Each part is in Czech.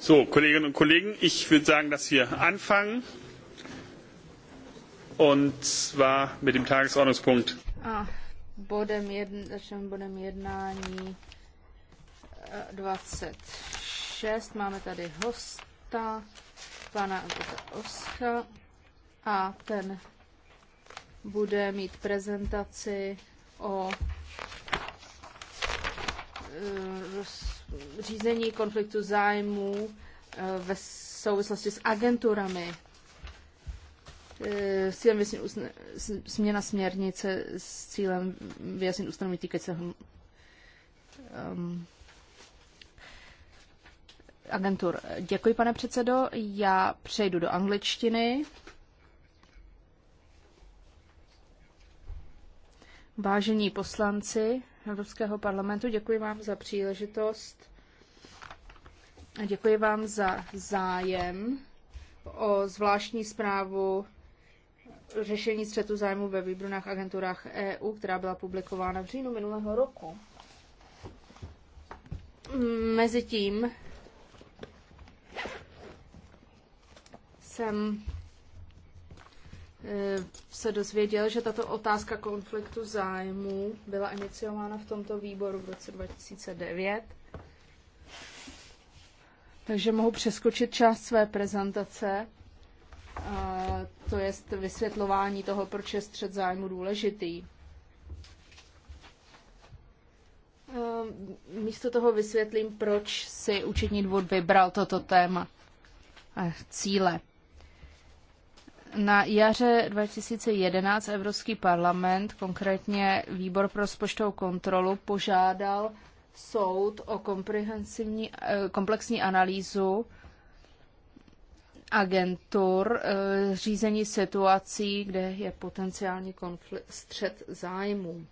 So, Kolleginnen und Kollegen, ich würde sagen, dass wir anfangen. Und zwar mit dem Tagesordnungspunkt. Ah, bodem jedn, začneme bodem jednání 26. Eh, Máme tady hosta, pana Oska, a ten bude mít prezentaci o uh, řízení konfliktu zájmů eh, ve souvislosti s agenturami. Eh, s cílem věsnit usne, směna směrnice s cílem vyjasnit ustanovení týkající se um, agentur. Děkuji, pane předsedo. Já přejdu do angličtiny. Vážení poslanci, Evropského parlamentu. Děkuji vám za příležitost a děkuji vám za zájem o zvláštní zprávu řešení střetu zájmu ve výbrunách agenturách EU, která byla publikována v říjnu minulého roku. Mezitím jsem Eh, se dozvěděl, že tato otázka konfliktu zájmů byla iniciována v tomto výboru v roce 2009. Takže mohu přeskočit část své prezentace, to je vysvětlování toho, proč je střed zájmu důležitý. Eh, místo toho vysvětlím, proč si účetní dvůr vybral toto téma a cíle. Na jaře 2011 Evropský parlament, konkrétně Výbor pro rozpočtovou kontrolu, požádal soud o komprehensivní, eh, komplexní analýzu agentur, eh, řízení situací, kde je potenciální konflikt, střed zájmů.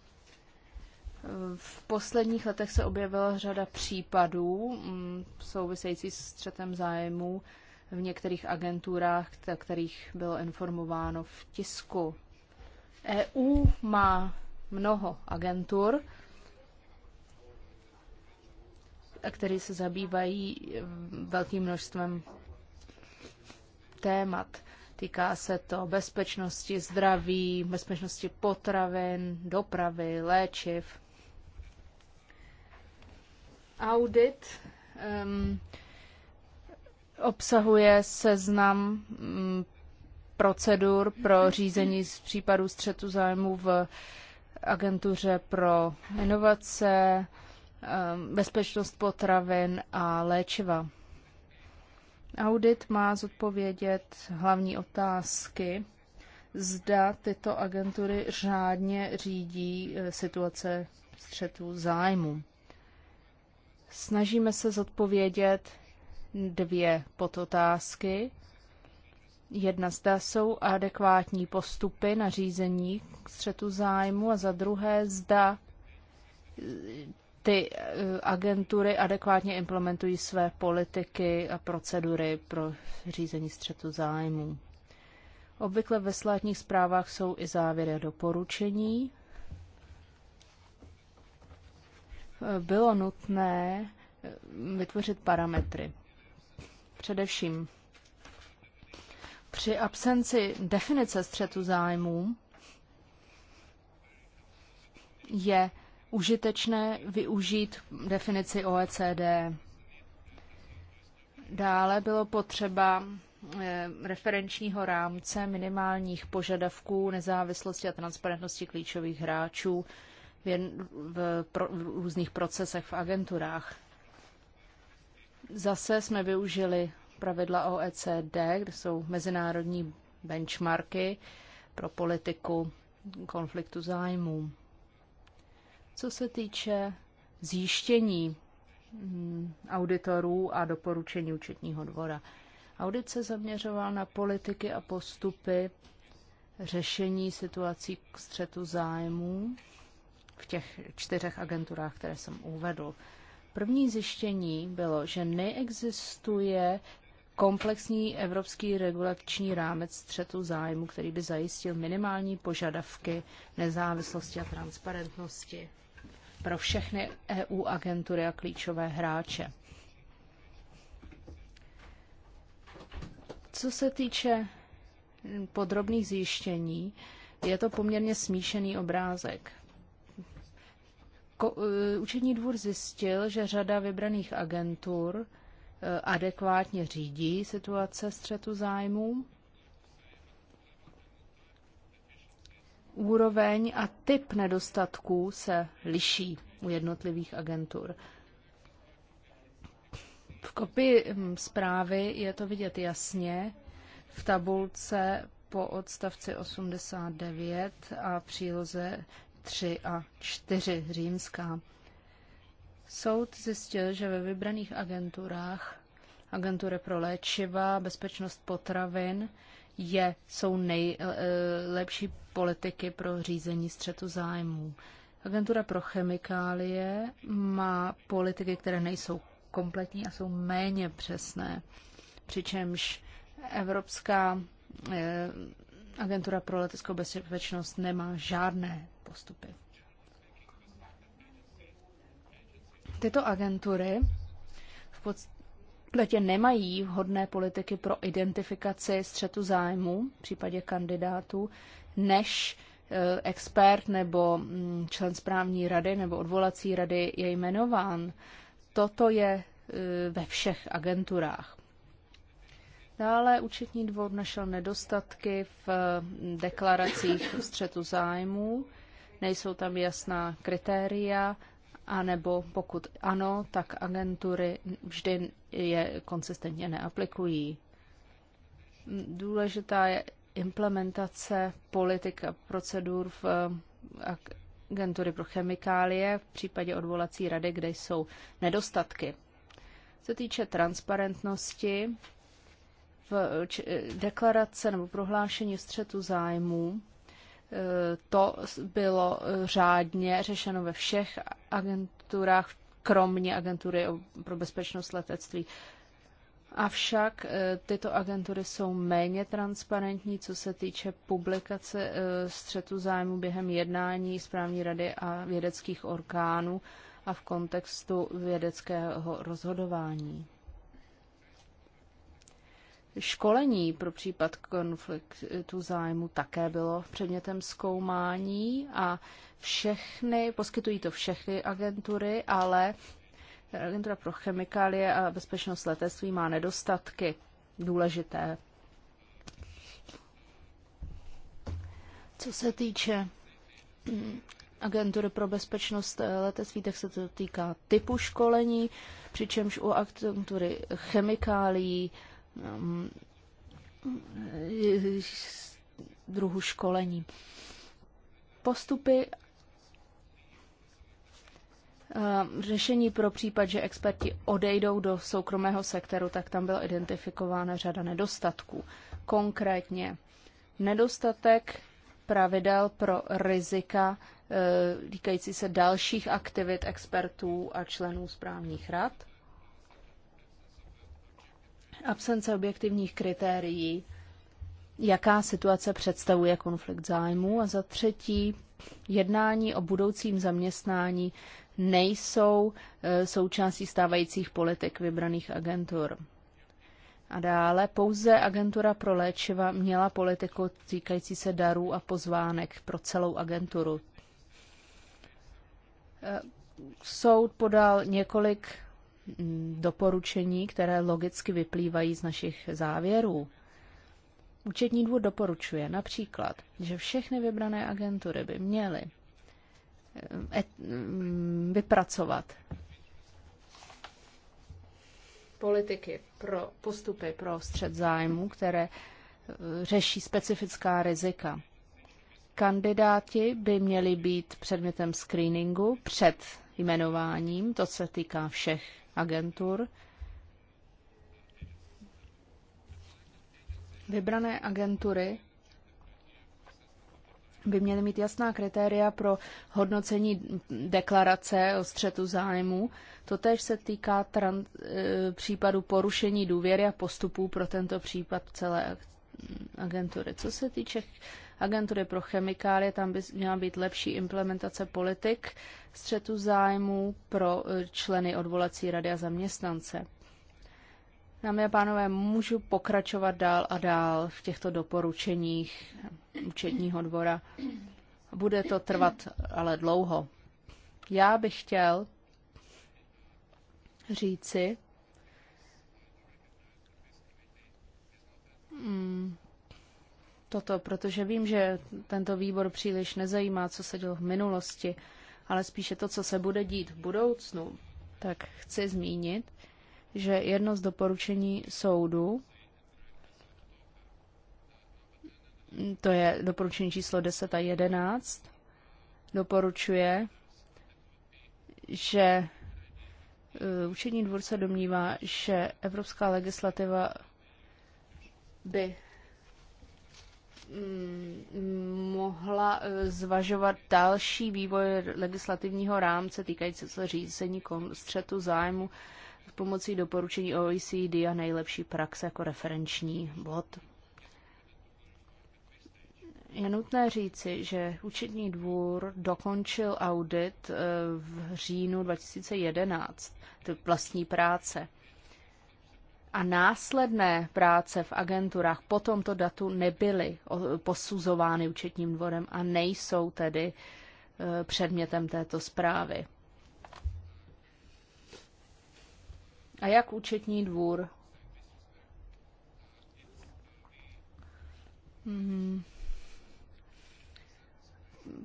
V posledních letech se objevila řada případů mm, související s střetem zájmů, v některých agenturách, kterých bylo informováno v tisku. EU má mnoho agentur, které se zabývají mm, velkým množstvem témat. Týká se to bezpečnosti zdraví, bezpečnosti potravin, dopravy, léčiv. Audit um, obsahuje seznam mm, procedur pro řízení z případů střetu zájmu v agentuře pro inovace, ehm, bezpečnost potravin a léčiva. Audit má zodpovědět hlavní otázky, zda tyto agentury řádně řídí e, situace střetu zájmu. Snažíme se zodpovědět dvě podotázky. Jedna zda jsou adekvátní postupy na řízení k střetu zájmu a za druhé zda ty eh, agentury adekvátně implementují své politiky a procedury pro řízení střetu zájmu. Obvykle ve státních zprávách jsou i závěry a doporučení. Eh, bylo nutné eh, vytvořit parametry především při absenci definice střetu zájmů je užitečné využít definici OECD. Dále bylo potřeba eh, referenčního rámce minimálních požadavků nezávislosti a transparentnosti klíčových hráčů v, v, pro, v různých procesech v agenturách. Zase jsme využili pravidla OECD, kde jsou mezinárodní benchmarky pro politiku konfliktu zájmů. Co se týče zjištění mm, auditorů a doporučení účetního dvora. Audit se zaměřoval na politiky a postupy řešení situací k střetu zájmů v těch čtyřech agenturách, které jsem uvedl. První zjištění bylo, že neexistuje komplexní evropský regulační rámec střetu zájmu, který by zajistil minimální požadavky nezávislosti a transparentnosti pro všechny EU agentury a klíčové hráče. Co se týče podrobných zjištění, je to poměrně smíšený obrázek. Eh, učení dvůr zjistil, že řada vybraných agentur eh, adekvátně řídí situace střetu zájmů. Úroveň a typ nedostatků se liší u jednotlivých agentur. V kopii hm, zprávy je to vidět jasně v tabulce po odstavci 89 a příloze 3 a 4 římská. Soud zjistil, že ve vybraných agenturách, agentury pro léčiva, bezpečnost potravin, je, jsou nejlepší e, politiky pro řízení střetu zájmů. Agentura pro chemikálie má politiky, které nejsou kompletní a jsou méně přesné. Přičemž Evropská e, agentura pro leteckou bezpečnost nemá žádné postupy. Tyto agentury v podstatě nemají vhodné politiky pro identifikaci střetu zájmu v případě kandidátů, než e, expert nebo mm, člen správní rady nebo odvolací rady je jmenován. Toto je e, ve všech agenturách. Dále účetní dvor našel nedostatky v e, deklaracích střetu zájmů nejsou tam jasná kritéria, anebo pokud ano, tak agentury vždy je konsistentně neaplikují. Důležitá je implementace politik a procedur v agentury pro chemikálie v případě odvolací rady, kde jsou nedostatky. Co týče transparentnosti, v deklarace nebo prohlášení střetu zájmů to bylo řádně řešeno ve všech agenturách, kromě agentury pro bezpečnost letectví. Avšak eh, tyto agentury jsou méně transparentní, co se týče publikace eh, střetu zájmu během jednání správní rady a vědeckých orgánů a v kontextu vědeckého rozhodování. Školení pro případ konfliktu zájmu také bylo předmětem zkoumání a všechny, poskytují to všechny agentury, ale agentura pro chemikálie a bezpečnost letectví má nedostatky důležité. Co se týče agentury pro bezpečnost letectví, tak se to týká typu školení, přičemž u agentury chemikálií Ehm, druhu školení. Postupy ehm, řešení pro případ, že experti odejdou do soukromého sektoru, tak tam byla identifikována řada nedostatků. Konkrétně nedostatek pravidel pro rizika ehm, týkající se dalších aktivit expertů a členů správních rad, absence objektivních kritérií, jaká situace představuje konflikt zájmů a za třetí, jednání o budoucím zaměstnání nejsou e, součástí stávajících politik vybraných agentur. A dále pouze agentura pro léčiva měla politiku týkající se darů a pozvánek pro celou agenturu. E, soud podal několik Mm, doporučení, které logicky vyplývají z našich závěrů. Účetní dvůr doporučuje například, že všechny vybrané agentury by měly eh, mm, vypracovat politiky pro postupy pro střed zájmu, které eh, řeší specifická rizika. Kandidáti by měli být předmětem screeningu před jmenováním, to se týká všech agentur. Vybrané agentury by měly mít jasná kritéria pro hodnocení deklarace o střetu zájmu. Totež se týká tran- eh, případu porušení důvěry a postupů pro tento případ celé agentury. Co se týče agentury pro chemikálie, tam by měla být lepší implementace politik střetu zájmů pro e, členy odvolací rady a zaměstnance. Dámy a pánové, můžu pokračovat dál a dál v těchto doporučeních účetního dvora. Bude to trvat ale dlouho. Já bych chtěl říci, mm, toto, protože vím, že tento výbor příliš nezajímá, co se dělo v minulosti, ale spíše to, co se bude dít v budoucnu, tak chci zmínit, že jedno z doporučení soudu, to je doporučení číslo 10 a 11, doporučuje, že Učení eh, dvůr se domnívá, že evropská legislativa by Mm, mohla eh, zvažovat další vývoj legislativního rámce týkající se řízení střetu zájmu s pomocí doporučení OECD a nejlepší praxe jako referenční bod. Je nutné říci, že účetní dvůr dokončil audit eh, v říjnu 2011 vlastní práce a následné práce v agenturách po tomto datu nebyly posuzovány účetním dvorem a nejsou tedy e, předmětem této zprávy. A jak účetní dvůr? Hmm.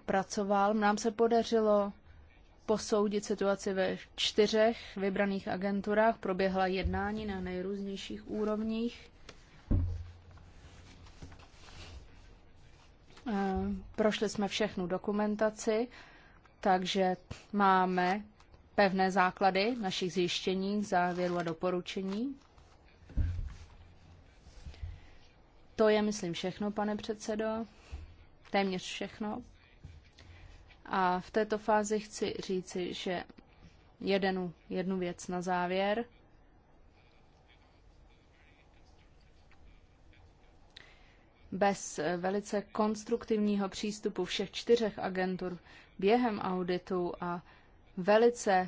Pracoval, nám se podařilo posoudit situaci ve čtyřech vybraných agenturách. Proběhla jednání na nejrůznějších úrovních. Eh, prošli jsme všechnu dokumentaci, takže máme pevné základy našich zjištění, závěrů a doporučení. To je, myslím, všechno, pane předsedo. Téměř všechno. A v této fázi chci říci, že jednu, jednu věc na závěr. Bez velice konstruktivního přístupu všech čtyřech agentur během auditu a velice eh,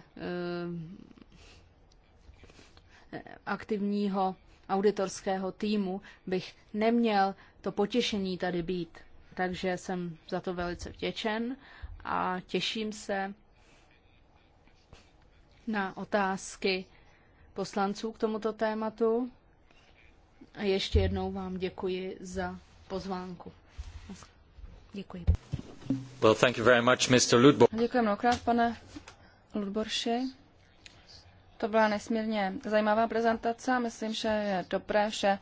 aktivního auditorského týmu bych neměl to potěšení tady být. Takže jsem za to velice vděčen a těším se na otázky poslanců k tomuto tématu. A ještě jednou vám děkuji za pozvánku. Děkuji. Well, thank you very much, Mr. Ludbor. Děkuji mnohokrát, pane Ludborši. To byla nesmírně zajímavá prezentace. Myslím, že je dobré, že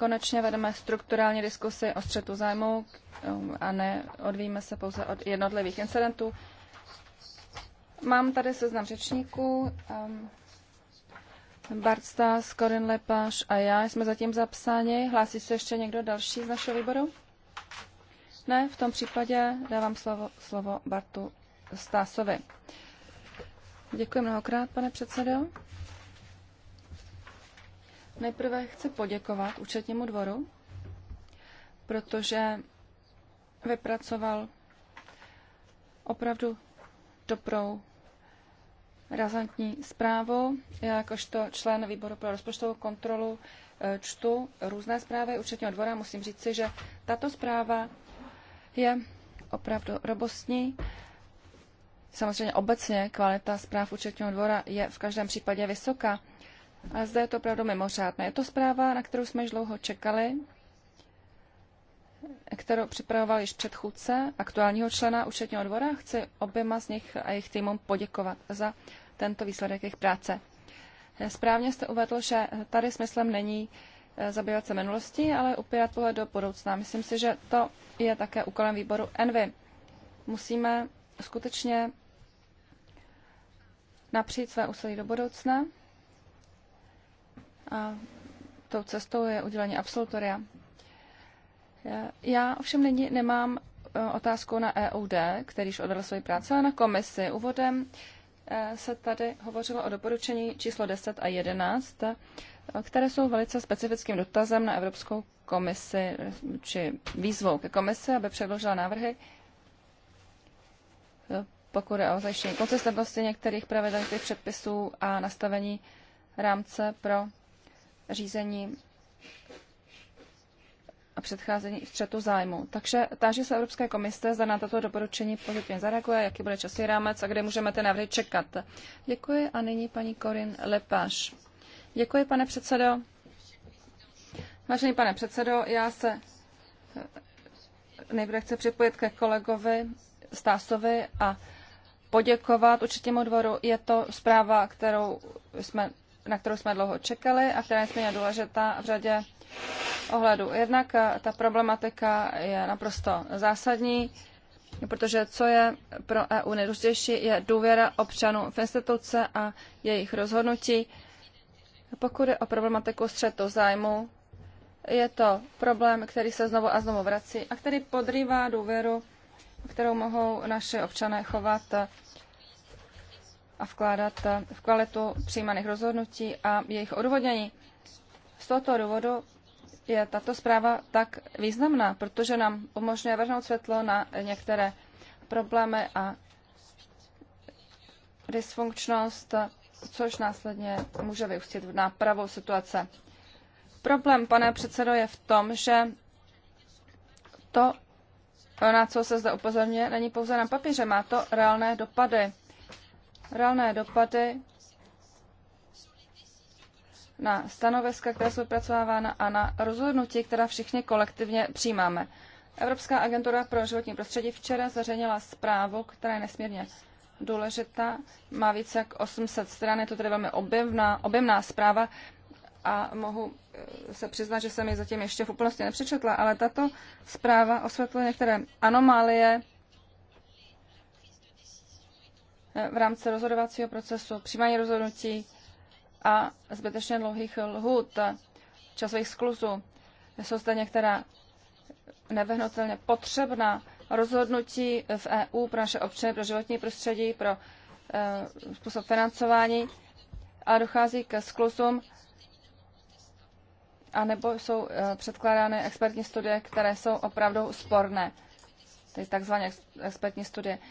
Konečně vedeme strukturální diskusy o střetu zájmu um, a ne odvíjíme se pouze od jednotlivých incidentů. Mám tady seznam řečníků. Um, Bart Stas, Corinne Lepáš a já jsme zatím zapsáni. Hlásí se ještě někdo další z našeho výboru? Ne, v tom případě dávám slovo, slovo Bartu Stásovi. Děkuji mnohokrát, pane předsedo. Nejprve chci poděkovat účetnímu dvoru, protože vypracoval opravdu dobrou razantní zprávu. Já jakožto člen výboru pro rozpočtovou kontrolu eh, čtu různé zprávy účetního dvora. Musím říct si, že tato zpráva je opravdu robustní. Samozřejmě obecně kvalita zpráv účetního dvora je v každém případě vysoká. A zde je to opravdu mimořádné. Je to zpráva, na kterou jsme již dlouho čekali, kterou připravoval již předchůdce aktuálního člena účetního dvora. Chci oběma z nich a jejich týmům poděkovat za tento výsledek jejich práce. Správně jste uvedl, že tady smyslem není eh, zabývat se minulostí, ale upírat pohled do budoucna. Myslím si, že to je také úkolem výboru Envy. Musíme skutečně napřít své úsilí do budoucna a tou cestou je udělení absolutoria. Já ovšem nyní nemám eh, otázku na EUD, kterýž odvedl svoji práci, ale na komisi. Úvodem eh, se tady hovořilo o doporučení číslo 10 a 11, eh, které jsou velice specifickým dotazem na Evropskou komisi, či výzvou ke komisi, aby předložila návrhy, pokud je o zajištění konsistentnosti některých pravidel, předpisů a nastavení rámce pro řízení a předcházení střetu zájmu. Takže táží se Evropské komise, zda na toto doporučení pozitivně zareaguje, jaký bude časový rámec a kde můžeme ty návrhy čekat. Děkuji a nyní paní Korin Lepáš. Děkuji, pane předsedo. Vážený pane předsedo, já se nejprve chci připojit ke kolegovi Stásovi a poděkovat určitě dvoru. Je to zpráva, kterou jsme na kterou jsme dlouho čekali a která je stejně důležitá v řadě ohledu. Jednak eh, ta problematika je naprosto zásadní, protože co je pro EU nejdůležitější, je důvěra občanů v instituce a jejich rozhodnutí. Pokud je o problematiku střetu zájmu, je to problém, který se znovu a znovu vrací a který podrývá důvěru, kterou mohou naše občané chovat a vkládat v kvalitu přijímaných rozhodnutí a jejich odvodnění. Z tohoto důvodu je tato zpráva tak významná, protože nám umožňuje vrhnout světlo na některé problémy a dysfunkčnost, což následně může vyústit v nápravu situace. Problém, pane předsedo, je v tom, že to, na co se zde upozorňuje, není pouze na papíře, má to reálné dopady reálné dopady na stanoviska, která jsou pracována, a na rozhodnutí, která všichni kolektivně přijímáme. Evropská agentura pro životní prostředí včera zařadila zprávu, která je nesmírně důležitá. Má více jak 800 stran, je to tedy velmi objemná, objemná zpráva a mohu eh, se přiznat, že jsem ji zatím ještě v úplnosti nepřečetla, ale tato zpráva osvětluje některé anomálie v rámci rozhodovacího procesu, přijímání rozhodnutí a zbytečně dlouhých lhůt, časových skluzů. Jsou zde některá nevyhnutelně potřebná rozhodnutí v EU pro naše občany, pro životní prostředí, pro uh, způsob financování, a dochází ke skluzům a nebo jsou uh, předkládány expertní studie, které jsou opravdu sporné, tedy takzvané expertní studie. Uh,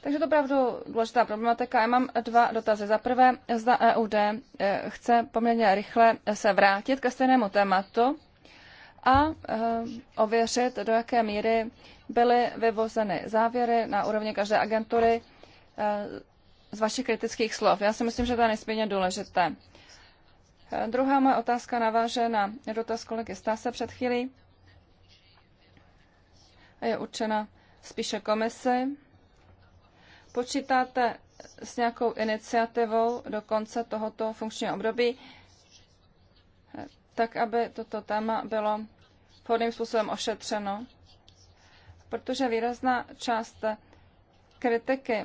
takže to opravdu důležitá problematika. Já mám dva dotazy. Za prvé, zda EUD eh, chce poměrně rychle se vrátit ke stejnému tématu a eh, ověřit, do jaké míry byly vyvozeny závěry na úrovni každé agentury eh, z vašich kritických slov. Já si myslím, že to je nesmírně důležité. Druhá moje otázka naváže na dotaz kolegy Stase před chvílí. Je určena spíše komisi Počítáte s nějakou iniciativou do konce tohoto funkčního období, tak aby toto téma bylo vhodným způsobem ošetřeno, protože výrazná část kritiky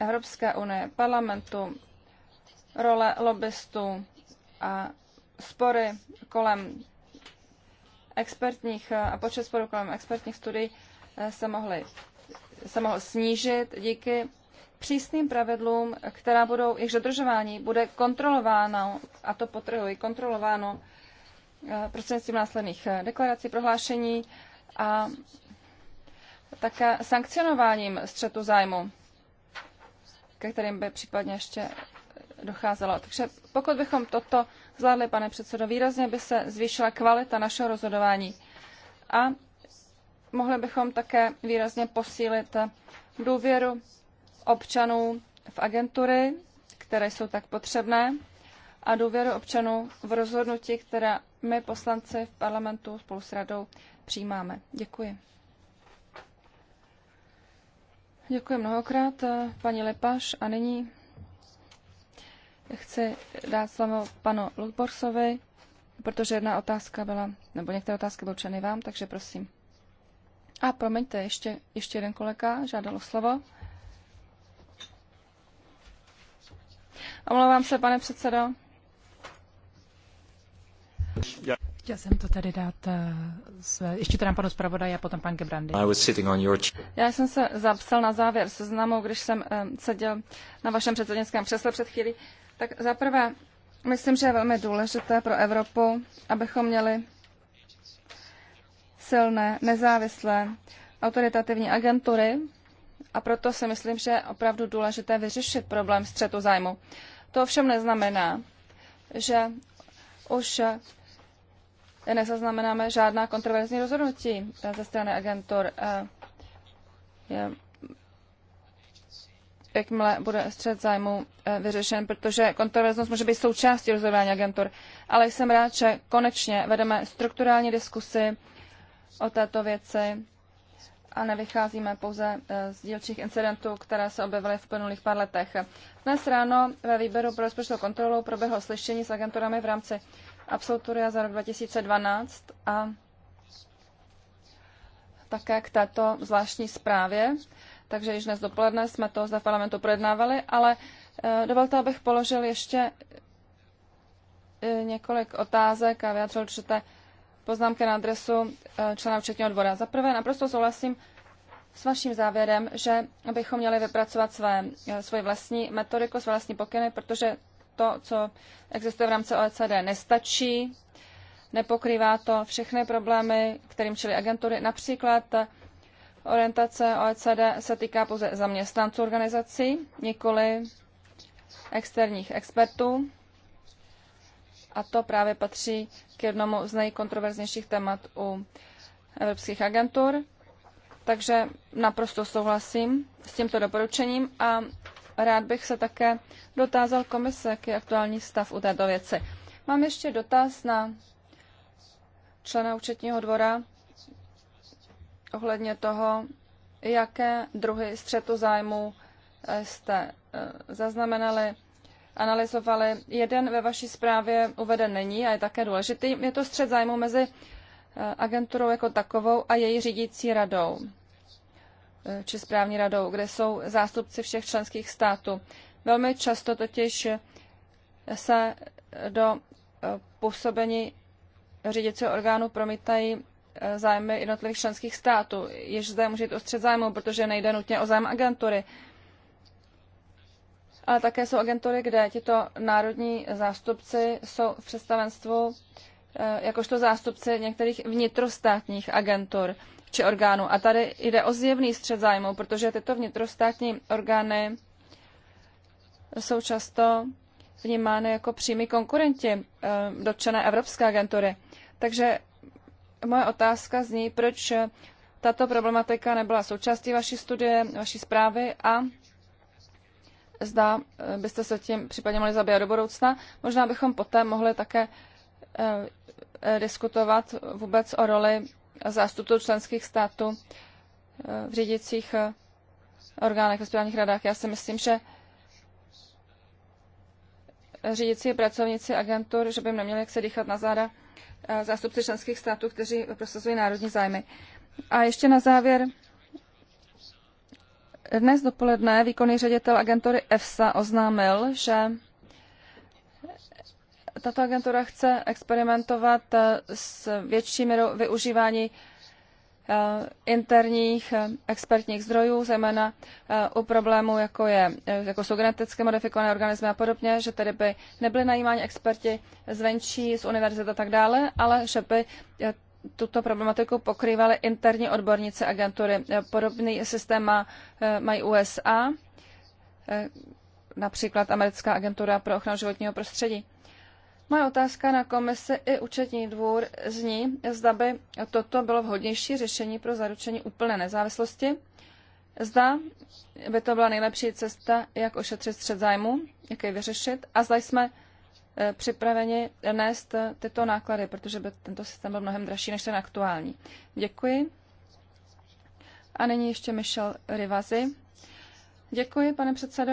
Evropské unie, parlamentu, role lobbystů a spory kolem expertních a počet sporů kolem expertních studií eh, se mohly se mohl snížit díky přísným pravidlům, která budou, jejich dodržování bude kontrolováno, a to potrhuji, kontrolováno eh, prostřednictvím následných eh, deklarací, prohlášení a také sankcionováním střetu zájmu, ke kterým by případně ještě docházelo. Takže pokud bychom toto zvládli, pane předsedo, výrazně by se zvýšila kvalita našeho rozhodování a mohli bychom také výrazně posílit důvěru občanů v agentury, které jsou tak potřebné, a důvěru občanů v rozhodnutí, která my poslanci v parlamentu spolu s radou přijímáme. Děkuji. Děkuji mnohokrát, paní Lepaš. A nyní chci dát slovo panu Ludborsovi, protože jedna otázka byla, nebo některé otázky byly určeny vám, takže prosím. A promiňte, ještě, ještě jeden kolega žádal o slovo. Omlouvám se, pane předsedo. Chtěl jsem to tady dát, eh, své, ještě to panu zpravodaj a potom pan Gebrandy. Já jsem se zapsal na závěr seznamu, když jsem um, seděl na vašem předsednickém přesle před chvílí. Tak zaprvé, myslím, že je velmi důležité pro Evropu, abychom měli silné, nezávislé autoritativní agentury a proto si myslím, že je opravdu důležité vyřešit problém střetu zájmu. To ovšem neznamená, že už nezaznamenáme žádná kontroverzní rozhodnutí ze strany agentur. Jakmile bude střed zájmu e, vyřešen, protože kontroverznost může být součástí rozhodování agentur. Ale jsem rád, že konečně vedeme strukturální diskusy o této věci a nevycházíme pouze eh, z dílčích incidentů, které se objevily v plnulých pár letech. Dnes ráno ve výběru pro rozpočtovou kontrolu proběhlo slyšení s agenturami v rámci absolutoria za rok 2012 a také k této zvláštní zprávě. Takže již dnes dopoledne jsme to zde v parlamentu projednávali, ale eh, dovolte, abych položil ještě eh, několik otázek a vyjádřil určité poznámky na adresu eh, člena účetního dvora. Za prvé, naprosto souhlasím s vaším závěrem, že bychom měli vypracovat své, eh, svoji vlastní metodiku, své vlastní pokyny, protože to, co existuje v rámci OECD, nestačí, nepokrývá to všechny problémy, kterým čili agentury. Například eh, orientace OECD se týká pouze zaměstnanců organizací, nikoli externích expertů a to právě patří k jednomu z nejkontroverznějších témat u evropských agentur. Takže naprosto souhlasím s tímto doporučením a rád bych se také dotázal komise, jaký je aktuální stav u této věci. Mám ještě dotaz na člena účetního dvora ohledně toho, jaké druhy střetu zájmu jste eh, zaznamenali analyzovali. Jeden ve vaší zprávě uveden není a je také důležitý. Je to střed zájmu mezi eh, agenturou jako takovou a její řídící radou eh, či správní radou, kde jsou zástupci všech členských států. Velmi často totiž se do eh, působení řídícího orgánu promítají zájmy jednotlivých členských států. Jež zde může jít o střed zájmu, protože nejde nutně o zájem agentury ale také jsou agentury, kde tito národní zástupci jsou v představenstvu eh, jakožto zástupci některých vnitrostátních agentur či orgánů. A tady jde o zjevný střed zájmu, protože tyto vnitrostátní orgány jsou často vnímány jako přímí konkurenti eh, dotčené Evropské agentury. Takže moje otázka zní, proč tato problematika nebyla součástí vaší studie, vaší zprávy a zda eh, byste se tím případně mohli zabývat do budoucna. Možná bychom poté mohli také eh, eh, diskutovat vůbec o roli zástupců členských států v řídicích orgánech, ve správních radách. Já si myslím, že řídící pracovníci agentur, že by neměli jak se dýchat na záda zástupci členských států, kteří prosazují národní zájmy. A ještě na závěr dnes dopoledne výkonný ředitel agentury EFSA oznámil, že tato agentura chce experimentovat eh, s větší mírou využívání eh, interních eh, expertních zdrojů, zejména u problémů, jako, je, jako jsou geneticky modifikované organismy a podobně, že tedy by nebyly najímáni experti zvenčí, z univerzit a tak dále, ale že by tuto problematiku pokrývaly interní odborníci agentury. Podobný systém má, eh, mají USA, eh, například americká agentura pro ochranu životního prostředí. Moje otázka na komisi i účetní dvůr zní, zda by toto bylo vhodnější řešení pro zaručení úplné nezávislosti. Zda by to byla nejlepší cesta, jak ošetřit střed zájmu, jak jej vyřešit a zda jsme Eh, připraveni nést tyto náklady, protože by tento systém byl mnohem dražší než ten aktuální. Děkuji. A nyní ještě Michel Rivazi. Děkuji, pane předsedo.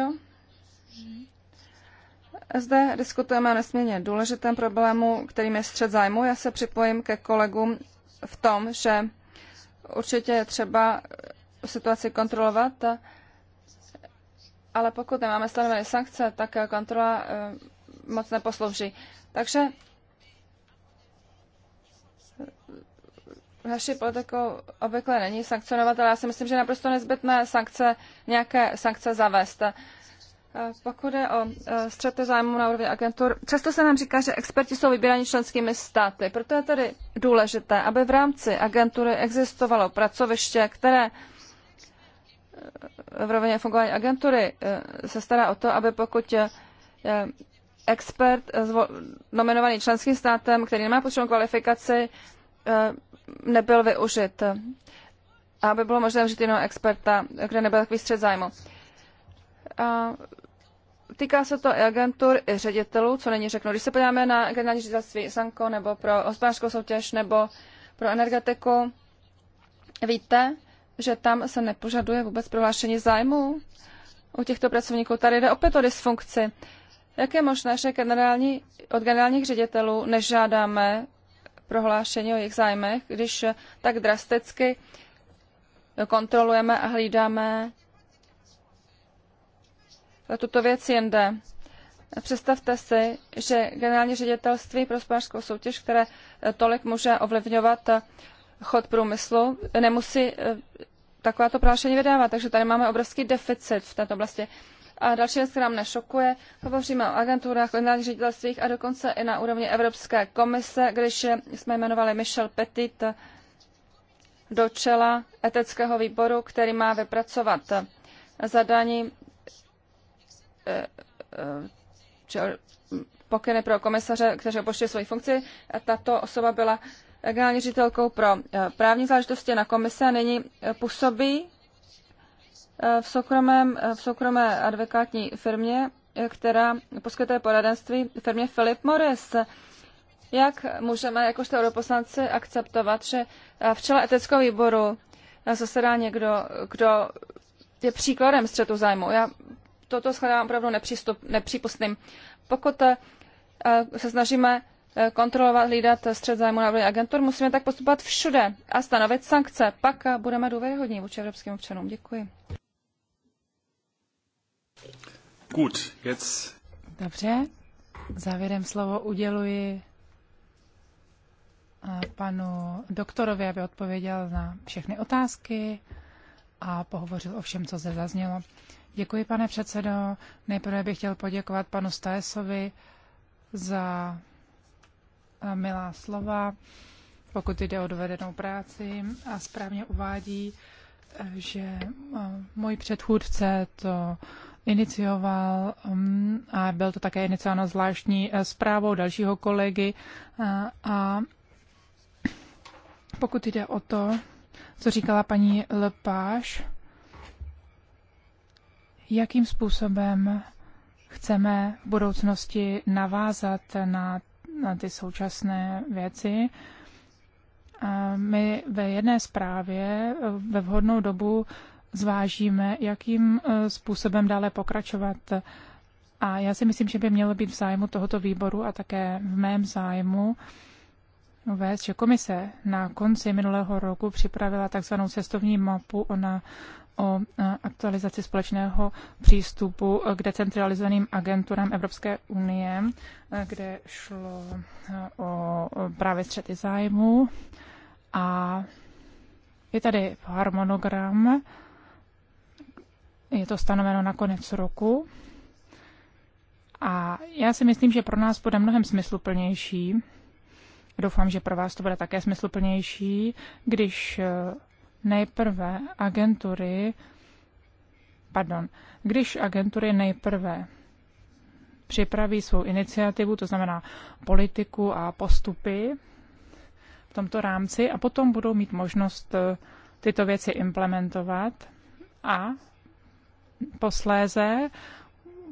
Zde diskutujeme o nesmírně důležitém problému, kterým je střed zájmu. Já se připojím ke kolegům v tom, že určitě je třeba situaci kontrolovat, ale pokud nemáme stanovené sankce, tak kontrola eh, moc neposlouží. Takže naši politikou obvykle není sankcionovat, ale já si myslím, že je naprosto nezbytné sankce, nějaké sankce zavést. Eh, pokud je o eh, střete zájmu na úrovni agentur, často se nám říká, že experti jsou vybíráni členskými státy. Proto je tedy důležité, aby v rámci agentury existovalo pracoviště, které eh, v rovině fungování agentury se stará o to, aby pokud expert eh, nominovaný členským státem, který nemá potřebnou kvalifikaci, eh, nebyl využit. Eh, aby bylo možné využít jiného experta, kde nebyl takový střed zájmu. A týká se to i agentur, i ředitelů, co není řeknu. Když se podíváme na generální ředitelství Sanko nebo pro hospodářskou soutěž nebo pro energetiku, víte, že tam se nepožaduje vůbec prohlášení zájmu u těchto pracovníků. Tady jde opět o dysfunkci. Jak je možné, že generální, od generálních ředitelů nežádáme prohlášení o jejich zájmech, když tak drasticky kontrolujeme a hlídáme tuto věc jinde. Představte si, že generální ředitelství pro hospodářskou soutěž, které tolik může ovlivňovat chod průmyslu, nemusí takováto prohlášení vydávat. Takže tady máme obrovský deficit v této oblasti. A další věc, která mne šokuje, hovoříme o agenturách, o generálních ředitelstvích a dokonce i na úrovni Evropské komise, když jsme jmenovali Michel Petit do čela etického výboru, který má vypracovat zadání či eh, eh, pokyny pro komisaře, kteří opoštili svoji funkci. Eh, tato osoba byla generální ředitelkou pro právní záležitosti na komise a nyní působí Eh, v, soukromém, v soukromé advokátní firmě, eh, která poskytuje poradenství firmě Philip Morris. Jak můžeme, jakožto europoslanci, akceptovat, že eh, v čele etického výboru zasedá někdo, kdo je příkladem střetu zájmu? Já toto shledávám opravdu nepřístup, nepřípustným. Pokud se snažíme kontrolovat, hlídat střed zájmu na agentur, musíme tak postupovat všude a stanovit sankce. Pak budeme důvěryhodní vůči evropským občanům. Děkuji. Dobře, závěrem slovo uděluji eh, panu doktorovi, aby odpověděl na všechny otázky a pohovořil o všem, co zde zaznělo. Děkuji, pane předsedo. Nejprve bych chtěl poděkovat panu Stajesovi za eh, milá slova, pokud jde o dovedenou práci a správně uvádí, eh, že můj předchůdce to inicioval mm, a byl to také iniciováno zvláštní eh, zprávou dalšího kolegy eh, a pokud jde o to, co říkala paní Lepáš, jakým způsobem chceme v budoucnosti navázat na, na ty současné věci. Eh, my ve jedné zprávě ve vhodnou dobu zvážíme, jakým e, způsobem dále pokračovat. A já si myslím, že by mělo být v zájmu tohoto výboru a také v mém zájmu uvést, že komise na konci minulého roku připravila takzvanou cestovní mapu ona o e, aktualizaci společného přístupu k decentralizovaným agenturám Evropské unie, e, kde šlo o právě střety zájmu. A je tady harmonogram je to stanoveno na konec roku. A já si myslím, že pro nás bude mnohem smysluplnější, doufám, že pro vás to bude také smysluplnější, když eh, nejprve agentury, pardon, když agentury nejprve připraví svou iniciativu, to znamená politiku a postupy v tomto rámci a potom budou mít možnost eh, tyto věci implementovat a posléze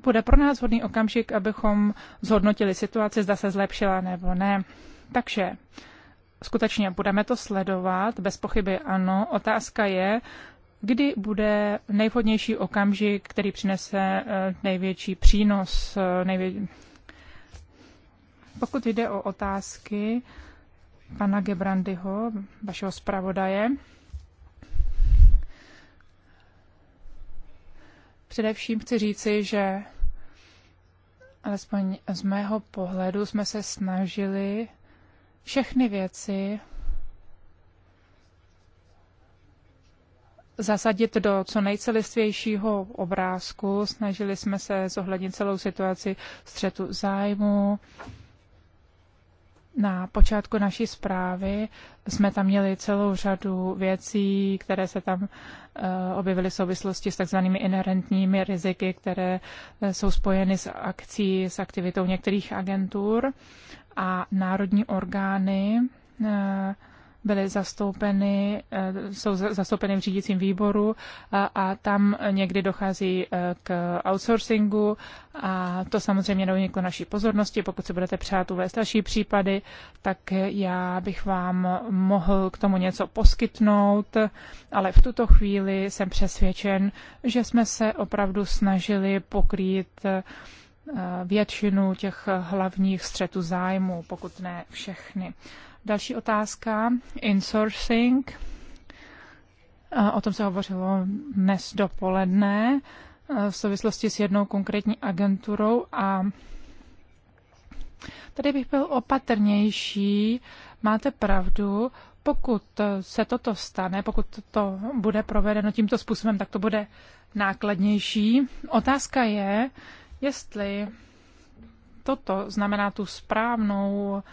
bude pro nás hodný okamžik, abychom zhodnotili situaci, zda se zlepšila nebo ne. Takže skutečně budeme to sledovat, bez pochyby ano. Otázka je, kdy bude nejvhodnější okamžik, který přinese eh, největší přínos. Eh, nejvě... Pokud jde o otázky pana Gebrandyho, vašeho zpravodaje, Především chci říci, že alespoň z mého pohledu jsme se snažili všechny věci zasadit do co nejcelistvějšího obrázku. Snažili jsme se zohlednit celou situaci střetu zájmu, na počátku naší zprávy jsme tam měli celou řadu věcí, které se tam eh, objevily v souvislosti s takzvanými inherentními riziky, které eh, jsou spojeny s akcí, s aktivitou některých agentur a národní orgány eh, byly zastoupeny, eh, jsou zastoupeny v řídícím výboru a, a tam někdy dochází eh, k outsourcingu a to samozřejmě neuniklo naší pozornosti. Pokud si budete přát uvést další případy, tak já bych vám mohl k tomu něco poskytnout, ale v tuto chvíli jsem přesvědčen, že jsme se opravdu snažili pokrýt eh, většinu těch hlavních střetů zájmu pokud ne všechny. Další otázka, insourcing. Eh, o tom se hovořilo dnes dopoledne eh, v souvislosti s jednou konkrétní agenturou a tady bych byl opatrnější. Máte pravdu, pokud se toto stane, pokud to bude provedeno tímto způsobem, tak to bude nákladnější. Otázka je, jestli toto znamená tu správnou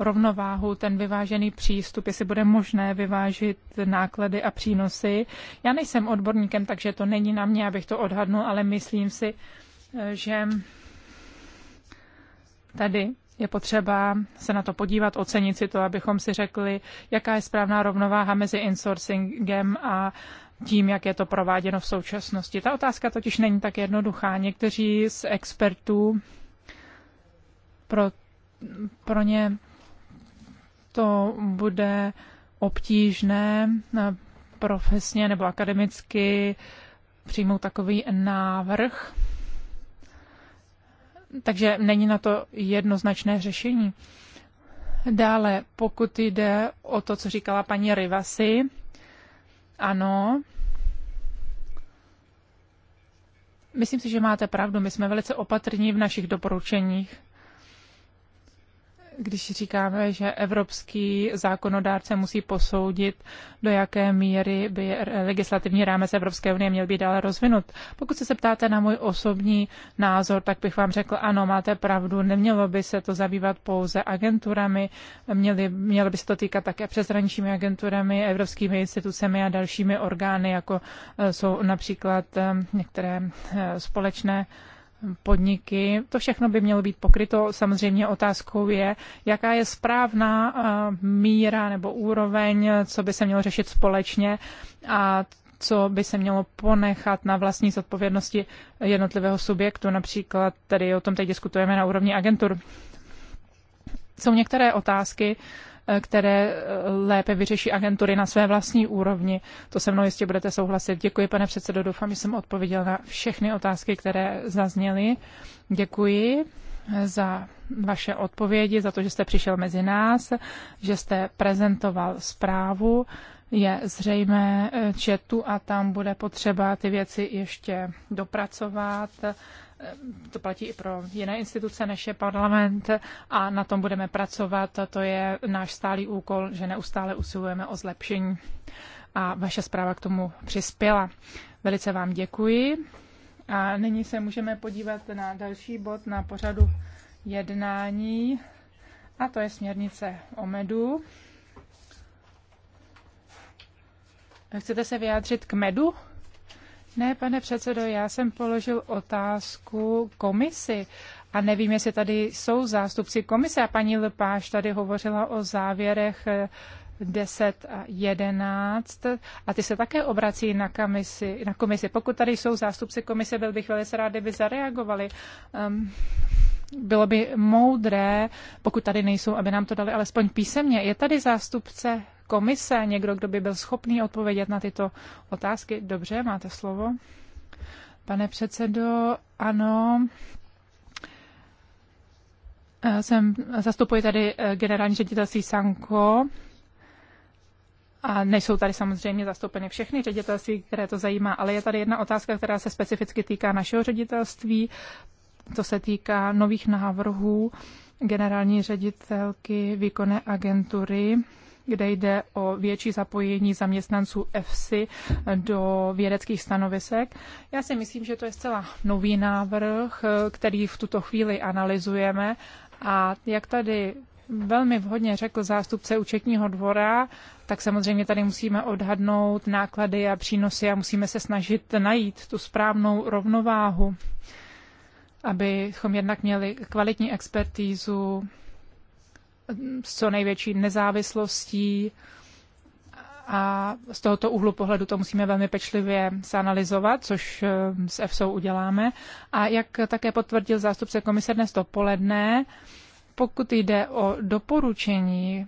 rovnováhu, ten vyvážený přístup, jestli bude možné vyvážit náklady a přínosy. Já nejsem odborníkem, takže to není na mě, abych to odhadnul, ale myslím si, eh, že tady je potřeba se na to podívat, ocenit si to, abychom si řekli, jaká je správná rovnováha mezi insourcingem a tím, jak je to prováděno v současnosti. Ta otázka totiž není tak jednoduchá. Někteří z expertů pro, pro ně to bude obtížné eh, profesně nebo akademicky přijmout takový návrh. Takže není na to jednoznačné řešení. Dále, pokud jde o to, co říkala paní Rivasi, ano, myslím si, že máte pravdu. My jsme velice opatrní v našich doporučeních když říkáme, že evropský zákonodárce musí posoudit, do jaké míry by legislativní rámec Evropské unie měl být dále rozvinut. Pokud se ptáte na můj osobní názor, tak bych vám řekl, ano, máte pravdu, nemělo by se to zabývat pouze agenturami, měli, mělo by se to týkat také přeshraničními agenturami, evropskými institucemi a dalšími orgány, jako eh, jsou například eh, některé eh, společné podniky. To všechno by mělo být pokryto. Samozřejmě otázkou je, jaká je správná eh, míra nebo úroveň, co by se mělo řešit společně a co by se mělo ponechat na vlastní zodpovědnosti jednotlivého subjektu. Například tady o tom teď diskutujeme na úrovni agentur. Jsou některé otázky, Eh, které eh, lépe vyřeší agentury na své vlastní úrovni. To se mnou jistě budete souhlasit. Děkuji, pane předsedo, doufám, že jsem odpověděl na všechny otázky, které zazněly. Děkuji eh, za vaše odpovědi, za to, že jste přišel mezi nás, že jste prezentoval zprávu. Je zřejmé, že tu a tam bude potřeba ty věci ještě dopracovat to platí i pro jiné instituce než je parlament a na tom budeme pracovat. To je náš stálý úkol, že neustále usilujeme o zlepšení a vaše zpráva k tomu přispěla. Velice vám děkuji. A nyní se můžeme podívat na další bod na pořadu jednání a to je směrnice o medu. Chcete se vyjádřit k medu? Ne, pane předsedo, já jsem položil otázku komisi a nevím, jestli tady jsou zástupci komise. A paní Lepáš tady hovořila o závěrech 10 eh, a 11 a ty se také obrací na komisi. Na komisi. Pokud tady jsou zástupci komise, byl bych velice rád, kdyby zareagovali. Um, bylo by moudré, pokud tady nejsou, aby nám to dali alespoň písemně. Je tady zástupce komise, někdo, kdo by byl schopný odpovědět na tyto otázky? Dobře, máte slovo. Pane předsedo, ano. Jsem, zastupuji tady eh, generální ředitelství Sanko. A nejsou tady samozřejmě zastoupeny všechny ředitelství, které to zajímá, ale je tady jedna otázka, která se specificky týká našeho ředitelství. To se týká nových návrhů generální ředitelky výkonné agentury kde jde o větší zapojení zaměstnanců EFSI do vědeckých stanovisek. Já si myslím, že to je zcela nový návrh, který v tuto chvíli analyzujeme a jak tady velmi vhodně řekl zástupce účetního dvora, tak samozřejmě tady musíme odhadnout náklady a přínosy a musíme se snažit najít tu správnou rovnováhu, abychom jednak měli kvalitní expertízu, s co největší nezávislostí a z tohoto úhlu pohledu to musíme velmi pečlivě zanalizovat, což eh, s EFSO uděláme. A jak také potvrdil zástupce komise dnes dopoledne, pokud jde o doporučení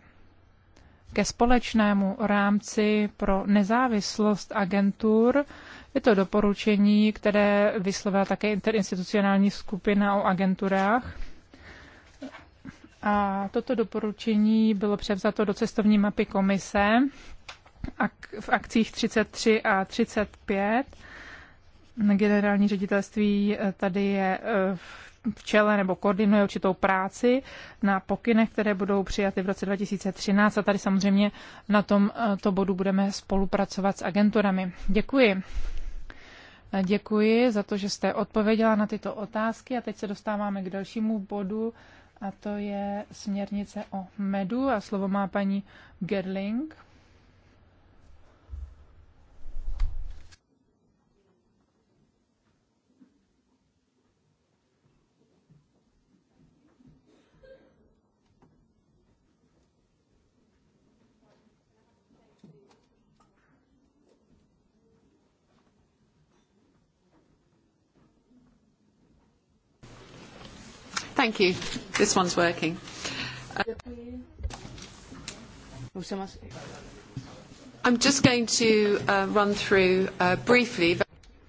ke společnému rámci pro nezávislost agentur, je to doporučení, které vyslovila také interinstitucionální skupina o agenturách a toto doporučení bylo převzato do cestovní mapy komise v akcích 33 a 35. Generální ředitelství eh, tady je eh, v čele nebo koordinuje určitou práci na pokynech, které budou přijaty v roce 2013 a tady samozřejmě na tomto eh, bodu budeme spolupracovat s agenturami. Děkuji. Děkuji za to, že jste odpověděla na tyto otázky a teď se dostáváme k dalšímu bodu a to je směrnice o medu a slovo má paní Gerling. Thank you. This one's working. Uh, I'm just going to uh, run through uh, briefly.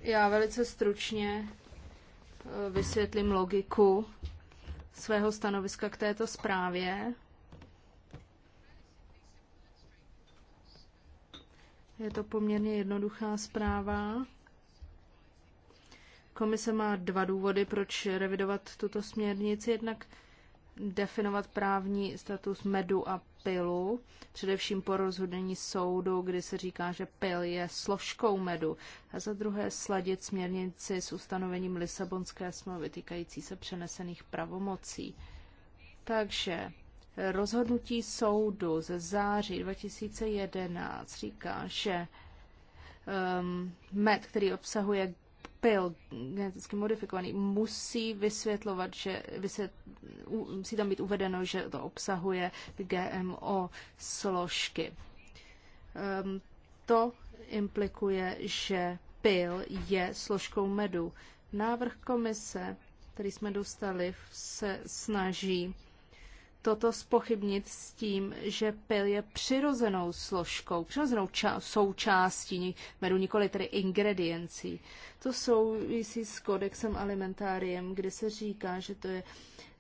Já velice stručně vysvětlím logiku svého stanoviska k této zprávě. Je to poměrně jednoduchá zpráva. Komise má dva důvody, proč revidovat tuto směrnici. Jednak definovat právní status medu a pilu, především po rozhodnutí soudu, kdy se říká, že pil je složkou medu, a za druhé sladit směrnici s ustanovením Lisabonské smlouvy týkající se přenesených pravomocí. Takže rozhodnutí soudu ze září 2011 říká, že um, med, který obsahuje pil geneticky modifikovaný musí vysvětlovat, že vysvět, musí tam být uvedeno, že to obsahuje GMO složky. Um, to implikuje, že pil je složkou medu. Návrh komise, který jsme dostali, se snaží toto spochybnit s tím, že pil je přirozenou složkou, přirozenou ča- součástí medu, nikoli tedy ingrediencí. To souvisí s kodexem alimentáriem, kde se říká, že to je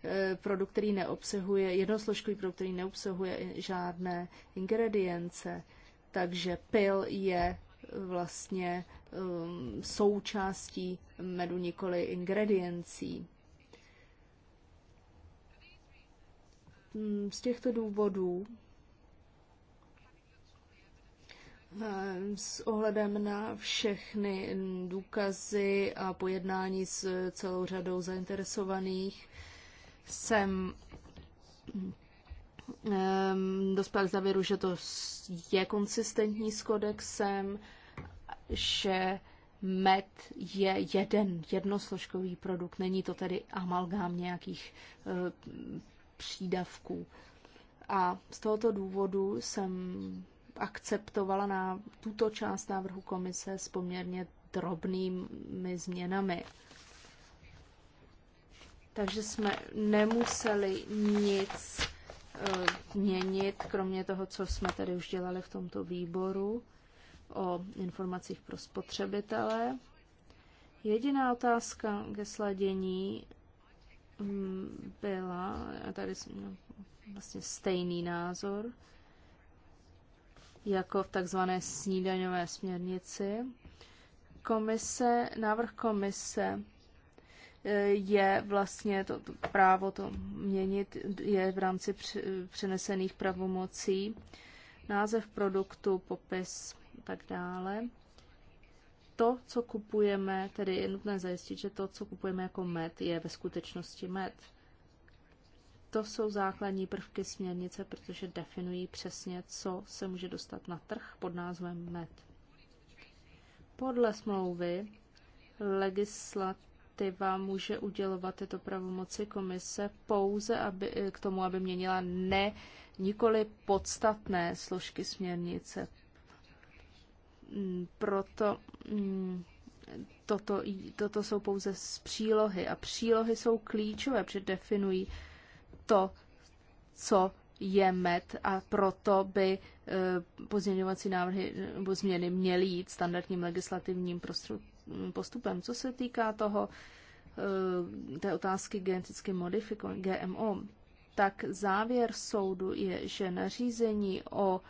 e, produkt, který neobsahuje, jednosložkový produkt, který neobsahuje žádné ingredience. Takže pil je vlastně um, součástí medu, nikoli ingrediencí. Mm, z těchto důvodů eh, s ohledem na všechny důkazy a pojednání s celou řadou zainteresovaných jsem mm, dospěl k závěru, že to je konsistentní s kodexem, že med je jeden jednosložkový produkt, není to tedy amalgám nějakých eh, přídavků. A z tohoto důvodu jsem akceptovala na tuto část návrhu komise s poměrně drobnými změnami. Takže jsme nemuseli nic eh, měnit, kromě toho, co jsme tady už dělali v tomto výboru o informacích pro spotřebitele. Jediná otázka ke sladění Mm, byla, a tady jsem no, vlastně stejný názor, jako v takzvané snídaňové směrnici. Komise, návrh komise e, je vlastně to, to právo to měnit je v rámci přenesených pravomocí. Název produktu, popis a tak dále to, co kupujeme, tedy je nutné zajistit, že to, co kupujeme jako med, je ve skutečnosti med. To jsou základní prvky směrnice, protože definují přesně, co se může dostat na trh pod názvem med. Podle smlouvy legislativa může udělovat tyto pravomoci komise pouze aby, k tomu, aby měnila ne, nikoli podstatné složky směrnice. Mm, proto mm, toto, toto jsou pouze z přílohy a přílohy jsou klíčové, protože definují to, co je med a proto by eh, pozměňovací návrhy nebo změny měly jít standardním legislativním mm, postupem. Co se týká toho, eh, té otázky geneticky modifikované GMO, tak závěr soudu je, že nařízení o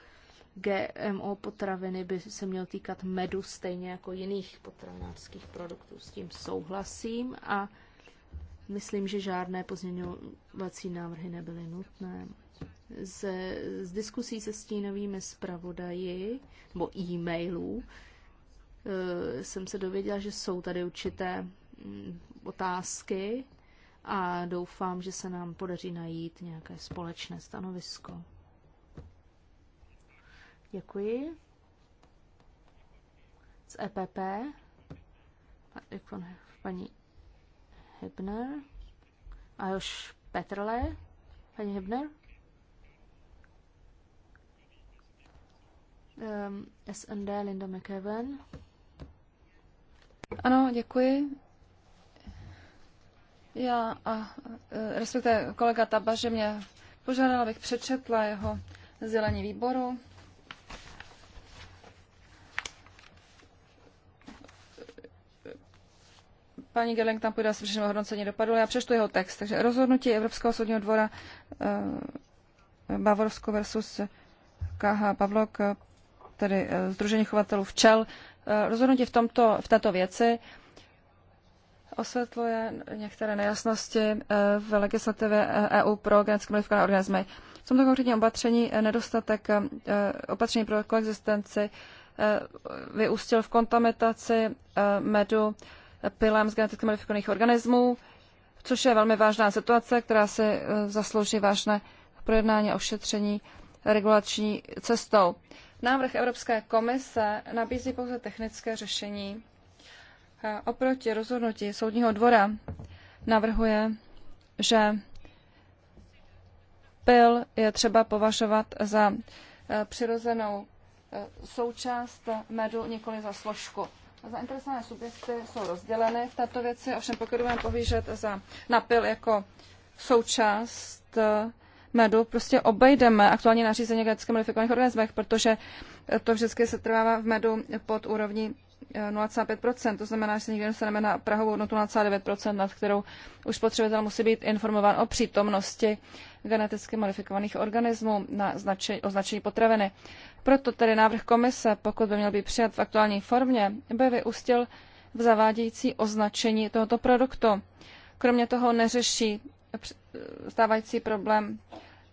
GMO potraviny by se měl týkat medu stejně jako jiných potravinářských produktů. S tím souhlasím a myslím, že žádné pozměňovací návrhy nebyly nutné. Z, z diskusí se stínovými zpravodaji nebo e-mailů e, jsem se dověděla, že jsou tady určité mm, otázky a doufám, že se nám podaří najít nějaké společné stanovisko. Děkuji. Z EPP paní Hebner a už Petrle, paní Hebner. Um, ehm, SND Linda McEwen. Ano, děkuji. Já a e, respektive kolega Tabaže mě požádala, abych přečetla jeho sdělení výboru. Paní Gerling tam půjde asi příštímu hodnocení dopadlo, já přečtu jeho text. Takže rozhodnutí Evropského soudního dvora eh, Bavorsko versus KH Pavlok, eh, tedy Združení eh, chovatelů včel. Rozhodnutí v, tomto, v této věci osvětluje některé nejasnosti v legislativě EU e pro geneticky modifikované organismy. V tomto konkrétním opatření nedostatek opatření pro koexistenci vyústil v kontaminaci medu pilem z geneticky modifikovaných organismů, což je velmi vážná situace, která se eh, zaslouží vážné projednání a ošetření regulační cestou. Návrh Evropské komise nabízí pouze technické řešení. Oproti rozhodnutí soudního dvora navrhuje, že pil je třeba považovat za eh, přirozenou eh, součást medu, nikoli za složku. Zainteresované subjekty jsou rozděleny v této věci, ovšem pokud budeme pohlížet za napil jako součást eh, medu, prostě obejdeme aktuální nařízení genetické modifikovaných organismech, protože to vždycky se trvává v medu pod úrovní 0,5%. To znamená, že se nikdy dostaneme na prahovou hodnotu 0,9%, nad kterou už spotřebitel musí být informován o přítomnosti geneticky modifikovaných organismů na značení, označení potraviny. Proto tedy návrh komise, pokud by měl být přijat v aktuální formě, by vyústil v zavádějící označení tohoto produktu. Kromě toho neřeší stávající problém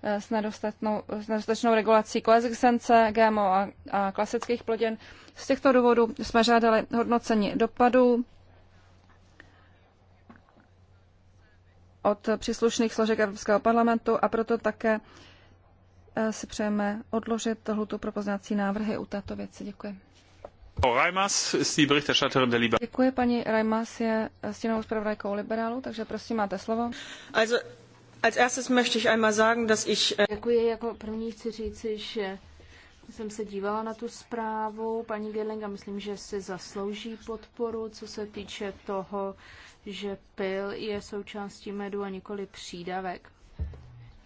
Eh, s nedostatnou, s nedostatečnou regulací koexistence GMO a, a klasických plodin. Z těchto důvodů jsme žádali hodnocení dopadů od příslušných složek Evropského parlamentu a proto také eh, si přejeme odložit lhutu pro poznací návrhy u této věci. Děkuji. Děkuji, paní Reimas je stínovou zpravodajkou liberálu, takže prosím, máte slovo. Also, Als erstes möchte ich einmal sagen, dass ich... Äh, Děkuji, jako první chci říci, že jsem se dívala na tu zprávu paní Gerling a myslím, že si zaslouží podporu, co se týče toho, že pil je součástí medu a nikoli přídavek.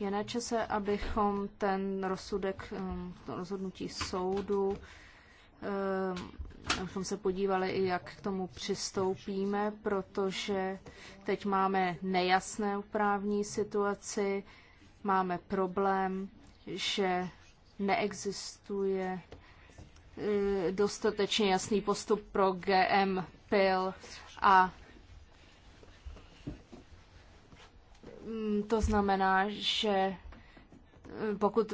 Je na čase, abychom ten rozsudek, um, to rozhodnutí soudu um, abychom se podívali i, jak k tomu přistoupíme, protože teď máme nejasné právní situaci, máme problém, že neexistuje eh, dostatečně jasný postup pro GM pil a mm, to znamená, že pokud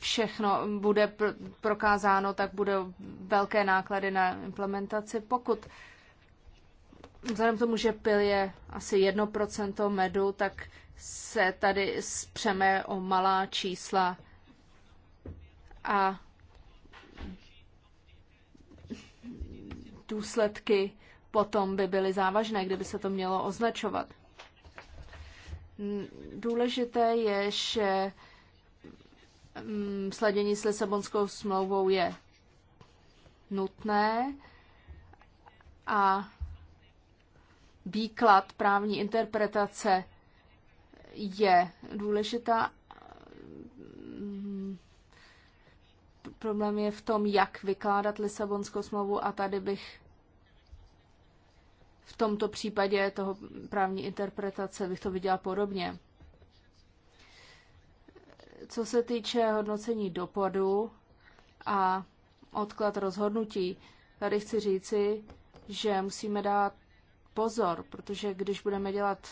všechno bude prokázáno, tak bude velké náklady na implementaci. Pokud vzhledem k tomu, že pil je asi 1% medu, tak se tady spřeme o malá čísla a důsledky potom by byly závažné, kdyby se to mělo označovat. Důležité je, že mm, sladění s Lisabonskou smlouvou je nutné a výklad právní interpretace je důležitá. Problém je v tom, jak vykládat Lisabonskou smlouvu a tady bych v tomto případě toho právní interpretace bych to viděla podobně. Co se týče hodnocení dopadu a odklad rozhodnutí, tady chci říci, že musíme dát pozor, protože když budeme dělat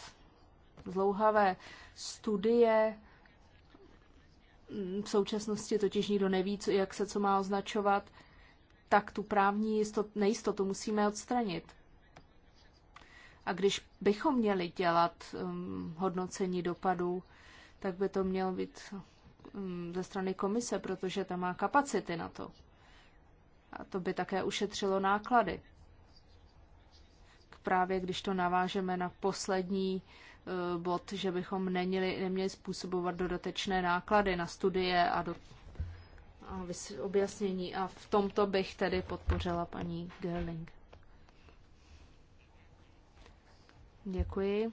zlouhavé studie, v současnosti totiž nikdo neví, co, jak se co má označovat, tak tu právní jistot, nejistotu musíme odstranit. A když bychom měli dělat um, hodnocení dopadů, tak by to mělo být um, ze strany komise, protože ta má kapacity na to. A to by také ušetřilo náklady. Právě když to navážeme na poslední uh, bod, že bychom neměli, neměli způsobovat dodatečné náklady na studie a do, a objasnění. A v tomto bych tedy podpořila paní Gerling. Děkuji.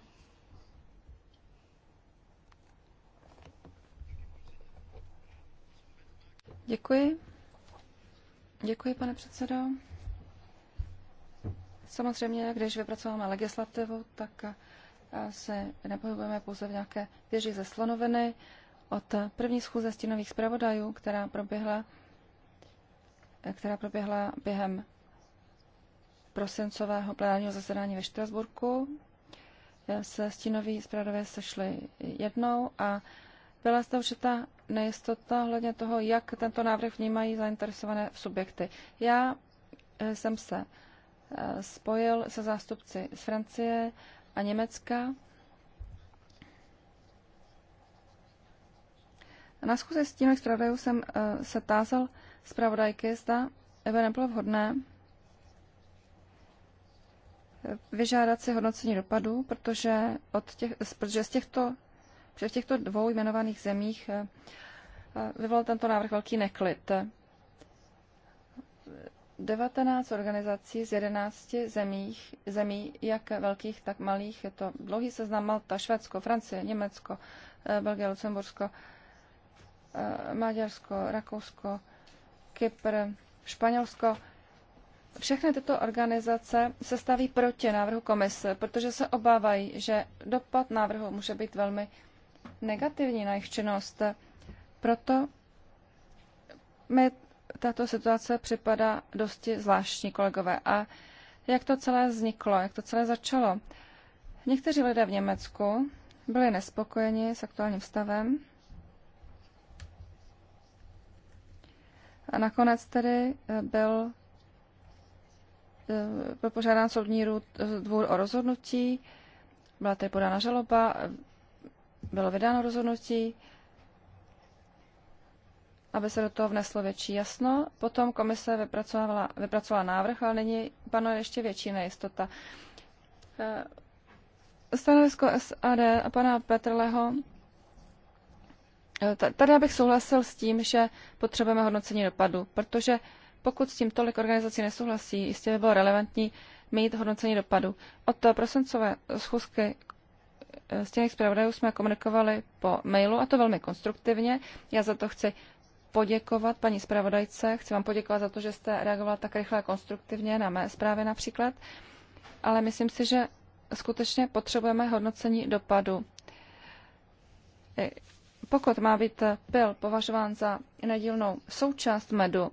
Děkuji. Děkuji, pane předsedo. Samozřejmě, když vypracováme legislativu, tak eh, se nepohybujeme pouze v nějaké věži ze slonoviny. Od první schůze stínových zpravodajů, která proběhla, eh, která proběhla během prosincového plenárního zasedání ve Štrasburku, se stínoví zpravodové sešli jednou a byla zde určitá nejistota hledně toho, jak tento návrh vnímají zainteresované subjekty. Já eh, jsem se eh, spojil se zástupci z Francie a Německa. Na schůze stínových zpravodajů jsem eh, se tázal zpravodajky, zda by nebylo vhodné vyžádat si hodnocení dopadů, protože, od těch, protože z těchto, v těchto dvou jmenovaných zemích eh, eh, vyvolal tento návrh velký neklid. 19 organizací z 11 zemích, zemí, jak velkých, tak malých, je to dlouhý seznam Malta, Švédsko, Francie, Německo, eh, Belgie, Lucembursko, Maďarsko, Rakousko, Kypr, Španělsko, všechny tyto organizace se staví proti návrhu komise, protože se obávají, že dopad návrhu může být velmi negativní na jejich činnost. Proto mi tato situace připadá dosti zvláštní, kolegové. A jak to celé vzniklo, jak to celé začalo? Někteří lidé v Německu byli nespokojeni s aktuálním stavem. A nakonec tedy eh, byl Eh, byl požádán soudní eh, dvůr o rozhodnutí, byla tady podána žaloba, bylo vydáno rozhodnutí, aby se do toho vneslo větší jasno. Potom komise vypracovala, vypracovala návrh, ale není panuje ještě větší nejistota. Eh, stanovisko SAD a pana Petrleho. Tady abych souhlasil s tím, že potřebujeme hodnocení dopadu, protože pokud s tím tolik organizací nesouhlasí, jistě by bylo relevantní mít hodnocení dopadu. Od prosincové schůzky eh, těch zpravodajů jsme komunikovali po mailu, a to velmi konstruktivně. Já za to chci poděkovat paní zpravodajce, chci vám poděkovat za to, že jste reagovala tak rychle a konstruktivně na mé zprávy například, ale myslím si, že skutečně potřebujeme hodnocení dopadu. Pokud má být pil považován za nedílnou součást medu,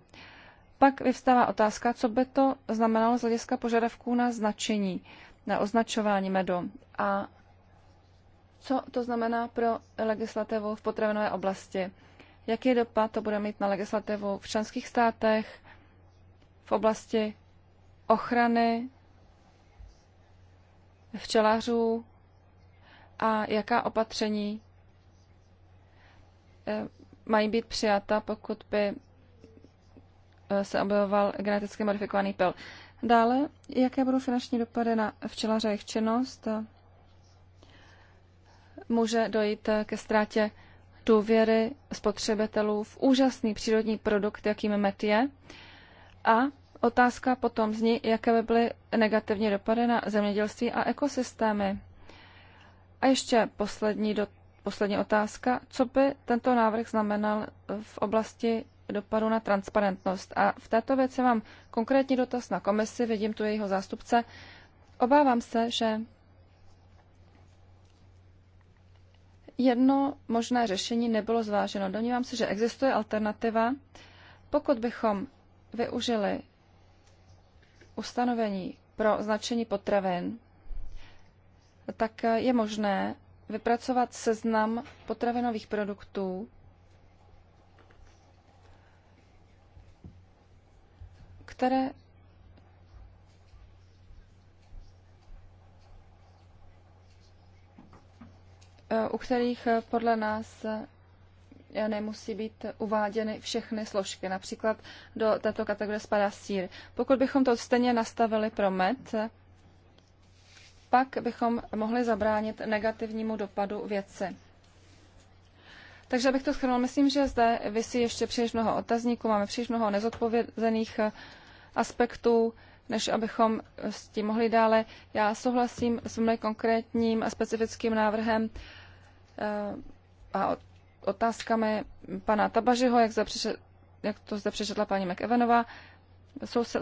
pak vyvstává otázka, co by to znamenalo z hlediska požadavků na značení, na označování medu a co to znamená pro legislativu v potravinové oblasti. Jaký dopad to bude mít na legislativu v členských státech, v oblasti ochrany včelařů a jaká opatření eh, mají být přijata, pokud by Eh, se objevoval geneticky modifikovaný pil. Dále, jaké budou finanční dopady na včelaře jejich činnost? Může dojít ke ztrátě důvěry spotřebitelů v úžasný přírodní produkt, jakým met je. A otázka potom zní, jaké by byly negativní dopady na zemědělství a ekosystémy. A ještě poslední, do, poslední otázka, co by tento návrh znamenal v oblasti dopadu na transparentnost. A v této věci mám konkrétní dotaz na komisi, vidím tu jejího zástupce. Obávám se, že jedno možné řešení nebylo zváženo. Domnívám se, že existuje alternativa. Pokud bychom využili ustanovení pro značení potravin, tak je možné vypracovat seznam potravinových produktů, které eh, u kterých eh, podle nás eh, nemusí být uváděny všechny složky. Například do této kategorie spadá sír. Pokud bychom to stejně nastavili pro med, pak bychom mohli zabránit negativnímu dopadu věci. Takže abych to schrnul, myslím, že zde vysí ještě příliš mnoho otazníků, máme příliš mnoho nezodpovězených aspektů, než abychom s tím mohli dále. Já souhlasím s mnou konkrétním a specifickým návrhem eh, a otázkami pana Tabažiho, jak, jak to zde přečetla paní McEvenová.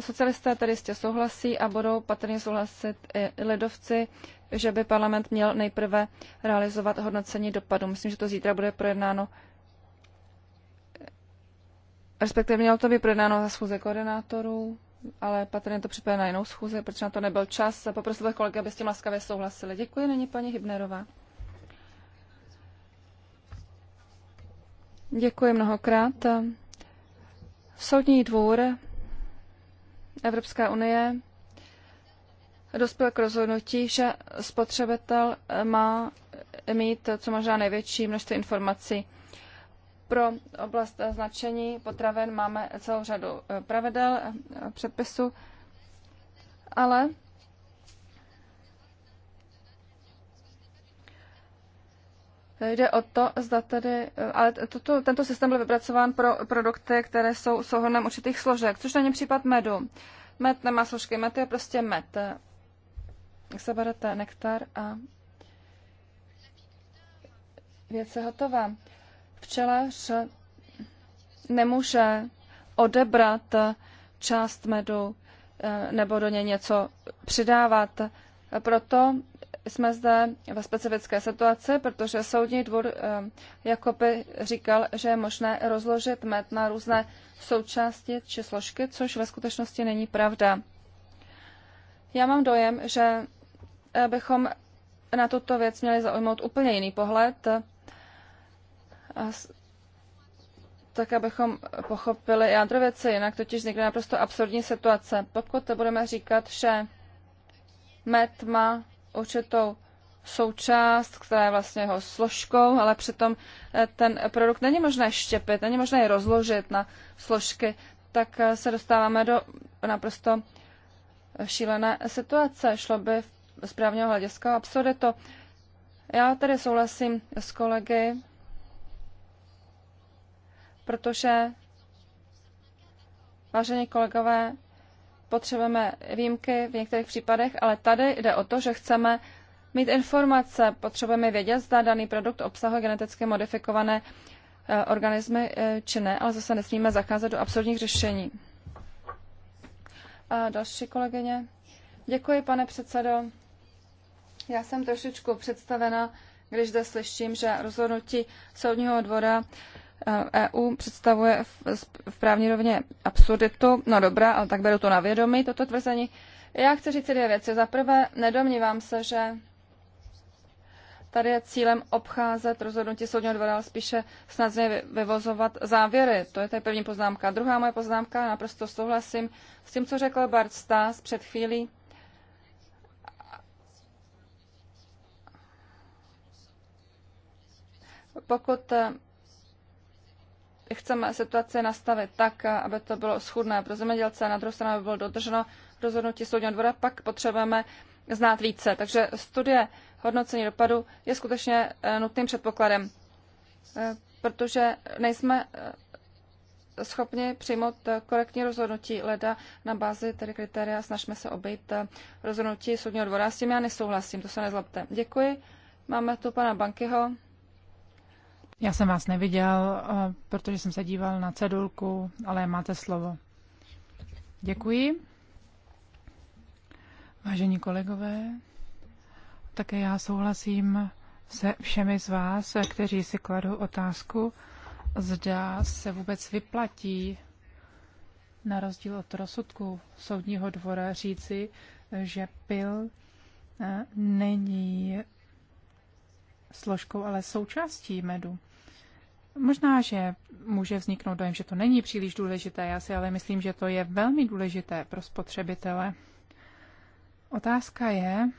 Socialisté tady jistě souhlasí a budou patrně souhlasit i lidovci, že by parlament měl nejprve realizovat hodnocení dopadu. Myslím, že to zítra bude projednáno respektive mělo to být projednáno za schůze koordinátorů, ale patrně to připadá na jinou schůze, protože na to nebyl čas. A poprosil bych kolegy, aby s tím laskavě souhlasili. Děkuji, není paní Hybnerová. Děkuji mnohokrát. Soudní dvůr Evropská unie dospěl k rozhodnutí, že spotřebitel má mít co možná největší množství informací pro oblast značení potraven máme celou řadu eh, pravidel, eh, předpisů, ale Jde o to, zda tedy, eh, ale toto, tento systém byl vypracován pro produkty, které jsou souhrnem určitých složek, což není případ medu. Med nemá složky, med je prostě med. Seberete nektar a věc je hotová. Včelař nemůže odebrat část medu eh, nebo do něj něco přidávat. Proto jsme zde ve specifické situaci, protože soudní dvůr eh, jakoby říkal, že je možné rozložit med na různé součásti či složky, což ve skutečnosti není pravda. Já mám dojem, že eh, bychom na tuto věc měli zaujmout úplně jiný pohled tak abychom pochopili jádro věci, jinak totiž vznikne naprosto absurdní situace. Pokud to budeme říkat, že Met má určitou součást, která je vlastně jeho složkou, ale přitom eh, ten produkt není možné štěpit, není možné je rozložit na složky, tak eh, se dostáváme do naprosto šílené situace. Šlo by z právního hlediska absurdy to. Já tady souhlasím s kolegy protože, vážení kolegové, potřebujeme výjimky v některých případech, ale tady jde o to, že chceme mít informace, potřebujeme vědět, zda daný produkt obsahuje geneticky modifikované eh, organismy eh, či ne, ale zase nesmíme zacházet do absurdních řešení. A další kolegyně. Děkuji, pane předsedo. Já jsem trošičku představena, když zde slyším, že rozhodnutí soudního dvora EU eh, e představuje v právní rovině absurditu. No dobrá, ale tak beru to na vědomí, toto tvrzení. Já chci říct dvě věci. Za prvé, nedomnívám se, že tady je cílem obcházet rozhodnutí soudního dvora, ale spíše snadně vyvozovat závěry. To je tady první poznámka. Druhá moje poznámka, naprosto souhlasím s tím, co řekl Bart Stas před chvílí. Pokud eh, chceme situaci nastavit tak, aby to bylo schudné pro zemědělce, na druhou stranu by bylo dodrženo rozhodnutí soudního dvora, pak potřebujeme znát více. Takže studie hodnocení dopadu je skutečně eh, nutným předpokladem, eh, protože nejsme eh, schopni přijmout korektní rozhodnutí leda na bázi tedy kritéria snažíme se obejít rozhodnutí soudního dvora. S tím já nesouhlasím, to se nezlobte. Děkuji. Máme tu pana Bankyho. Já jsem vás neviděl, eh, protože jsem se díval na cedulku, ale máte slovo. Děkuji. Vážení kolegové, také já souhlasím se všemi z vás, kteří si kladou otázku, zda se vůbec vyplatí na rozdíl od rozsudku soudního dvora říci, že pil eh, není složkou, ale součástí medu. Možná, že může vzniknout dojem, že to není příliš důležité, já si ale myslím, že to je velmi důležité pro spotřebitele. Otázka je,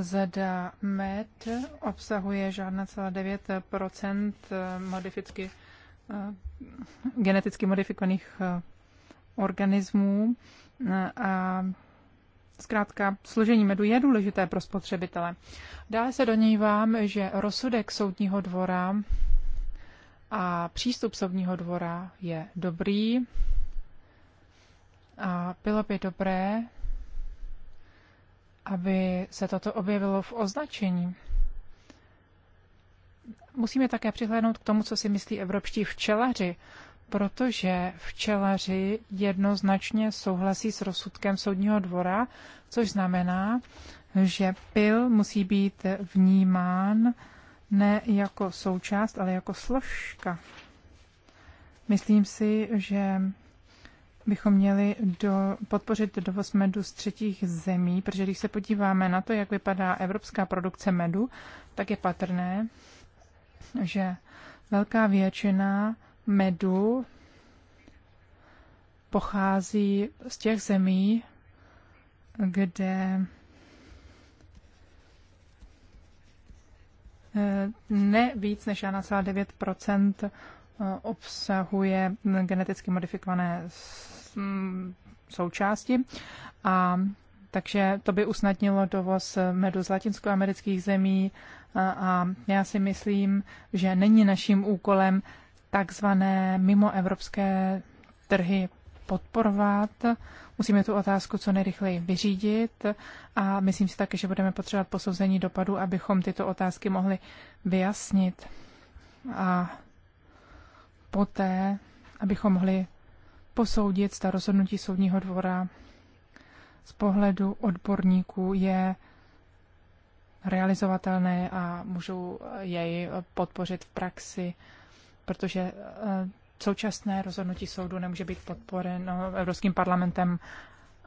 zda med obsahuje žádná celá 9 eh, modificky, eh, geneticky modifikovaných eh, organismů a Zkrátka, složení medu je důležité pro spotřebitele. Dále se donívám, že rozsudek soudního dvora a přístup soudního dvora je dobrý a bylo by dobré, aby se toto objevilo v označení. Musíme také přihlédnout k tomu, co si myslí evropští včelaři protože včelaři jednoznačně souhlasí s rozsudkem soudního dvora, což znamená, že pil musí být vnímán ne jako součást, ale jako složka. Myslím si, že bychom měli do, podpořit dovoz medu z třetích zemí, protože když se podíváme na to, jak vypadá evropská produkce medu, tak je patrné, že velká většina medu pochází z těch zemí, kde eh, ne víc než 1,9 eh, obsahuje geneticky modifikované součásti. A takže to by usnadnilo dovoz medu z latinskoamerických zemí eh, a já si myslím, že není naším úkolem takzvané mimoevropské trhy podporovat. Musíme tu otázku co nejrychleji vyřídit a myslím si také, že budeme potřebovat posouzení dopadu, abychom tyto otázky mohli vyjasnit a poté, abychom mohli posoudit ta rozhodnutí soudního dvora z pohledu odborníků je realizovatelné a můžou jej podpořit v praxi protože eh, současné rozhodnutí soudu nemůže být podporeno Evropským parlamentem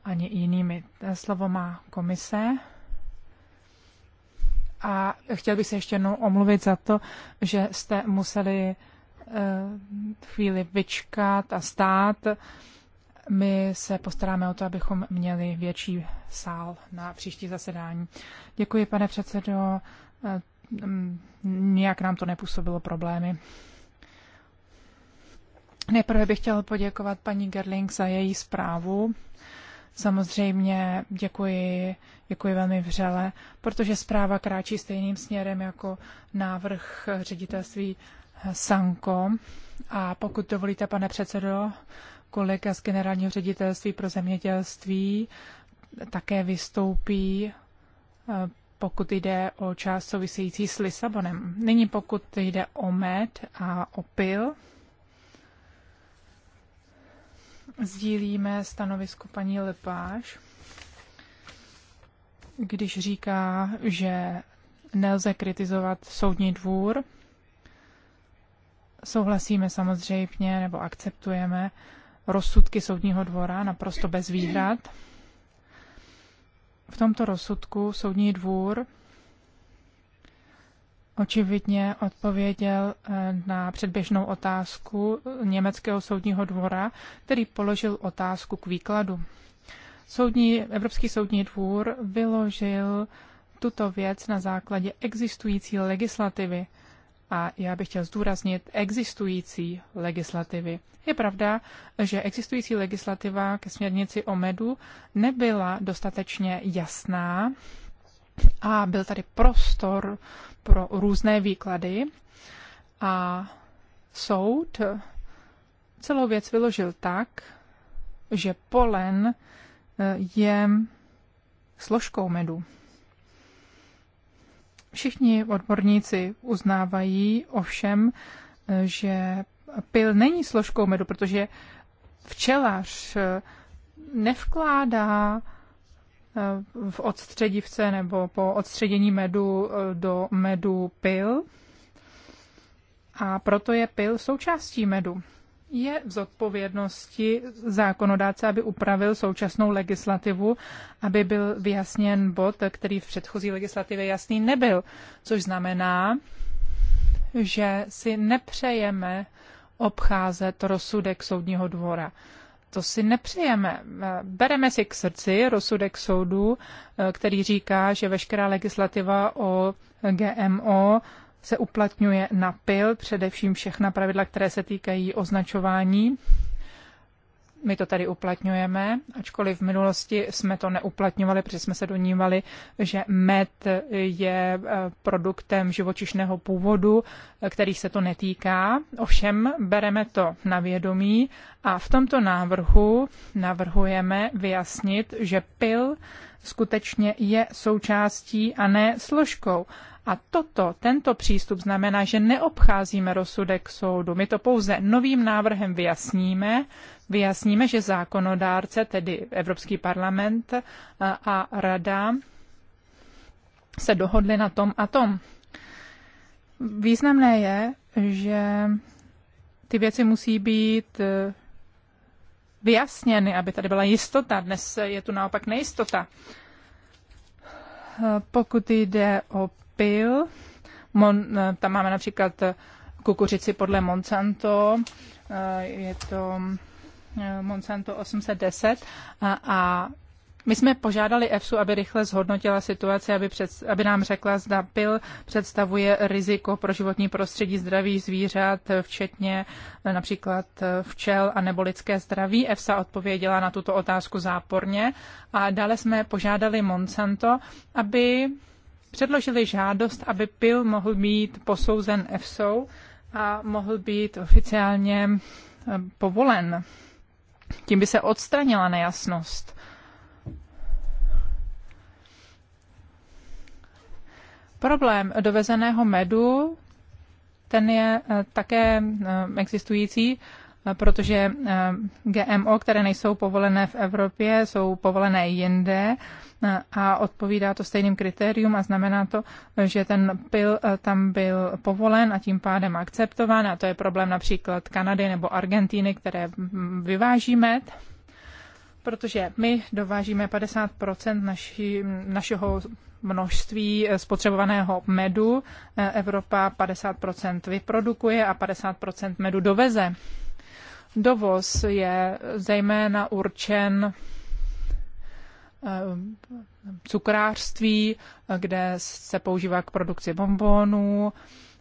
ani jinými. Eh, slovo má komise. A chtěl bych se ještě jednou omluvit za to, že jste museli eh, chvíli vyčkat a stát. My se postaráme o to, abychom měli větší sál na příští zasedání. Děkuji, pane předsedo. Mm, Nijak nám to nepůsobilo problémy. Nejprve bych chtěl poděkovat paní Gerling za její zprávu. Samozřejmě děkuji, děkuji velmi vřele, protože zpráva kráčí stejným směrem jako návrh ředitelství Sanko. A pokud dovolíte, pane předsedo, kolega z Generálního ředitelství pro zemědělství také vystoupí, pokud jde o část související s Lisabonem. Nyní pokud jde o med a opil, sdílíme stanovisko paní Lepáš, když říká, že nelze kritizovat soudní dvůr. Souhlasíme samozřejmě nebo akceptujeme rozsudky soudního dvora naprosto bez výhrad. V tomto rozsudku soudní dvůr očividně odpověděl eh, na předběžnou otázku eh, Německého soudního dvora, který položil otázku k výkladu. Soudní, Evropský soudní dvůr vyložil tuto věc na základě existující legislativy. A já bych chtěl zdůraznit existující legislativy. Je pravda, že existující legislativa ke směrnici o medu nebyla dostatečně jasná a byl tady prostor pro různé výklady a soud celou věc vyložil tak, že polen eh, je složkou medu. Všichni odborníci uznávají ovšem, eh, že pil není složkou medu, protože včelař eh, nevkládá v odstředivce nebo po odstředění medu eh, do medu pil. A proto je pil součástí medu. Je v zodpovědnosti zákonodáce, aby upravil současnou legislativu, aby byl vyjasněn bod, který v předchozí legislativě jasný nebyl, což znamená, že si nepřejeme obcházet rozsudek soudního dvora to si nepřejeme. Bereme si k srdci rozsudek soudu, který říká, že veškerá legislativa o GMO se uplatňuje na pil, především všechna pravidla, které se týkají označování my to tady uplatňujeme, ačkoliv v minulosti jsme to neuplatňovali, protože jsme se donívali, že med je e, produktem živočišného původu, e, kterých se to netýká. Ovšem bereme to na vědomí a v tomto návrhu navrhujeme vyjasnit, že pil skutečně je součástí a ne složkou. A toto, tento přístup znamená, že neobcházíme rozsudek soudu. My to pouze novým návrhem vyjasníme, vyjasníme, že zákonodárce, tedy Evropský parlament eh, a rada, se dohodli na tom a tom. Významné je, že ty věci musí být eh, vyjasněny, aby tady byla jistota. Dnes je tu naopak nejistota. Eh, pokud jde o pil, mon, tam máme například kukuřici podle Monsanto, je to Eh, Monsanto 810 a, a my jsme požádali EFSU, aby rychle zhodnotila situaci, aby, před, aby nám řekla, zda pil představuje riziko pro životní prostředí zdraví zvířat, včetně eh, například eh, včel a nebo lidské zdraví. EFSA odpověděla na tuto otázku záporně a dále jsme požádali Monsanto, aby předložili žádost, aby pil mohl být posouzen EFSou a mohl být oficiálně povolen tím by se odstranila nejasnost. Problém dovezeného medu, ten je eh, také eh, existující protože eh, GMO, které nejsou povolené v Evropě, jsou povolené jinde eh, a odpovídá to stejným kritérium a znamená to, že ten pil eh, tam byl povolen a tím pádem akceptován a to je problém například Kanady nebo Argentíny, které mm, vyvážíme protože my dovážíme 50 naši, našeho množství spotřebovaného medu. Evropa 50 vyprodukuje a 50 medu doveze. Dovoz je zejména určen eh, cukrářství, kde se používá k produkci bombónů.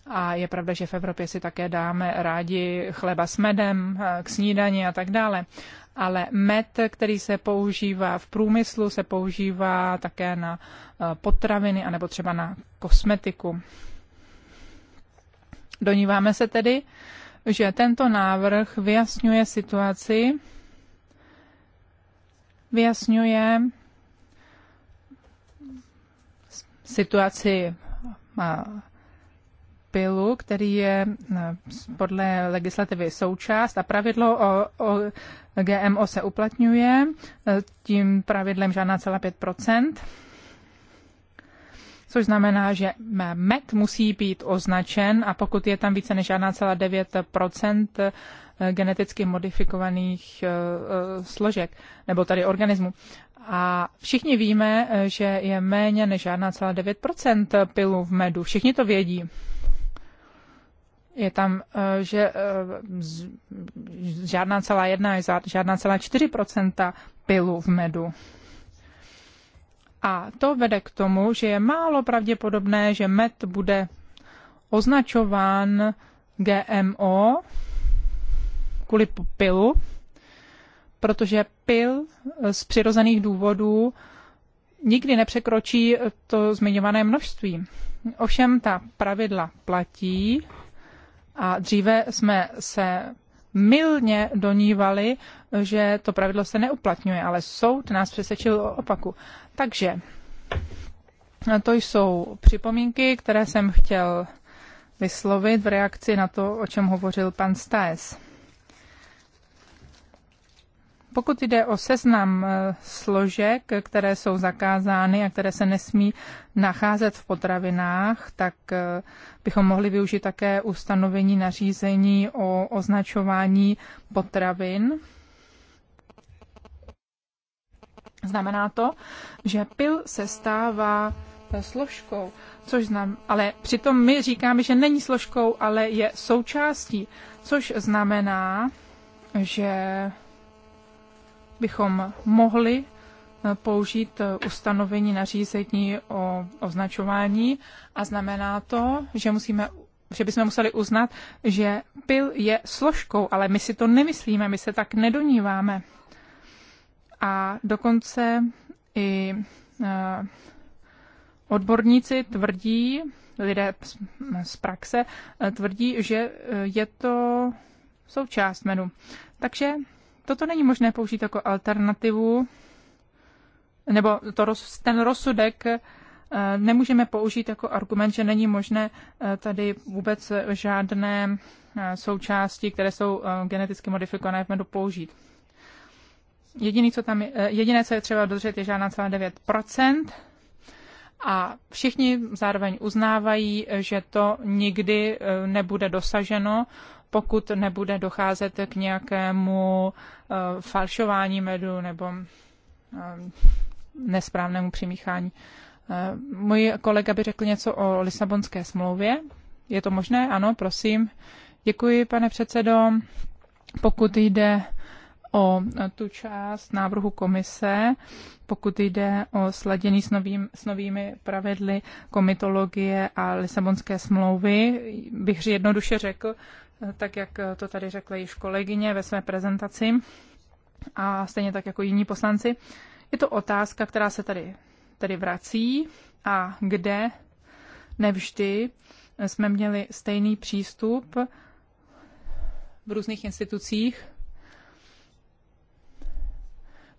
A je pravda, že v Evropě si také dáme rádi chleba s medem eh, k snídani a tak dále. Ale med, který se používá v průmyslu, se používá také na eh, potraviny anebo třeba na kosmetiku. Doníváme se tedy, že tento návrh vyjasňuje situaci, vyjasňuje situaci pilu, který je podle legislativy součást a pravidlo o, o GMO se uplatňuje. Tím pravidlem žádná celá 5 což znamená, že met musí být označen a pokud je tam více než 1,9 eh, geneticky modifikovaných eh, eh, složek, nebo tady organismu, A všichni víme, že je méně než 1,9 pilu v medu. Všichni to vědí. Je tam, že žádná celá jedna, žádná celá čtyři procenta pilu v medu. A to vede k tomu, že je málo pravděpodobné, že med bude označován GMO kvůli pilu, protože pil z přirozených důvodů nikdy nepřekročí to zmiňované množství. Ovšem ta pravidla platí a dříve jsme se mylně donívali, že to pravidlo se neuplatňuje, ale soud nás přesvědčil o opaku. Takže to jsou připomínky, které jsem chtěl vyslovit v reakci na to, o čem hovořil pan Staes. Pokud jde o seznam eh, složek, které jsou zakázány a které se nesmí nacházet v potravinách, tak eh, bychom mohli využít také ustanovení nařízení o označování potravin. Znamená to, že pil se stává eh, složkou, což znám, ale přitom my říkáme, že není složkou, ale je součástí, což znamená, že bychom mohli eh, použít eh, ustanovení nařízení o označování a znamená to, že musíme že bychom museli uznat, že pil je složkou, ale my si to nemyslíme, my se tak nedoníváme. A dokonce i eh, odborníci tvrdí, lidé z praxe tvrdí, že je to součást menu. Takže Toto není možné použít jako alternativu, nebo to, ten rozsudek eh, nemůžeme použít jako argument, že není možné eh, tady vůbec žádné eh, součásti, které jsou geneticky modifikované v medu použít. Jediný, co tam je, jediné, co je třeba dodržet, je žádná celá 9%. A všichni zároveň uznávají, že to nikdy nebude dosaženo, pokud nebude docházet k nějakému eh, falšování medu nebo eh, nesprávnému přimíchání. Eh, můj kolega by řekl něco o Lisabonské smlouvě. Je to možné? Ano, prosím. Děkuji, pane předsedo. Pokud jde o tu část návrhu komise, pokud jde o sladění s, novým, s novými pravidly komitologie a Lisabonské smlouvy, bych jednoduše řekl, tak jak to tady řekla již kolegyně ve své prezentaci a stejně tak jako jiní poslanci. Je to otázka, která se tady, tady vrací a kde nevždy jsme měli stejný přístup v různých institucích,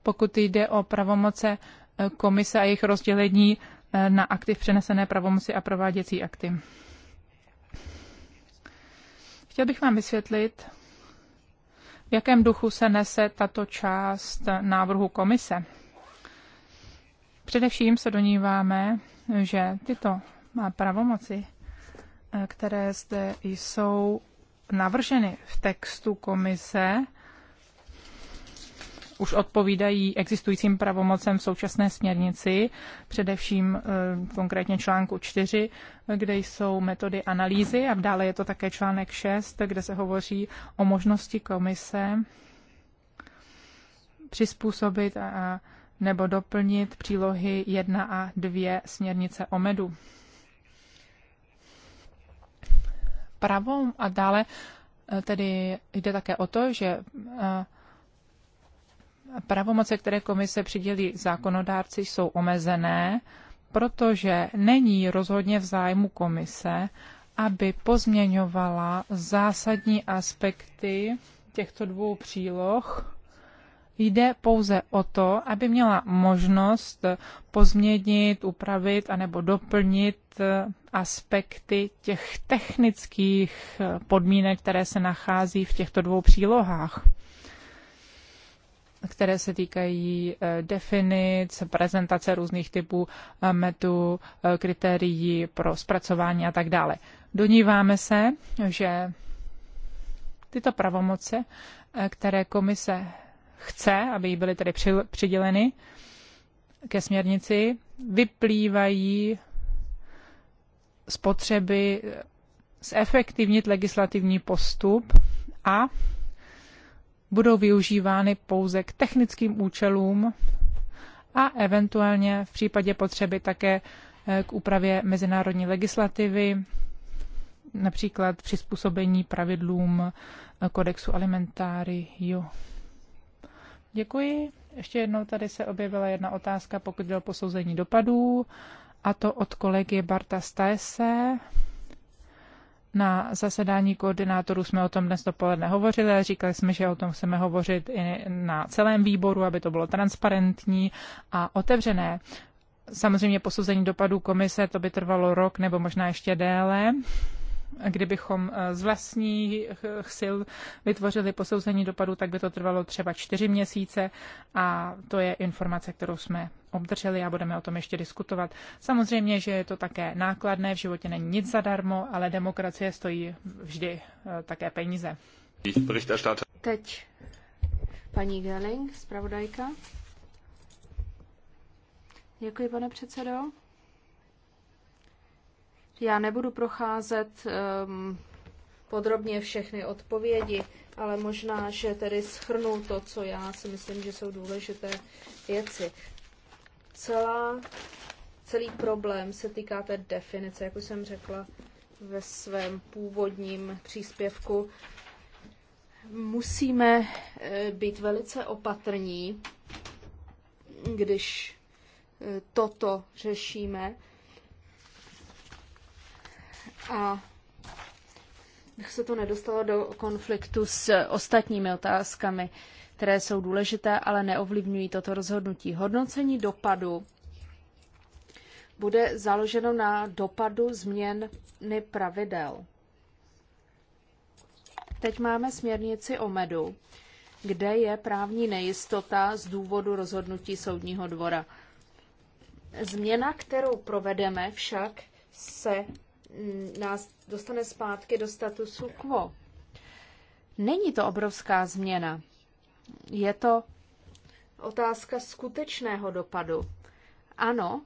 pokud jde o pravomoce eh, komise a jejich rozdělení eh, na aktiv přenesené pravomoci a prováděcí akty. Chtěl bych vám vysvětlit, v jakém duchu se nese tato část návrhu komise. Především se doníváme, že tyto pravomoci, eh, které zde jsou navrženy v textu komise, už odpovídají existujícím pravomocem v současné směrnici, především eh, konkrétně článku 4, kde jsou metody analýzy a dále je to také článek 6, kde se hovoří o možnosti komise přizpůsobit a, nebo doplnit přílohy 1 a 2 směrnice o medu. Pravom a dále eh, tedy jde také o to, že eh, pravomoce, které komise přidělí zákonodárci, jsou omezené, protože není rozhodně v zájmu komise, aby pozměňovala zásadní aspekty těchto dvou příloh. Jde pouze o to, aby měla možnost pozměnit, upravit anebo doplnit aspekty těch technických podmínek, které se nachází v těchto dvou přílohách které se týkají eh, definic, prezentace různých typů eh, metu, eh, kritérií pro zpracování a tak dále. Doníváme se, že tyto pravomoce, které komise chce, aby jí byly tedy přiděleny ke směrnici, vyplývají z potřeby zefektivnit legislativní postup a budou využívány pouze k technickým účelům a eventuálně v případě potřeby také eh, k úpravě mezinárodní legislativy, například přizpůsobení pravidlům eh, kodexu Jo. Děkuji. Ještě jednou tady se objevila jedna otázka, pokud jde o posouzení dopadů, a to od kolegy Barta Staese. Na zasedání koordinátorů jsme o tom dnes dopoledne hovořili, říkali jsme, že o tom chceme hovořit i na celém výboru, aby to bylo transparentní a otevřené. Samozřejmě posouzení dopadů komise, to by trvalo rok nebo možná ještě déle kdybychom eh, z vlastních eh, sil vytvořili posouzení dopadu, tak by to trvalo třeba čtyři měsíce a to je informace, kterou jsme obdrželi a budeme o tom ještě diskutovat. Samozřejmě, že je to také nákladné, v životě není nic zadarmo, ale demokracie stojí vždy eh, také peníze. Teď paní Gelling, zpravodajka. Děkuji, pane předsedo. Já nebudu procházet um, podrobně všechny odpovědi, ale možná, že tedy schrnu to, co já si myslím, že jsou důležité věci celá, celý problém se týká té definice, jak už jsem řekla ve svém původním příspěvku. Musíme eh, být velice opatrní, když eh, toto řešíme. A bych se to nedostalo do konfliktu s ostatními otázkami které jsou důležité, ale neovlivňují toto rozhodnutí. Hodnocení dopadu bude založeno na dopadu změny pravidel. Teď máme směrnici o medu, kde je právní nejistota z důvodu rozhodnutí soudního dvora. Změna, kterou provedeme, však se mm, nás dostane zpátky do statusu quo. Není to obrovská změna je to otázka skutečného dopadu. Ano,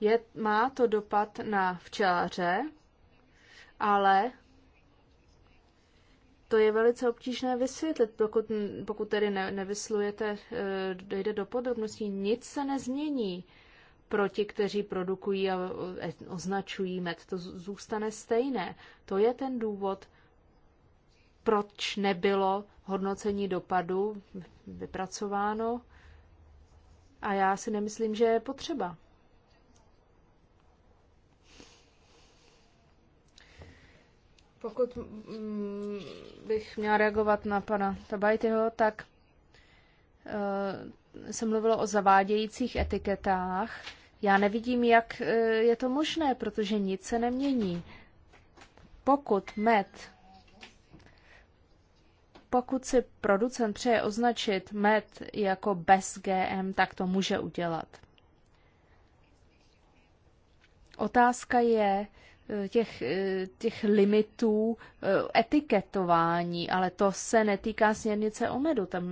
je, má to dopad na včelaře, ale to je velice obtížné vysvětlit, pokud, pokud tedy ne, nevyslujete, eh, dojde do podrobností, nic se nezmění pro ti, kteří produkují a eh, označují med. To zůstane stejné. To je ten důvod, proč nebylo hodnocení dopadu vypracováno a já si nemyslím, že je potřeba. Pokud mm, bych měla reagovat na pana Tabajtyho, tak eh, se mluvilo o zavádějících etiketách. Já nevidím, jak eh, je to možné, protože nic se nemění. Pokud med pokud si producent přeje označit med jako bez GM, tak to může udělat. Otázka je eh, těch, eh, těch limitů eh, etiketování, ale to se netýká směrnice o medu. Tam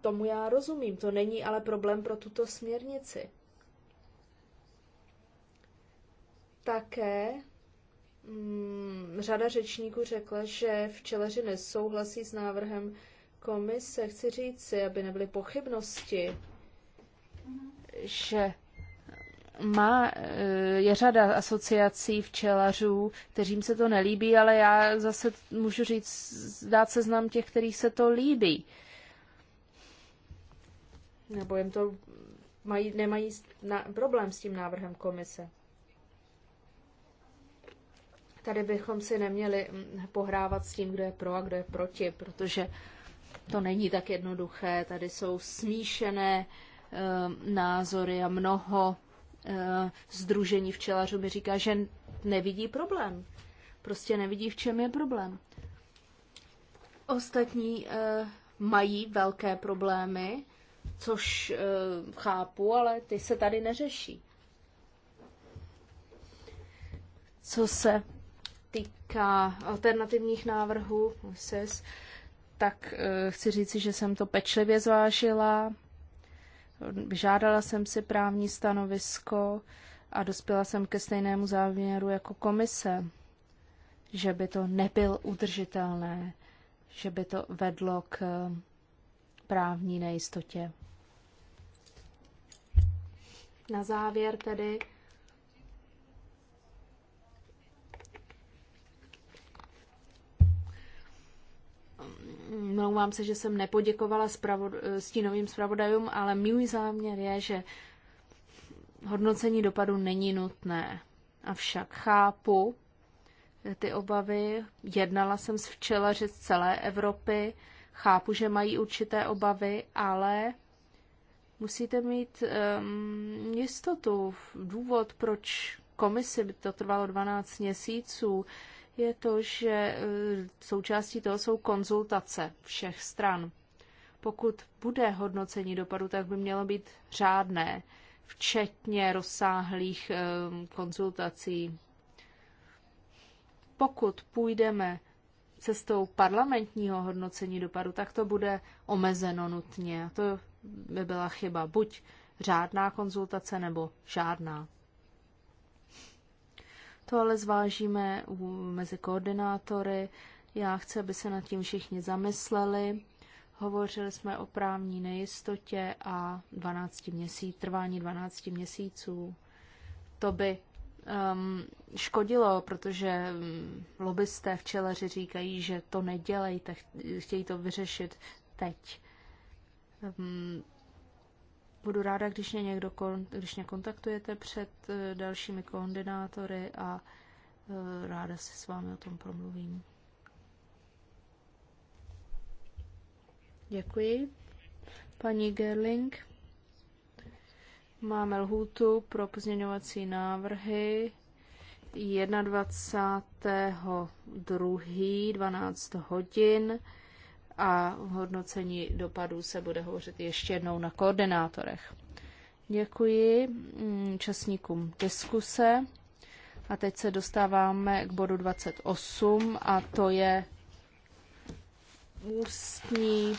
tomu já rozumím, to není ale problém pro tuto směrnici. Také Mm, řada řečníků řekla, že včeleři nesouhlasí s návrhem komise. Chci říci, aby nebyly pochybnosti, že má, eh, je řada asociací včelařů, kteřím se to nelíbí, ale já zase můžu říct, dát seznam těch, kterých se to líbí. Nebo jim to mají, nemají na, problém s tím návrhem komise tady bychom si neměli mm, pohrávat s tím, kdo je pro a kdo je proti, protože to není tak jednoduché. Tady jsou smíšené e, názory a mnoho e, eh, združení včelařů mi říká, že nevidí problém. Prostě nevidí, v čem je problém. Ostatní e, mají velké problémy, což e, chápu, ale ty se tady neřeší. Co se týká alternativních návrhů SES, tak eh, chci říci, že jsem to pečlivě zvážila. Žádala jsem si právní stanovisko a dospěla jsem ke stejnému závěru jako komise, že by to nebyl udržitelné, že by to vedlo k eh, právní nejistotě. Na závěr tedy Mlouvám se, že jsem nepoděkovala spravod, stínovým zpravodajům, ale můj záměr je, že hodnocení dopadu není nutné. Avšak chápu ty obavy. Jednala jsem s včelaři z celé Evropy. Chápu, že mají určité obavy, ale musíte mít um, jistotu, důvod, proč komisi by to trvalo 12 měsíců. Uh, je to, že eh, součástí toho jsou konzultace všech stran. Pokud bude hodnocení dopadu, tak by mělo být řádné, včetně rozsáhlých eh, konzultací. Pokud půjdeme cestou parlamentního hodnocení dopadu, tak to bude omezeno nutně. To by byla chyba. Buď řádná konzultace nebo žádná. To ale zvážíme mezi koordinátory. Já chci, aby se nad tím všichni zamysleli. Hovořili jsme o právní nejistotě a 12 měsíc, trvání 12 měsíců. To by um, škodilo, protože um, lobbysté včeleři říkají, že to nedělejte, chtějí to vyřešit teď. Um, budu ráda, když mě někdo kon, když mě kontaktujete před eh, dalšími koordinátory a eh, ráda si s vámi o tom promluvím. Děkuji. Paní Gerling, máme lhůtu pro pozměňovací návrhy 21. 2. 12 hodin a v hodnocení dopadů se bude hovořit ještě jednou na koordinátorech. Děkuji účastníkům mm, diskuse a teď se dostáváme k bodu 28 a to je ústní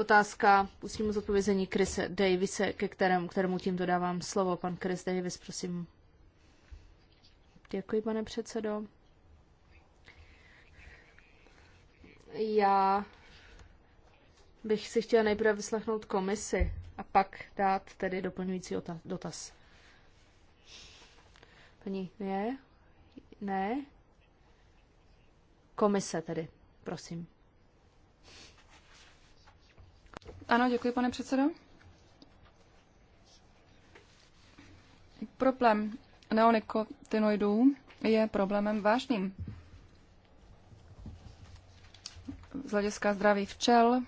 otázka ústnímu zodpovězení Krise Davise, ke kterému, kterému tímto dávám slovo. Pan Chris Davis, prosím. Děkuji, pane předsedo. Já bych si chtěla nejprve vyslechnout komisi a pak dát tedy doplňující dotaz. Paní, ne? Ne? Komise tedy, prosím. Ano, děkuji, pane předsedo. Problém neonikotinoidů je problémem vážným. z hlediska zdraví včel.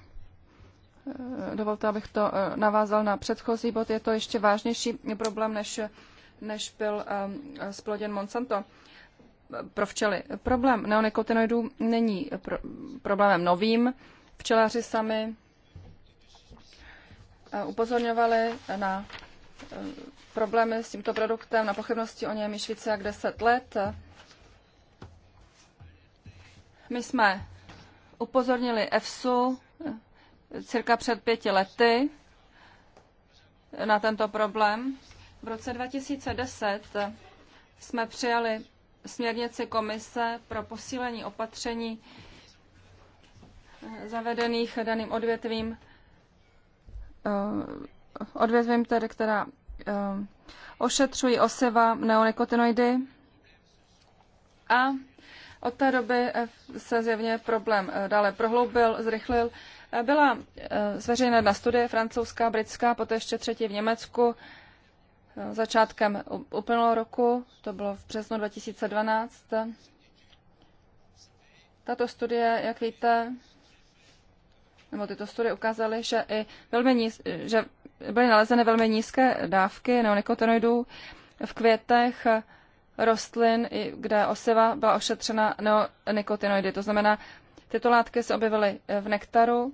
E, dovolte, abych to e, navázal na předchozí bod. Je to ještě vážnější problém, než, než byl sploděn e, Monsanto pro včely. Problém neonikotinoidů není pro, problémem novým. Včelaři sami upozorňovali na problémy s tímto produktem, na pochybnosti o něm již více jak 10 let. My jsme upozornili EFSU eh, cirka před pěti lety na tento problém. V roce 2010 jsme přijali směrnici komise pro posílení opatření eh, zavedených daným odvětvím, eh, odvětvím tedy, která ošetřují osiva neonikotinoidy a od té doby eh, se zjevně problém eh, dále prohloubil, zrychlil. Eh, Byla zveřejněna na studie, francouzská, britská, poté ještě třetí v Německu začátkem uplynulého roku, to bylo v březnu 2012. Tato studie, jak víte, nebo tyto studie ukázaly, že i velmi níz, že byly nalezeny velmi nízké dávky neonikotinoidů v květech rostlin, kde osiva byla ošetřena neonikotinoidy. To znamená, tyto látky se objevily v nektaru,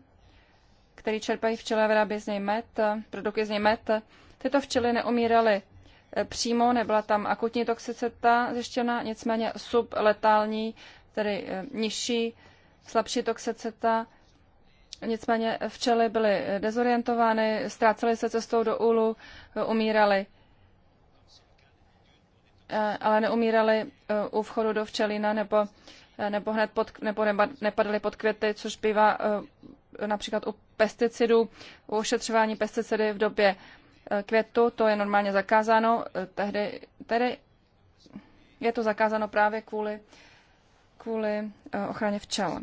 který čerpají včely a vyrábí z něj met produkty z něj met Tyto včely neumíraly eh, přímo, nebyla tam akutní toxicita zjištěna, nicméně subletální, tedy eh, nižší, slabší toxicita. Nicméně včely byly dezorientovány, ztrácely se cestou do úlu, umíraly. Eh, ale neumírali eh, u vchodu do včelina nebo, eh, nebo hned pod, nebo nepadali pod květy, což bývá například u pesticidů, u ošetřování pesticidy v době květu, to je normálně zakázáno. Tehdy, tedy je to zakázáno právě kvůli, kvůli ochraně včel.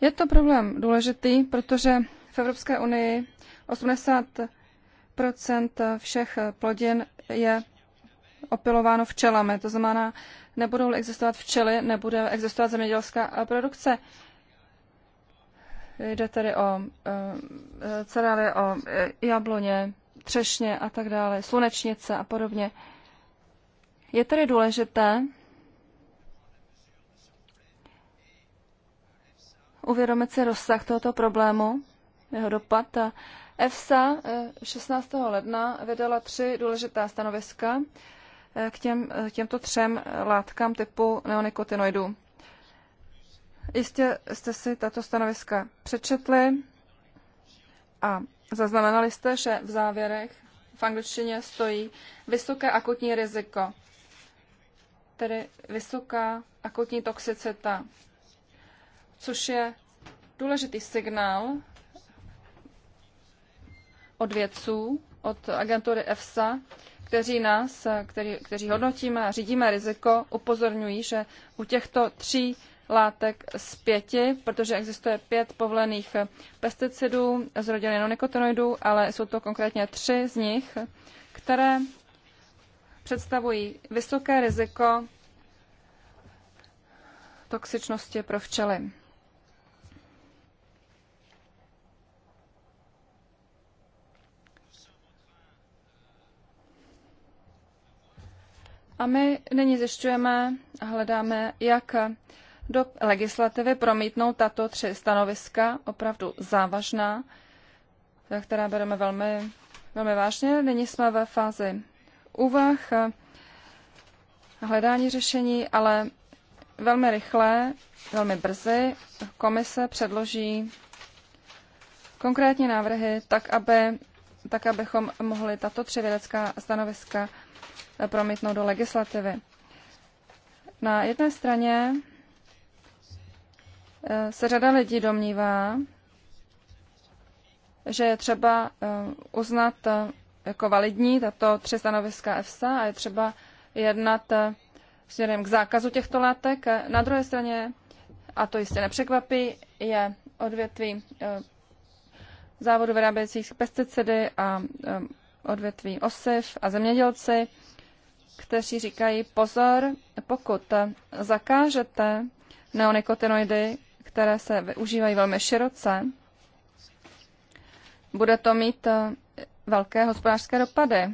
Je to problém důležitý, protože v Evropské unii 80 všech plodin je opilováno včelami. To znamená, nebudou existovat včely, nebude existovat zemědělská produkce. Jde tedy o e, eh, cereály, o e, jabloně, třešně a tak dále, slunečnice a podobně. Je tedy důležité uvědomit si rozsah tohoto problému, jeho dopad. EFSA 16. Eh, ledna vydala tři důležitá stanoviska Eh, k, těm, eh, těmto třem látkám typu neonikotinoidů. Jistě jste si tato stanoviska přečetli a zaznamenali jste, že v závěrech v angličtině stojí vysoké akutní riziko, tedy vysoká akutní toxicita, což je důležitý signál od vědců, od agentury EFSA, kteří nás, který, kteří hodnotíme a řídíme riziko, upozorňují, že u těchto tří látek z pěti, protože existuje pět povolených pesticidů z rodiny nonikotinoidů, ale jsou to konkrétně tři z nich, které představují vysoké riziko toxičnosti pro včely. A my nyní zjišťujeme a hledáme, jak do legislativy promítnout tato tři stanoviska, opravdu závažná, která bereme velmi, velmi vážně. Nyní jsme ve fázi úvah, hledání řešení, ale velmi rychle, velmi brzy komise předloží konkrétní návrhy tak, aby tak abychom mohli tato tři vědecká stanoviska eh, promítnout do legislativy. Na jedné straně eh, se řada lidí domnívá, že je třeba eh, uznat jako validní tato tři stanoviska EFSA a je třeba jednat směrem k zákazu těchto látek. Na druhé straně, a to jistě nepřekvapí, je odvětví závodu vyrábějících pesticidy a odvětví osiv a zemědělci, kteří říkají pozor, pokud zakážete neonikotinoidy, které se využívají velmi široce, bude to mít eh, velké hospodářské dopady.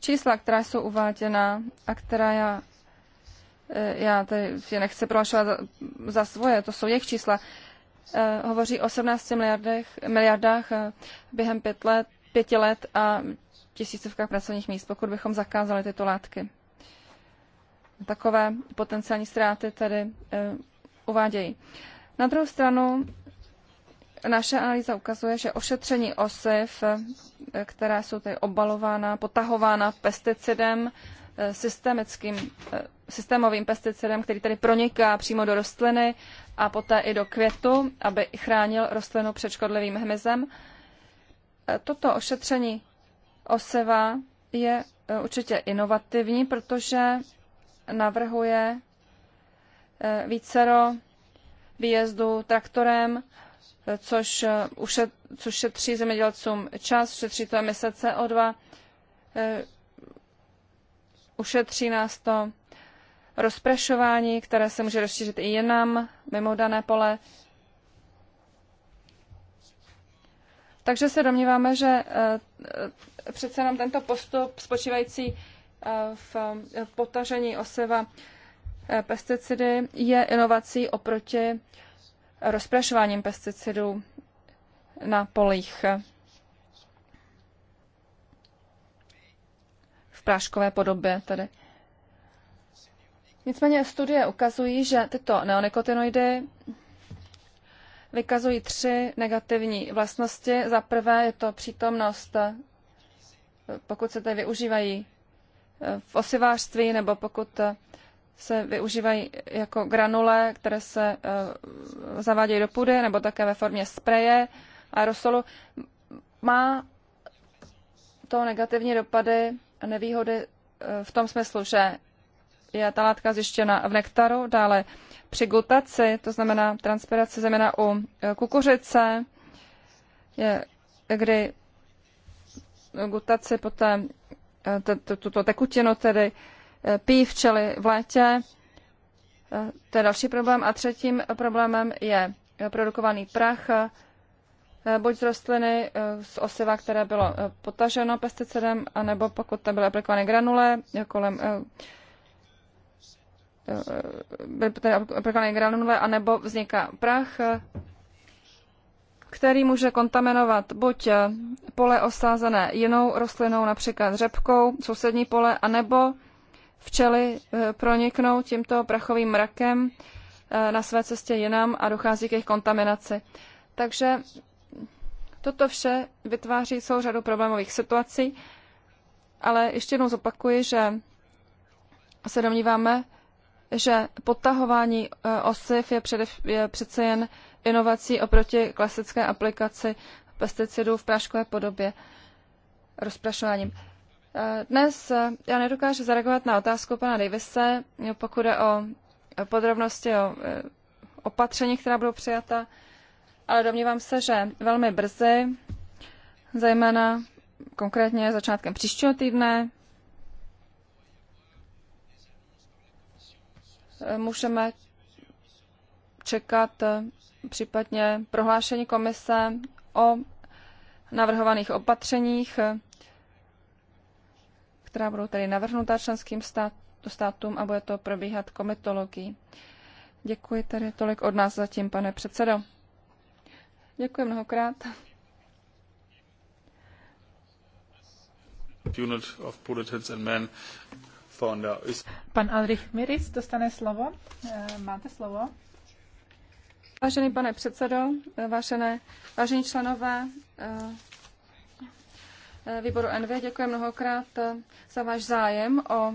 Čísla, která jsou uváděna a která já, eh, já tady je nechci prohlašovat za, za svoje, to jsou jejich čísla, Eh, hovoří o 18 miliardách, miliardách eh, během pět let, pěti let a tisícovkách pracovních míst, pokud bychom zakázali tyto látky. Takové potenciální ztráty tedy eh, uvádějí. Na druhou stranu naše analýza ukazuje, že ošetření osiv, která jsou tady obalována, potahována pesticidem, Eh, systemickým, eh, systémovým pesticidem, který tedy proniká přímo do rostliny a poté i do květu, aby chránil rostlinu před škodlivým hmyzem. Eh, toto ošetření oseva je určitě inovativní, protože navrhuje vícero výjezdu traktorem, což, ušet, což šetří zemědělcům čas, šetří to emise CO2, ušetří nás to rozprašování, které se může rozšířit i jinam, mimo dané pole. Takže se domníváme, že eh, eh, přece nám tento postup spočívající eh, v potažení oseva pesticidy je inovací oproti rozprašováním pesticidů na polích. v práškové podobě tady. Nicméně studie ukazují, že tyto neonikotinoidy vykazují tři negativní vlastnosti. Za prvé je to přítomnost, pokud se tady využívají v osivářství nebo pokud se využívají jako granule, které se eh, zavádějí do půdy nebo také ve formě spreje aerosolu, má to negativní dopady nevýhody eh, v tom smyslu, že je ta látka zjištěna v nektaru, dále při glutaci, to znamená transpiraci zejména u eh, kukuřice, je, kdy glutaci poté eh, tuto tekutinu tedy pijí včely v létě. To je další problém. A třetím problémem je produkovaný prach, Eh, buď z rostliny, eh, z osiva, které bylo eh, potaženo pesticidem, anebo pokud tam byly aplikované granule kolem byly tedy aplikované granule, anebo vzniká prach, který může kontaminovat buď pole osázené jinou rostlinou, například řepkou, sousední pole, anebo včely proniknou tímto prachovým mrakem na své cestě jinam a dochází k jejich kontaminaci. Takže Toto vše vytváří celou řadu problémových situací, ale ještě jednou zopakuji, že se domníváme, že potahování e, osiv je, předev, je přece jen inovací oproti klasické aplikaci pesticidů v práškové podobě rozprašováním. E, dnes e, já nedokážu zareagovat na otázku pana Davise, pokud je o podrobnosti o opatření, která budou přijata ale domnívám se, že velmi brzy, zejména konkrétně začátkem příštího týdne, můžeme čekat případně prohlášení komise o navrhovaných opatřeních, která budou tedy navrhnuta členským státům a bude to probíhat komitologií. Děkuji tedy tolik od nás zatím, pane předsedo. Děkuji mnohokrát. Unit of Politics and Men Pan Alrich Miris dostane slovo. Eh, máte slovo. Vážený pane předsedo, vážené, vážení členové eh, eh, výboru NV, děkuji mnohokrát za váš zájem o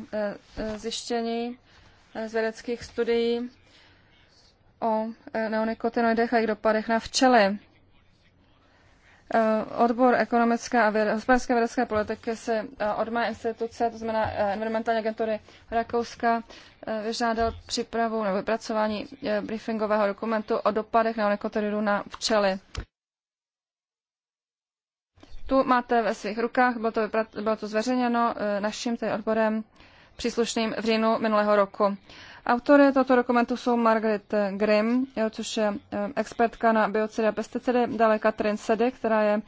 zjištění z vědeckých studií o neonikotinoidech a jejich dopadech na včely. Eh, odbor ekonomické a věd, hospodářské vědecké politiky se eh, od mé instituce, to znamená eh, environmentální agentury Rakouska, vyžádal přípravu nebo vypracování briefingového dokumentu o dopadech neonikotidů na včely. Tu máte ve svých rukách, bylo to, bylo to zveřejněno naším tedy odborem příslušným v říjnu minulého roku. Autory tohoto dokumentu jsou Margaret Grimm, jo, což je eh, expertka na biocidy a pesticidy, dále Katrin Sedy, která je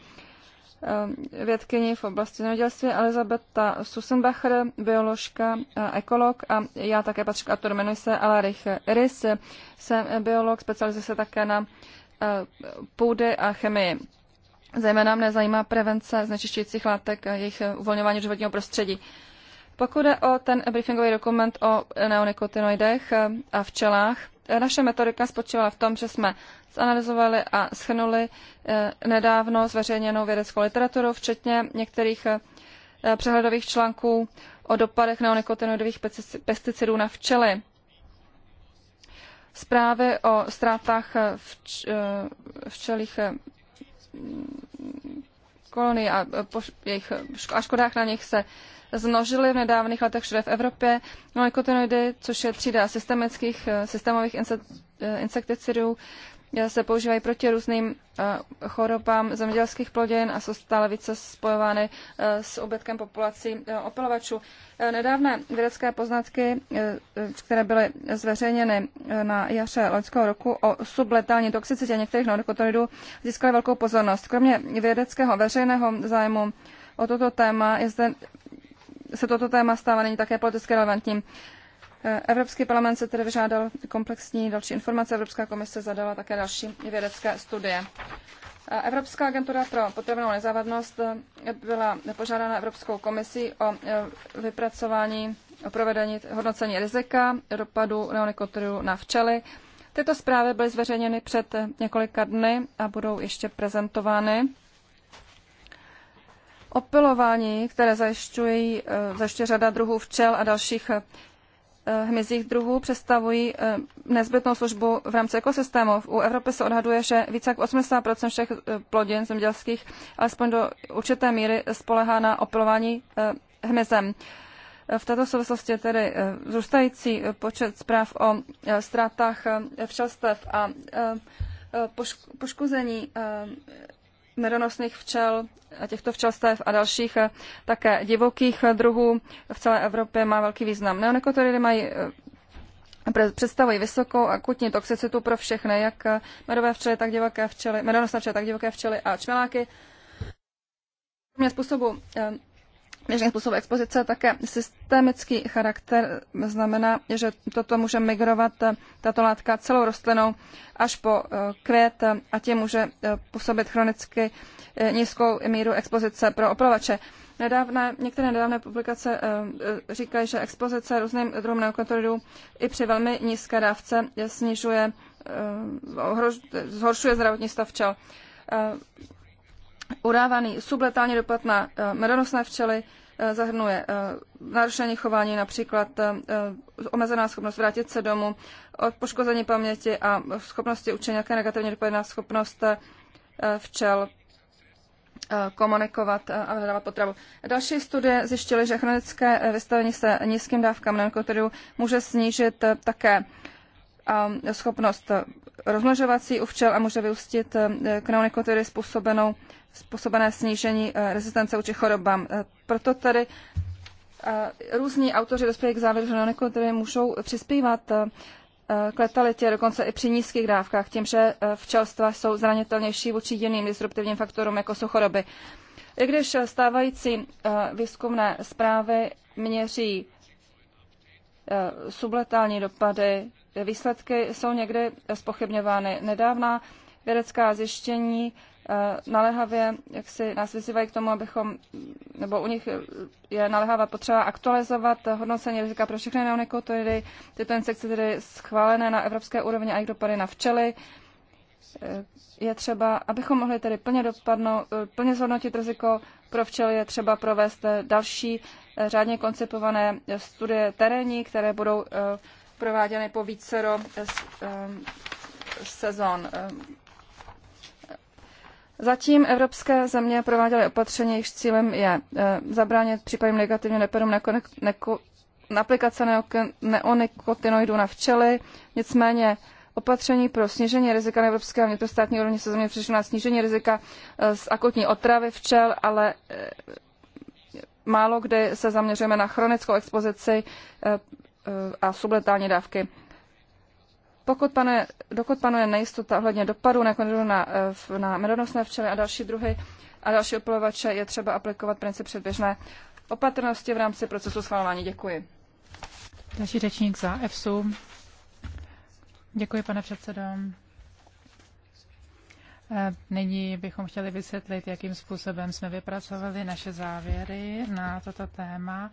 eh, vědkyní v oblasti zemědělství, Elizabeta Susenbacher, bioložka, ekolog a já také patřím k autorům, jmenuji se Alarich Rys, jsem biolog, specializuji se také na eh, půdy a chemii. Zejména mne zajímá prevence znečišťujících látek a jejich uvolňování do životního prostředí. Pokud jde o ten briefingový dokument o neonikotinoidech a včelách, naše metodika spočívala v tom, že jsme zanalizovali a schrnuli eh, nedávno zveřejněnou vědeckou literaturu, včetně některých eh, přehledových článků o dopadech neonikotinoidových pesticidů na včely. Zprávy o ztrátách eh, včelích kolonii a e, po jejich a škodách na nich se zmnožily v nedávných letech všude v Evropě. Molekotinoidy, což je třída systemických, e, systémových e, insekticidů, se používají proti různým eh, chorobám zemědělských plodin a jsou stále více spojovány eh, s obytkem populací eh, opilovačů. Nedávné vědecké poznatky, které byly zveřejněny na jaře loňského roku o subletální toxicitě některých neonikotinoidů, získaly velkou pozornost. Kromě vědeckého veřejného zájmu o toto téma je zde se toto téma stává není také politicky relevantním. Evropský parlament se tedy vyžádal komplexní další informace. Evropská komise zadala také další vědecké studie. Evropská agentura pro potravinovou nezávadnost eh, byla požádána Evropskou komisí o eh, vypracování, o provedení hodnocení rizika dopadu neonikotidu na včely. Tyto zprávy byly zveřejněny před eh, několika dny a budou ještě prezentovány. Opilování, které zajišťují, zajišťuje řada druhů včel a dalších Eh, hmyzích druhů představují eh, nezbytnou službu v rámci ekosystému. U Evropy se odhaduje, že více jak 80 všech eh, plodin zemědělských alespoň do určité míry spolehá na opilování hmyzem. V této souvislosti tedy zůstající počet zpráv o ztrátách včelstev a poškození medonosných včel, těchto včelstev a dalších eh, také divokých druhů v celé Evropě má velký význam. Neonekotoridy mají eh, představují vysokou akutní toxicitu pro všechny, jak eh, medové včely, tak divoké včely, medonosné včely, tak divoké včely a čmeláky. Mě způsobu běžný způsob expozice, také systemický charakter znamená, že toto může migrovat eh, tato látka celou rostlinou až po eh, květ a tím může eh, působit chronicky nízkou míru expozice pro oplavače. Nedávné, některé nedávné publikace říkají, že expozice různým druhům neokotoridů i při velmi nízké dávce snižuje, zhoršuje zdravotní stav čel. Udávaný subletální dopad na eh, medonosné včely eh, zahrnuje eh, narušení chování, například omezená schopnost vrátit se domů, poškození paměti a schopnosti učení, jaké negativní dopady na schopnost včel komunikovat a vyhledávat potravu. Další studie zjištily, že chronické vystavení se nízkým dávkám neonkotridu může snížit také schopnost rozmnožovací u včel a může vyústit k neonikotidy způsobenou způsobené snížení eh, rezistence vůči chorobám. Eh, proto tedy eh, různí autoři dospějí k závěru, že neonikotinoidy můžou přispívat k letalitě, dokonce i při nízkých dávkách, tím, že včelstva jsou zranitelnější vůči jiným disruptivním faktorům, jako jsou choroby. I když stávající výzkumné zprávy měří subletální dopady, výsledky jsou někdy spochybňovány. Nedávná vědecká zjištění Eh, naléhavě, jak si nás vyzývají k tomu, abychom, nebo u nich je naléhavá potřeba aktualizovat hodnocení rizika pro všechny neonikotoidy, tyto insekce tedy schválené na evropské úrovni a jejich dopady na včely. Eh, je třeba, abychom mohli tedy plně dopadnout, eh, plně zhodnotit riziko pro včely, je třeba provést další řádně koncipované studie terénní, které budou prováděny po vícero sezon Zatím evropské země prováděly opatření, jejichž cílem je eh, zabránit případným negativním neperům na aplikace neonikotinoidů na včely. Nicméně opatření pro snížení rizika na evropské a vnitrostátní úrovni se země přišlo na snížení rizika eh, z akutní otravy včel, ale eh, málo kdy se zaměřujeme na chronickou expozici a subletální dávky pokud pane, dokud panuje nejistota ohledně dopadu na, na, eh, na medonosné včely a další druhy a další opylovače, je třeba aplikovat princip předběžné opatrnosti v rámci procesu schvalování. Děkuji. Další řečník za EFSU. Děkuji, pane předsedo. Eh, nyní bychom chtěli vysvětlit, jakým způsobem jsme vypracovali naše závěry na toto téma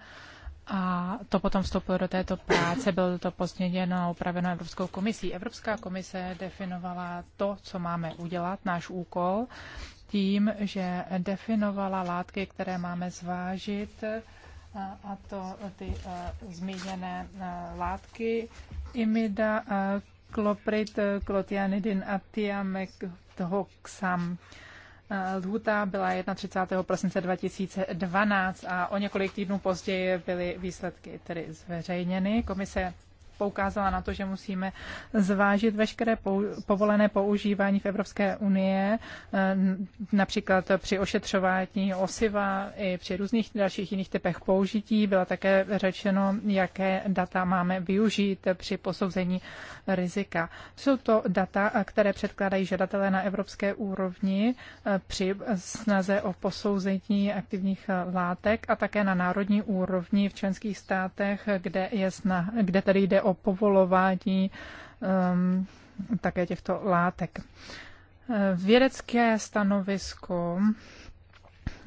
a to potom vstoupilo do této práce, bylo to pozměněno a upraveno Evropskou komisí. Evropská komise definovala to, co máme udělat, náš úkol, tím, že definovala látky, které máme zvážit, a to ty zmíněné látky, imida, kloprit, klotianidin a tiamektoxam. Lhuta byla 31. prosince 2012 a o několik týdnů později byly výsledky tedy zveřejněny. Komise poukázala na to, že musíme zvážit veškeré povolené používání v Evropské unie, eh, například při ošetřování osiva i při různých dalších jiných typech použití. Bylo také řečeno, jaké data máme využít při posouzení rizika. Jsou to data, které předkládají žadatelé na evropské úrovni eh, při snaze o posouzení aktivních látek a také na národní úrovni v členských státech, kde, je sna, kde tedy jde o povolování um, také těchto látek. Eh, vědecké stanovisko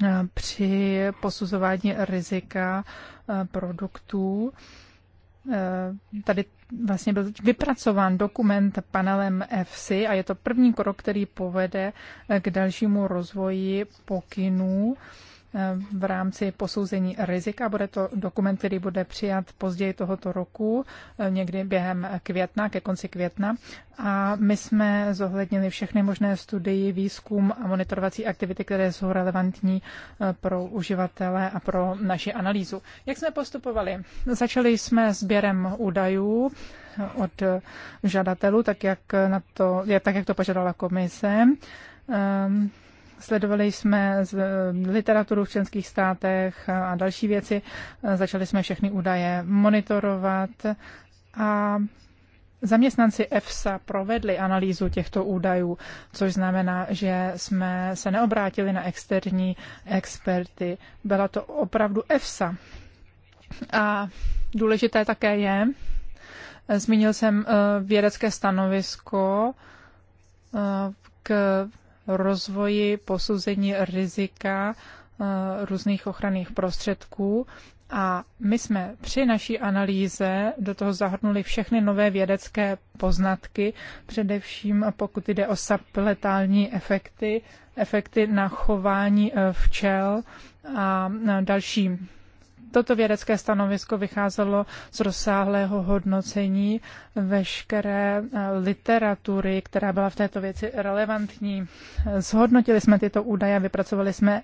eh, při posuzování rizika eh, produktů. Tady vlastně byl vypracován dokument panelem FC a je to první krok, který povede k dalšímu rozvoji pokynů v rámci posouzení rizika. Bude to dokument, který bude přijat později tohoto roku, eh, někdy během května, ke konci května. A my jsme zohlednili všechny možné studii, výzkum a monitorovací aktivity, které jsou relevantní eh, pro uživatele a pro naši analýzu. Jak jsme postupovali? Začali jsme sběrem údajů eh, od žadatelů, tak jak, na to, tak jak to požadala komise. Ehm, Sledovali jsme z eh, literaturu v členských státech a další věci. Eh, začali jsme všechny údaje monitorovat a Zaměstnanci EFSA provedli analýzu těchto údajů, což znamená, že jsme se neobrátili na externí experty. Byla to opravdu EFSA. A důležité také je, eh, zmínil jsem vědecké stanovisko k rozvoji posouzení rizika eh, různých ochranných prostředků. A my jsme při naší analýze do toho zahrnuli všechny nové vědecké poznatky, především pokud jde o sapletální efekty, efekty na chování eh, včel a eh, další Toto vědecké stanovisko vycházelo z rozsáhlého hodnocení veškeré eh, literatury, která byla v této věci relevantní. Zhodnotili jsme tyto údaje, vypracovali jsme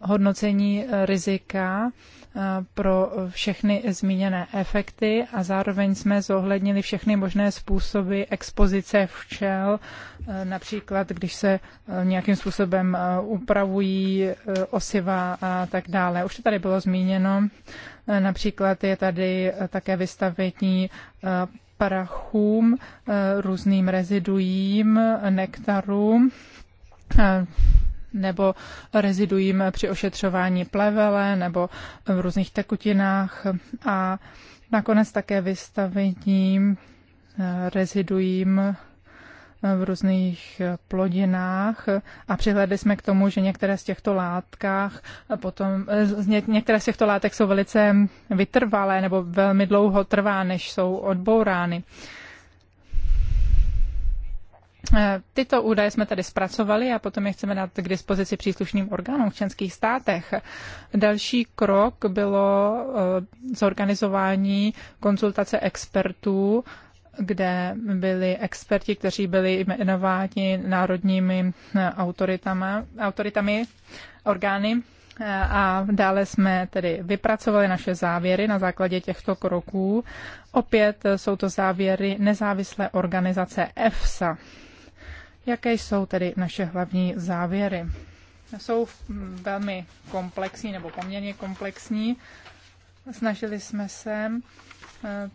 hodnocení rizika Eh, pro všechny zmíněné efekty a zároveň jsme zohlednili všechny možné způsoby expozice včel, eh, například když se eh, nějakým způsobem upravují osiva a tak dále. Už to tady bylo zmíněno. Například je tady také vystavení prachům, různým reziduím, nektarům nebo reziduím při ošetřování plevele nebo v různých tekutinách a nakonec také vystavením eh, rezidujím v různých eh, plodinách a přihledli jsme k tomu, že některé z těchto látkách eh, potom, některé z těchto látek jsou velice vytrvalé nebo velmi dlouho trvá, než jsou odbourány. Eh, tyto údaje jsme tady zpracovali a potom je chceme dát k dispozici příslušným orgánům v členských státech. Další krok bylo eh, zorganizování konzultace expertů, kde byli experti, kteří byli jmenováni národními eh, autoritami, autoritami orgány a dále jsme tedy vypracovali naše závěry na základě těchto kroků. Opět jsou to závěry nezávislé organizace EFSA. Jaké jsou tedy naše hlavní závěry? Jsou mm, velmi komplexní nebo poměrně komplexní. Snažili jsme se mm,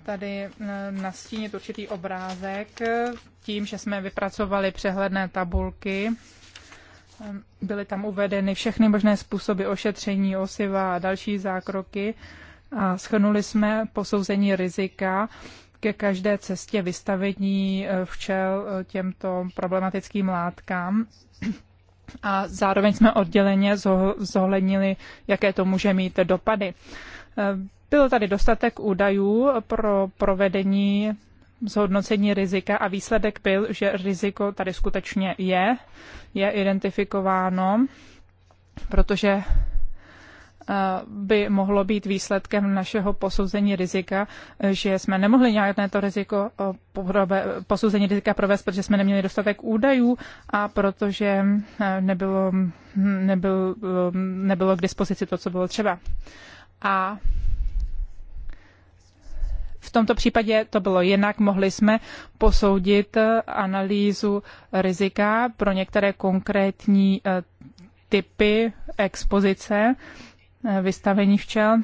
tady mm, nastínit určitý obrázek tím, že jsme vypracovali přehledné tabulky. Byly tam uvedeny všechny možné způsoby ošetření osiva a další zákroky a schrnuli jsme posouzení rizika ke každé cestě vystavení eh, včel eh, těmto problematickým látkám. A zároveň jsme odděleně zohlednili, jaké to může mít dopady. Eh, byl tady dostatek údajů pro provedení zhodnocení rizika a výsledek byl, že riziko tady skutečně je, je identifikováno, protože Eh, by mohlo být výsledkem našeho posouzení rizika, eh, že jsme nemohli nějaké to riziko eh, posouzení rizika provést, protože jsme neměli dostatek údajů a protože nebylo, nebylo, nebylo k dispozici to, co bylo třeba. A v tomto případě to bylo jinak, mohli jsme posoudit analýzu rizika pro některé konkrétní typy expozice vystavení včel.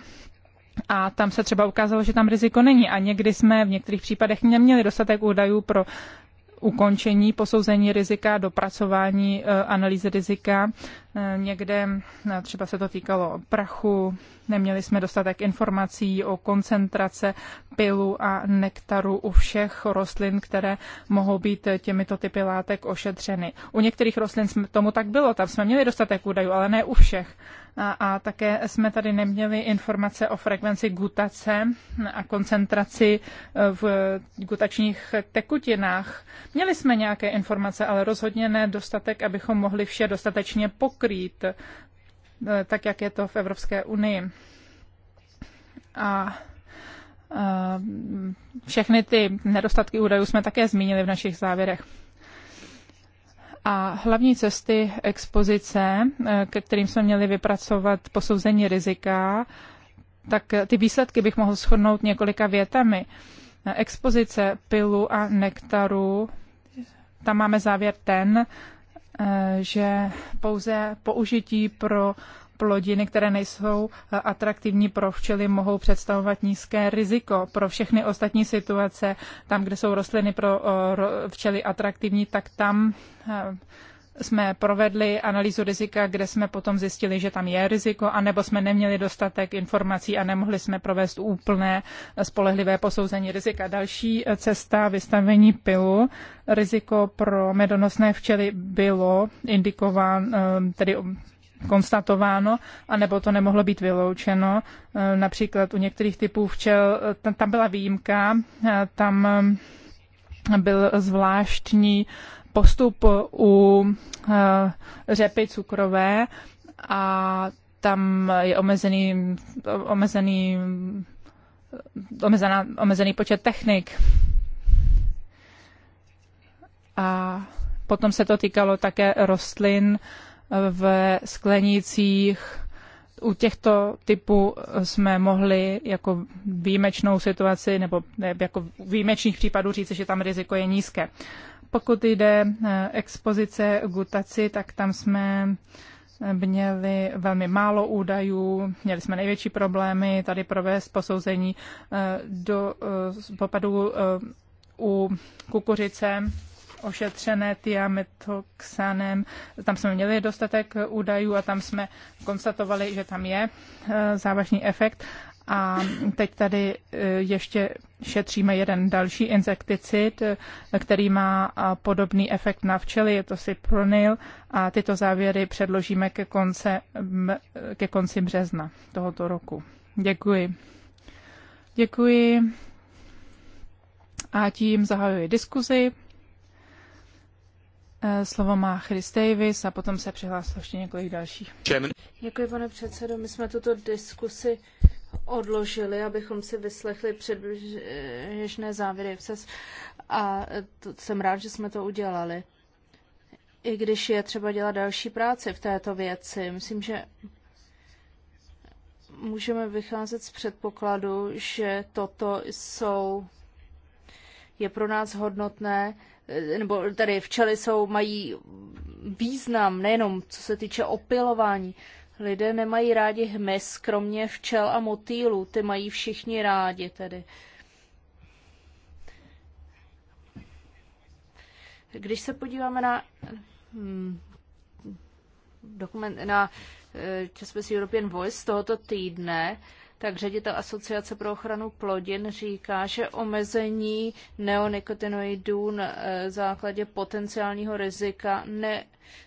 A tam se třeba ukázalo, že tam riziko není. A někdy jsme v některých případech neměli dostatek údajů pro ukončení posouzení rizika, dopracování e, analýzy rizika. E, někde e, třeba se to týkalo prachu, neměli jsme dostatek informací o koncentrace pilu a nektaru u všech rostlin, které mohou být těmito typy látek ošetřeny. U některých rostlin tomu tak bylo, tam jsme měli dostatek údajů, ale ne u všech a, a také jsme tady neměli informace o frekvenci gutace a koncentraci e, v gutačních tekutinách. Měli jsme nějaké informace, ale rozhodně ne dostatek, abychom mohli vše dostatečně pokrýt, e, tak jak je to v Evropské unii. A e, všechny ty nedostatky údajů jsme také zmínili v našich závěrech. A hlavní cesty expozice, eh, ke kterým jsme měli vypracovat posouzení rizika, tak eh, ty výsledky bych mohl shodnout několika větami. Eh, expozice pilu a nektaru, tam máme závěr ten, že pouze použití pro plodiny, které nejsou eh, atraktivní pro včely, mohou představovat nízké riziko. Pro všechny ostatní situace, tam, kde jsou rostliny pro eh, včely atraktivní, tak tam eh, jsme provedli analýzu rizika, kde jsme potom zjistili, že tam je riziko, anebo jsme neměli dostatek informací a nemohli jsme provést úplné spolehlivé posouzení rizika. Další cesta vystavení pilu. Riziko pro medonosné včely bylo indikován, tedy konstatováno, anebo to nemohlo být vyloučeno. Eh, například u některých typů včel, eh, tam byla výjimka, eh, tam byl zvláštní postup u řepy cukrové a tam je omezený, omezený, omezená, omezený počet technik. A potom se to týkalo také rostlin, ve sklenicích. U těchto typů jsme mohli jako výjimečnou situaci nebo jako výjimečných případů říct, že tam riziko je nízké. Pokud jde e, expozice gutaci, tak tam jsme měli velmi málo údajů, měli jsme největší problémy tady provést posouzení e, do e, popadu u kukuřice ošetřené tiametoxanem. Tam jsme měli dostatek údajů a tam jsme konstatovali, že tam je eh, závažný efekt. A teď tady eh, ještě šetříme jeden další insekticid, eh, který má podobný efekt na včely, je to cypronil a tyto závěry předložíme ke, konce, ke konci března tohoto roku. Děkuji. Děkuji. A tím zahajuji diskuzi. Eh, slovo má Chris Davis a potom se přihlásilo ještě několik dalších. Děkuji, pane předsedo. My jsme tuto diskusi odložili, abychom si vyslechli předběžné závěry a jsem rád, že jsme to udělali. I když je třeba dělat další práci v této věci, myslím, že můžeme vycházet z předpokladu, že toto jsou, je pro nás hodnotné Eh, nebo tady včely jsou, mají význam nejenom co se týče opilování. Lidé nemají rádi hmyz, kromě včel a motýlů, ty mají všichni rádi tedy. Když se podíváme na hmm, dokument, na eh, Český European Voice z tohoto týdne, tak ředitel Asociace pro ochranu plodin říká, že omezení neonikotinoidů na e, základě potenciálního rizika ne,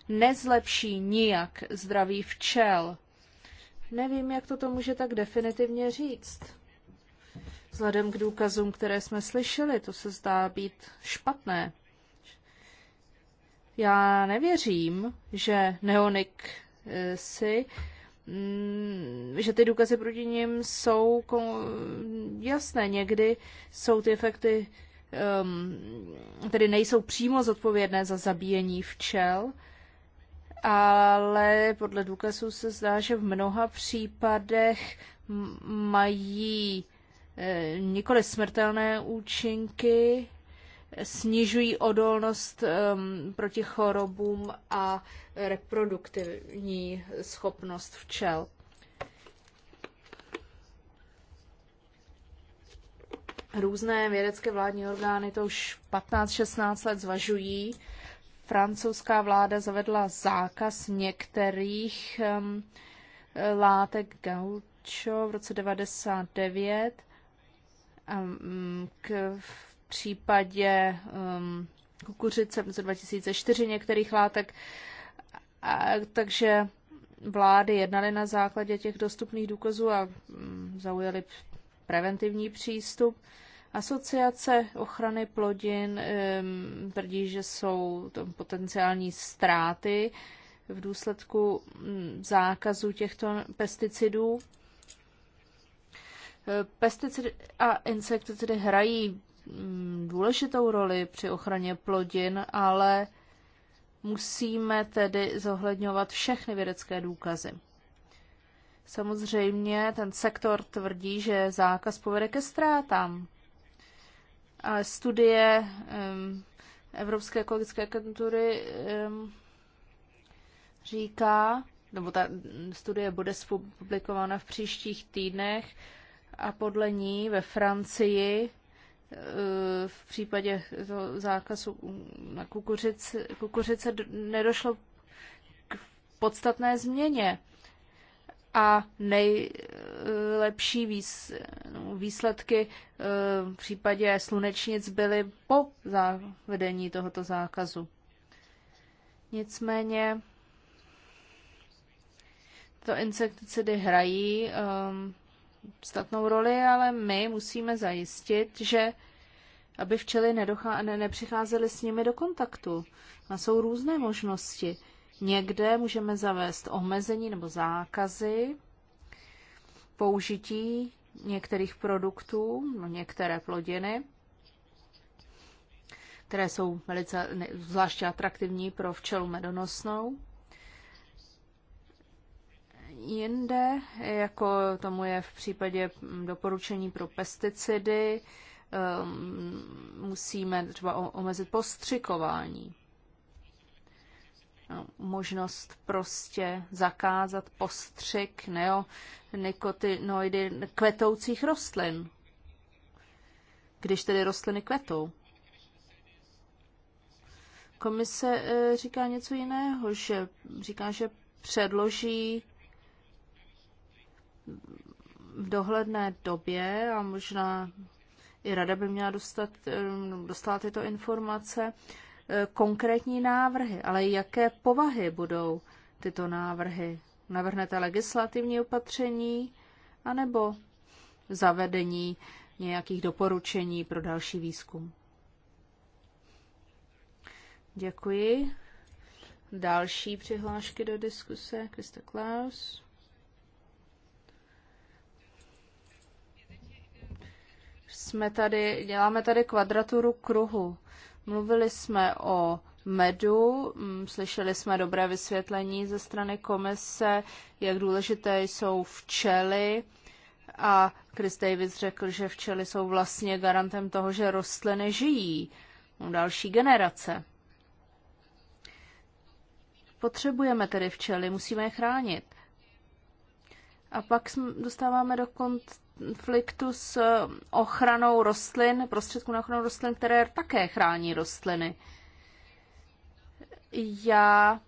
nezlepší nijak zdraví včel. Nevím, jak toto může tak definitivně říct. Vzhledem k důkazům, které jsme slyšeli, to se zdá být špatné. Já nevěřím, že neonik e, si Mm, že ty důkazy proti ním jsou jasné. Někdy jsou ty efekty, um, tedy nejsou přímo zodpovědné za zabíjení včel, ale podle důkazů se zdá, že v mnoha případech mají eh, nikoli smrtelné účinky, snižují odolnost um, proti chorobům a reproduktivní schopnost včel. Různé vědecké vládní orgány to už 15-16 let zvažují. Francouzská vláda zavedla zákaz některých um, látek gaučo v roce 99 k případě um, kukuřice v 2004 některých látek. A, takže vlády jednaly na základě těch dostupných důkazů a um, mm, zaujaly preventivní přístup. Asociace ochrany plodin um, tvrdí, že jsou to potenciální ztráty v důsledku um, zákazu těchto pesticidů. Pesticidy a insekticidy hrají Mm, důležitou roli při ochraně plodin, ale musíme tedy zohledňovat všechny vědecké důkazy. Samozřejmě ten sektor tvrdí, že zákaz povede ke ztrátám. Ale studie Evropské ekologické agentury říká, nebo ta studie bude publikována v příštích týdnech a podle ní ve Francii Eh, v případě toho zákazu na kukuřice, kukuřice nedošlo k podstatné změně. A nejlepší no, výsledky eh, v případě slunečnic byly po zavedení tohoto zákazu. Nicméně to insekticidy hrají um, statnou roli, ale my musíme zajistit, že aby včely nedochá- ne, nepřicházely s nimi do kontaktu. A jsou různé možnosti. Někde můžeme zavést omezení nebo zákazy použití některých produktů, no některé plodiny, které jsou velice zvláště atraktivní pro včelu medonosnou jinde, jako tomu je v případě mm, doporučení pro pesticidy, um, musíme třeba omezit postřikování. No, možnost prostě zakázat postřik neonikotinoidy kvetoucích rostlin, když tedy rostliny kvetou. Komise eh, říká něco jiného, že říká, že předloží v dohledné době a možná i rada by měla dostat, eh, no, dostala tyto informace, eh, konkrétní návrhy, ale jaké povahy budou tyto návrhy? Navrhnete legislativní opatření anebo zavedení nějakých doporučení pro další výzkum? Děkuji. Další přihlášky do diskuse. Krista Klaus. jsme tady, děláme tady kvadraturu kruhu. Mluvili jsme o medu, mm, slyšeli jsme dobré vysvětlení ze strany komise, jak důležité jsou včely a Chris Davis řekl, že včely jsou vlastně garantem toho, že rostliny žijí další generace. Potřebujeme tedy včely, musíme je chránit. A pak dostáváme do kont- konfliktu s ochranou rostlin, prostředků na ochranu rostlin, které také chrání rostliny. Já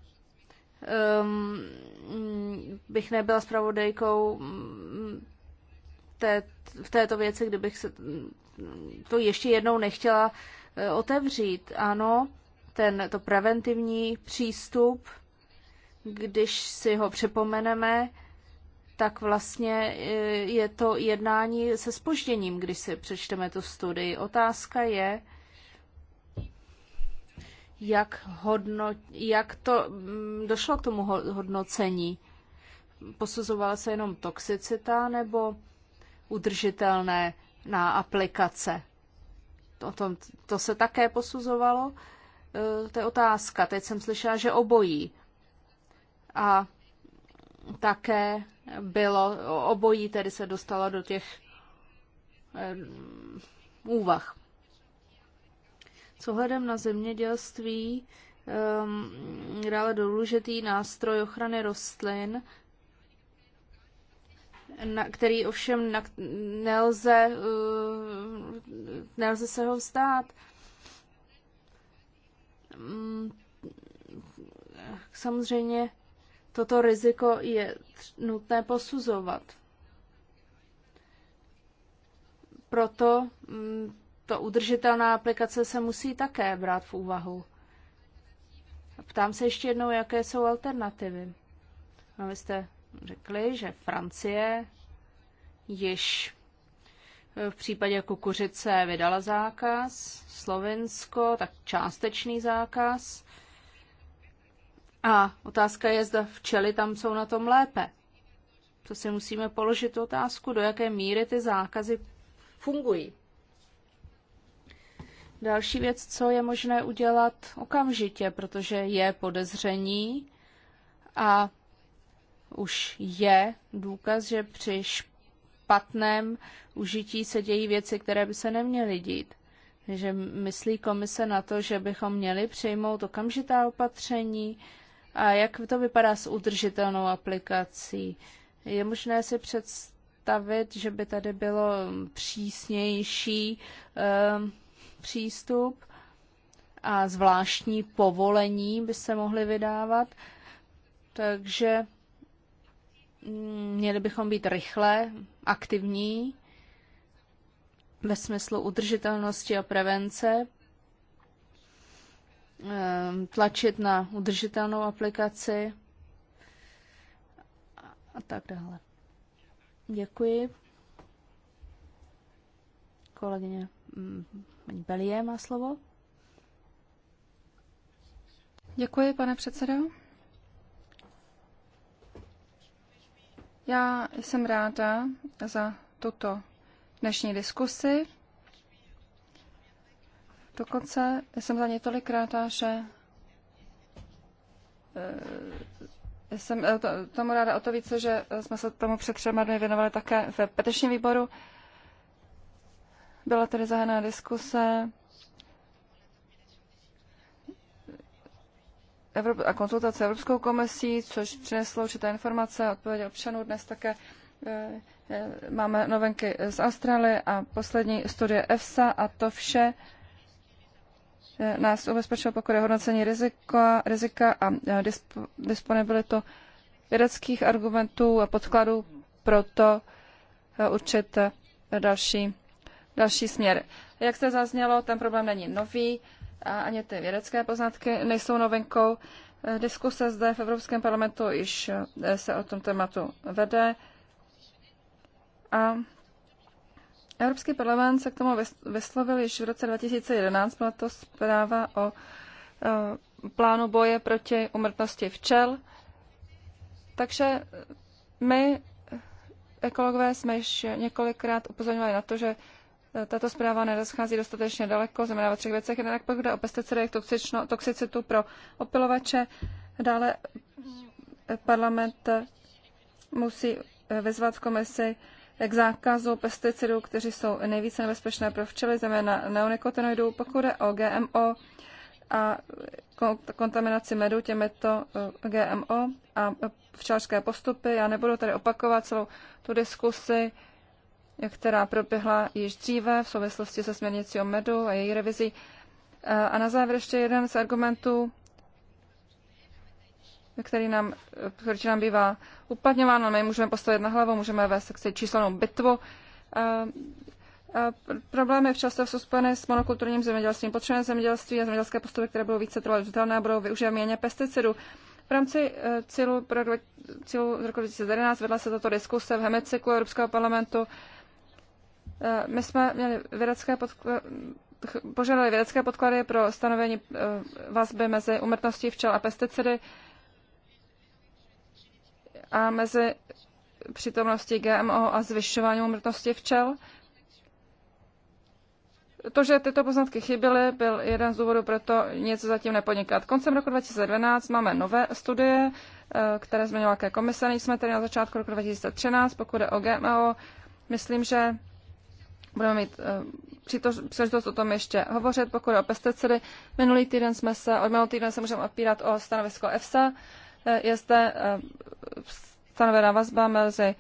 um, bych nebyla spravodajkou mm, té, v této věci, kdybych se to ještě jednou nechtěla eh, otevřít. Ano, ten to preventivní přístup, když si ho připomeneme, tak vlastně eh, je to jednání se spožděním, když si přečteme tu studii. Otázka je, jak, hodno, jak to mm, došlo k tomu hodnocení. Posuzovala se jenom toxicita nebo udržitelné na aplikace. O tom, to se také posuzovalo. Eh, to je otázka. Teď jsem slyšela, že obojí. A také bylo, obojí tedy se dostalo do těch eh, úvah. S ohledem na zemědělství um, důležitý nástroj ochrany rostlin, na, který ovšem na, nelze, uh, nelze se ho vzdát. Um, samozřejmě toto riziko je nutné posuzovat. Proto mm, to udržitelná aplikace se musí také brát v úvahu. Ptám se ještě jednou, jaké jsou alternativy. No, vy jste řekli, že Francie již e, v případě kukuřice vydala zákaz, Slovensko tak částečný zákaz, a otázka je, zda včely tam jsou na tom lépe. To si musíme položit otázku, do jaké míry ty zákazy fungují. Další věc, co je možné udělat okamžitě, protože je podezření a už je důkaz, že při špatném užití se dějí věci, které by se neměly dít. Takže myslí komise na to, že bychom měli přijmout okamžitá opatření, a jak to vypadá s udržitelnou aplikací? Je možné si představit, že by tady bylo přísnější um, přístup a zvláštní povolení by se mohly vydávat. Takže mm, měli bychom být rychle aktivní ve smyslu udržitelnosti a prevence, Ehm, tlačit na udržitelnou aplikaci a tak dále. Děkuji. Kolegyně mm, paní Belie má slovo. Děkuji, pane předsedo. Já jsem ráda za tuto dnešní diskusi. Dokonce jsem za ně tolik že eh, eh, jsem eh, tomu ráda o to více, že jsme se tomu před třema dny věnovali také v petičním výboru. Byla tedy zahájena diskuse a konzultace Evropskou komisí, což přineslo určité informace a odpovědi občanů. Dnes také máme novinky z Austrálie a poslední studie EFSA a to vše Eh, nás ubezpečil, pokud je hodnocení rizika, rizika a eh, disp, disponibilitu vědeckých argumentů a podkladů pro to eh, určit další, další směr. Jak se zaznělo, ten problém není nový a ani ty vědecké poznatky nejsou novinkou. Diskuse zde v Evropském parlamentu již se o tom tématu vede a Evropský parlament se k tomu vyslovil již v roce 2011, byla to zpráva o plánu boje proti umrtnosti včel. Takže my, ekologové, jsme již několikrát upozorňovali na to, že e, tato zpráva nerozchází dostatečně daleko, znamená ve třech věcech. Jednak pokud jde o toxično, toxicitu pro opilovače, dále parlament musí e, vyzvat komisi k zákazu pesticidů, kteří jsou nejvíce nebezpečné pro včely, zejména neonikotinoidů, pokud je o GMO a kontaminaci medu těmito eh, GMO a včelské postupy. Já nebudu tady opakovat celou tu diskusi, která proběhla již dříve v souvislosti se směrnicí o medu a její revizí. Eh, a na závěr ještě jeden z argumentů který nám, který nám bývá uplatňován, ale my můžeme postavit na hlavu, můžeme vést jaksi číselnou bitvu. A, eh, a eh, problémy v často jsou spojené s monokulturním zemědělstvím. Potřebné zemědělství a zemědělské postupy, které budou více trvalé a budou využívat méně pesticidů. V rámci eh, cílu, pro, cílu z roku 2011 vedla se tato diskuse v hemicyklu Evropského parlamentu. My jsme měli vědecké podklady, požadali vědecké podklady pro stanovení vazby mezi umrtností včel a pesticidy a mezi přítomností GMO a zvyšování umrtnosti včel. To, že tyto poznatky chyběly, byl jeden z důvodů pro to něco zatím nepodnikat. Koncem roku 2012 máme nové studie, eh, které změnila ke komise. Jsme tedy na začátku roku 2013, pokud je o GMO. Myslím, že budeme mít eh, příležitost o tom ještě hovořit, pokud je o pesticidy. Minulý týden jsme se, od minulý týden se můžeme opírat o stanovisko EFSA je zde eh, stanovená vazba mezi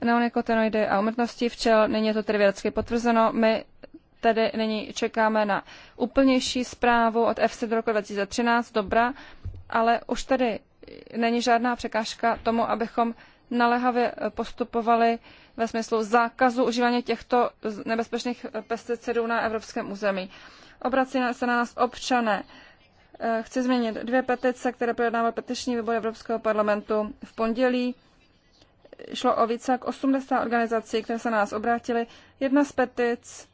neonikotinoidy a umrtností včel. Není to tedy vědecky potvrzeno. My tedy nyní čekáme na úplnější zprávu od FC do roku 2013, dobrá, ale už tady není žádná překážka tomu, abychom naléhavě postupovali ve smyslu zákazu užívání těchto nebezpečných pesticidů na evropském území. Obrací se na nás občané, Eh, chci změnit dvě petice, které projednával petiční výbor Evropského parlamentu v pondělí. Šlo o více jak 80 organizací, které se na nás obrátily. Jedna z petic,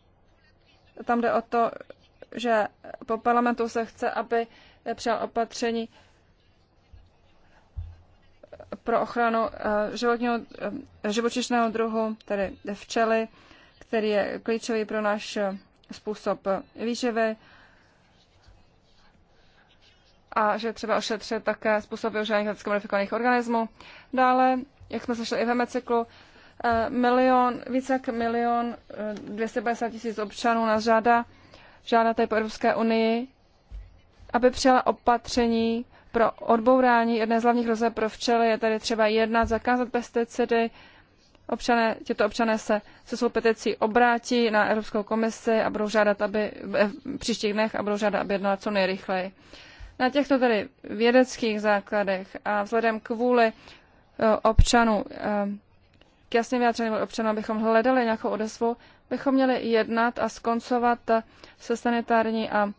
tam jde o to, že po parlamentu se chce, aby přijal opatření pro ochranu eh, životního, eh, živočišného druhu, tedy včely, který je klíčový pro náš způsob výživy a že třeba ošetřit také způsob využívání geneticky modifikovaných organismů. Dále, jak jsme slyšeli i ve cyklu, eh, milion, více jak milion 250 eh, tisíc občanů nás žádá, žádá tady po Evropské unii, aby přijala opatření pro odbourání jedné z hlavních hrozeb pro včely. Je tady třeba jedna zakázat pesticidy. Občané, těto občané se se svou peticí obrátí na Evropskou komisi a budou žádat, aby v příštích dnech a budou žádat, aby jednala co nejrychleji. Na těchto tedy vědeckých základech a vzhledem k vůli eh, občanů, eh, k jasně vyjádřeným občanům, abychom hledali nějakou odezvu, bychom měli jednat a skoncovat eh, se sanitární a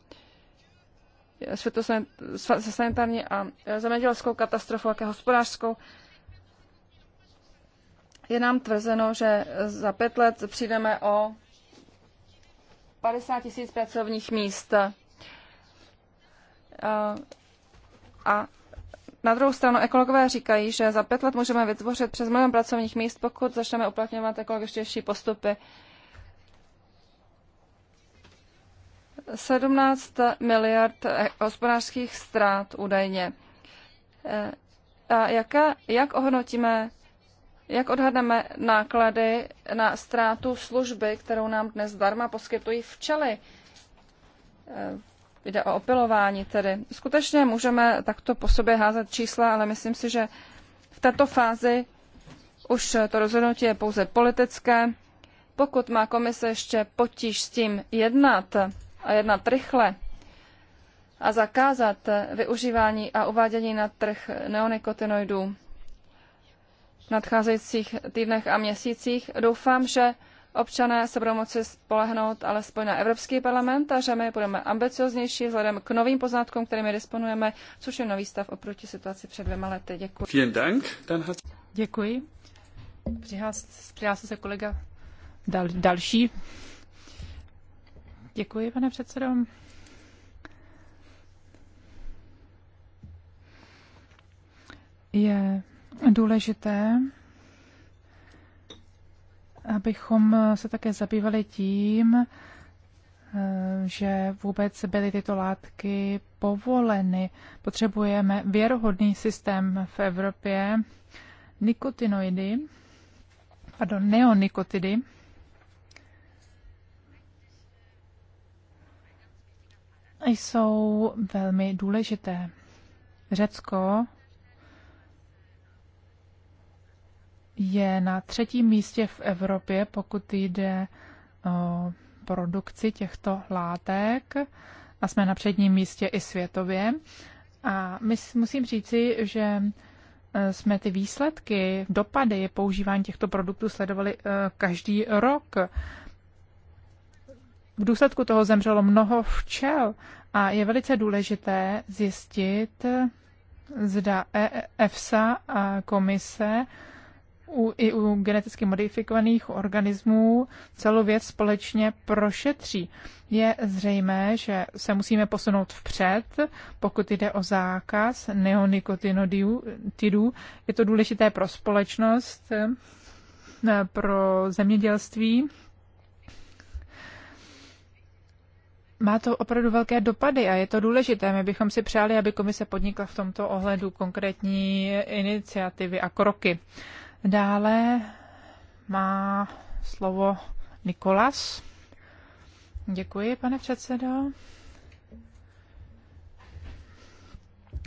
se sanitární a zemědělskou katastrofou, jak hospodářskou. Je nám tvrzeno, že za pět let přijdeme o 50 tisíc pracovních míst. Eh, a na druhou stranu ekologové říkají, že za pět let můžeme vytvořit přes milion pracovních míst, pokud začneme uplatňovat ekologičtější postupy. 17 miliard eh, hospodářských ztrát údajně. Eh, a jaké, jak ohodnotíme, jak odhadneme náklady na ztrátu služby, kterou nám dnes zdarma poskytují včely? jde o opilování tedy. Skutečně můžeme takto po sobě házet čísla, ale myslím si, že v této fázi už to rozhodnutí je pouze politické. Pokud má komise ještě potíž s tím jednat a jednat rychle a zakázat využívání a uvádění na trh neonikotinoidů v nadcházejících týdnech a měsících, doufám, že občané se budou moci spolehnout alespoň na Evropský parlament a že my budeme ambicioznější vzhledem k novým poznatkům, kterými disponujeme, což je nový stav oproti situaci před dvěma lety. Děkuji. Vielen Dank. Děkuji. Přihlásil se kolega Dal, další. Děkuji, pane předsedo. Je důležité, abychom se také zabývali tím, eh, že vůbec byly tyto látky povoleny. Potřebujeme věrohodný systém v Evropě. Nikotinoidy, pardon, neonikotidy, jsou velmi důležité. Řecko je na třetím místě v Evropě, pokud jde o produkci těchto látek a jsme na předním místě i světově. A my musím říci, že e, jsme ty výsledky, dopady používání těchto produktů sledovali e, každý rok. V důsledku toho zemřelo mnoho včel a je velice důležité zjistit, zda EFSA e a komise u, i u geneticky modifikovaných organismů celou věc společně prošetří. Je zřejmé, že se musíme posunout vpřed, pokud jde o zákaz neonikotinidů. Je to důležité pro společnost, eh, pro zemědělství. Má to opravdu velké dopady a je to důležité. My bychom si přáli, aby komise podnikla v tomto ohledu konkrétní iniciativy a kroky. Dále má slovo Nikolas. Děkuji, pane předsedo.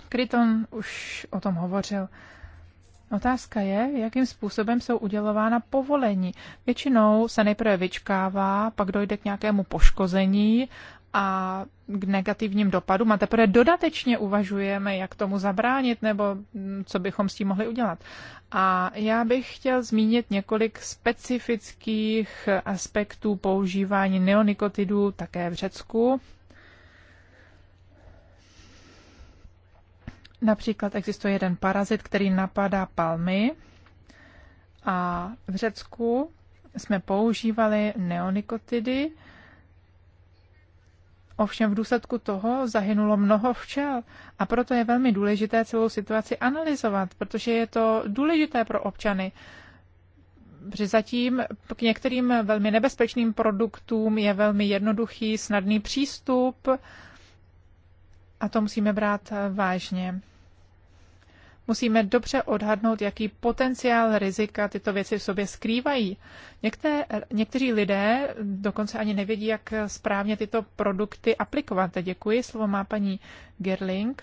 Kryton už o tom hovořil. Otázka je, jakým způsobem jsou udělována povolení. Většinou se nejprve vyčkává, pak dojde k nějakému poškození a k negativním dopadům a teprve dodatečně uvažujeme, jak tomu zabránit nebo co bychom s tím mohli udělat. A já bych chtěl zmínit několik specifických aspektů používání neonikotidů také v Řecku. Například existuje jeden parazit, který napadá palmy a v Řecku jsme používali neonikotidy, Ovšem v důsledku toho zahynulo mnoho včel a proto je velmi důležité celou situaci analyzovat, protože je to důležité pro občany. Protože zatím k některým velmi nebezpečným produktům je velmi jednoduchý, snadný přístup a to musíme brát vážně musíme dobře odhadnout, jaký potenciál rizika tyto věci v sobě skrývají. Někte, někteří lidé dokonce ani nevědí, jak správně tyto produkty aplikovat. Děkuji. Slovo má paní Gerling.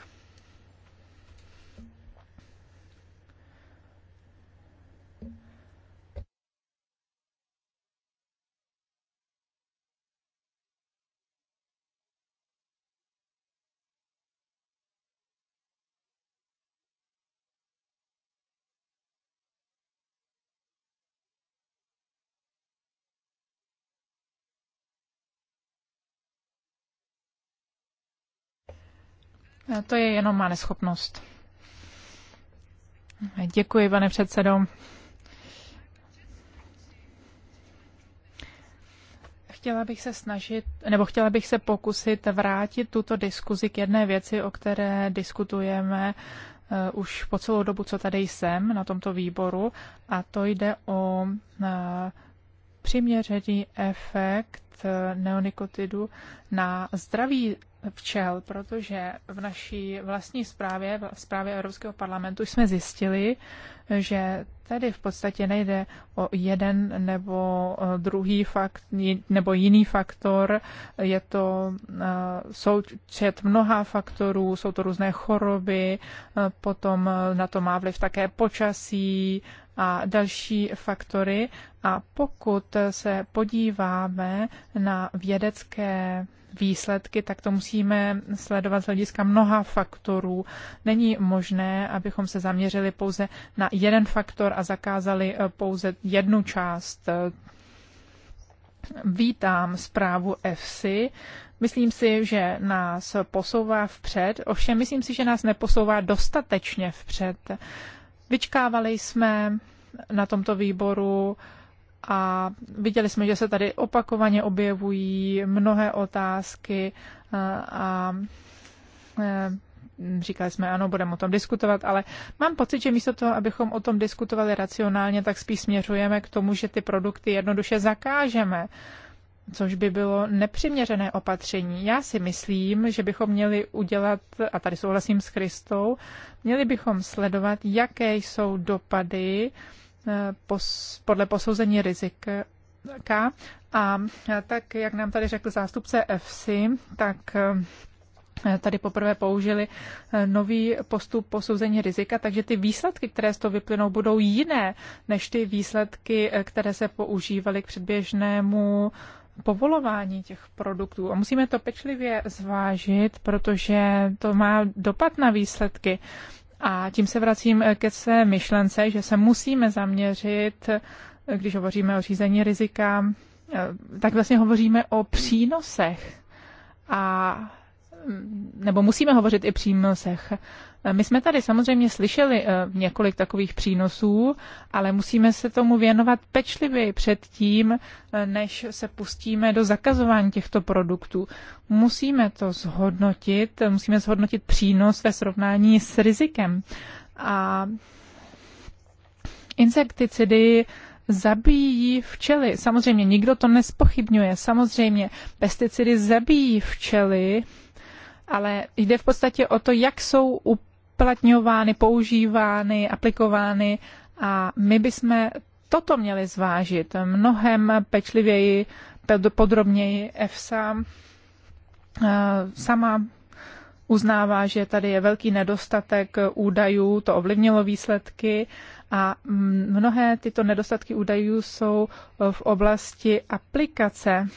Eh, to je jenom má neschopnost. Děkuji, pane předsedo. Chtěla bych se snažit, nebo chtěla bych se pokusit vrátit tuto diskuzi k jedné věci, o které diskutujeme eh, už po celou dobu, co tady jsem na tomto výboru, a to jde o eh, přiměřený efekt neonikotidu na zdraví včel, protože v naší vlastní zprávě, v zprávě Evropského parlamentu jsme zjistili, že tady v podstatě nejde o jeden nebo eh, druhý fakt, nebo jiný faktor, je to eh, součet mnoha faktorů, jsou to různé choroby, eh, potom na to má vliv také počasí a další faktory. A pokud se podíváme na vědecké výsledky, tak to musíme sledovat z hlediska mnoha faktorů. Není možné, abychom se zaměřili pouze na jeden faktor a zakázali eh, pouze jednu část. Vítám zprávu EFSI. Myslím si, že nás posouvá vpřed, ovšem myslím si, že nás neposouvá dostatečně vpřed. Vyčkávali jsme na tomto výboru uh, a viděli jsme, že se tady opakovaně objevují mnohé otázky eh, a eh, říkali jsme, ano, budeme o tom diskutovat, ale mám pocit, že místo toho, abychom o tom diskutovali racionálně, tak spíš směřujeme k tomu, že ty produkty jednoduše zakážeme, což by bylo nepřiměřené opatření. Já si myslím, že bychom měli udělat, a tady souhlasím s Kristou, měli bychom sledovat, jaké jsou dopady uh, podle posouzení rizik a tak, jak nám tady řekl zástupce FC, tak eh, tady poprvé použili eh, nový postup posouzení rizika, takže ty výsledky, které z toho vyplynou, budou jiné než ty výsledky, eh, které se používaly k předběžnému povolování těch produktů. A musíme to pečlivě zvážit, protože to má dopad na výsledky. A tím se vracím eh, ke své myšlence, že se musíme zaměřit, eh, když hovoříme o řízení rizika, eh, tak vlastně hovoříme o přínosech. A mm, nebo musíme hovořit i přínosech. Eh, my jsme tady samozřejmě slyšeli eh, několik takových přínosů, ale musíme se tomu věnovat pečlivě předtím, eh, než se pustíme do zakazování těchto produktů. Musíme to zhodnotit, musíme zhodnotit přínos ve srovnání s rizikem. A insekticidy zabíjí včely. Samozřejmě nikdo to nespochybňuje. Samozřejmě pesticidy zabíjí včely, ale jde v podstatě o to, jak jsou uplatňovány, používány, aplikovány a my bychom toto měli zvážit mnohem pečlivěji, podrobněji EFSA eh, sama uznává, že tady je velký nedostatek údajů, to ovlivnilo výsledky a mnohé tyto nedostatky údajů jsou v oblasti aplikace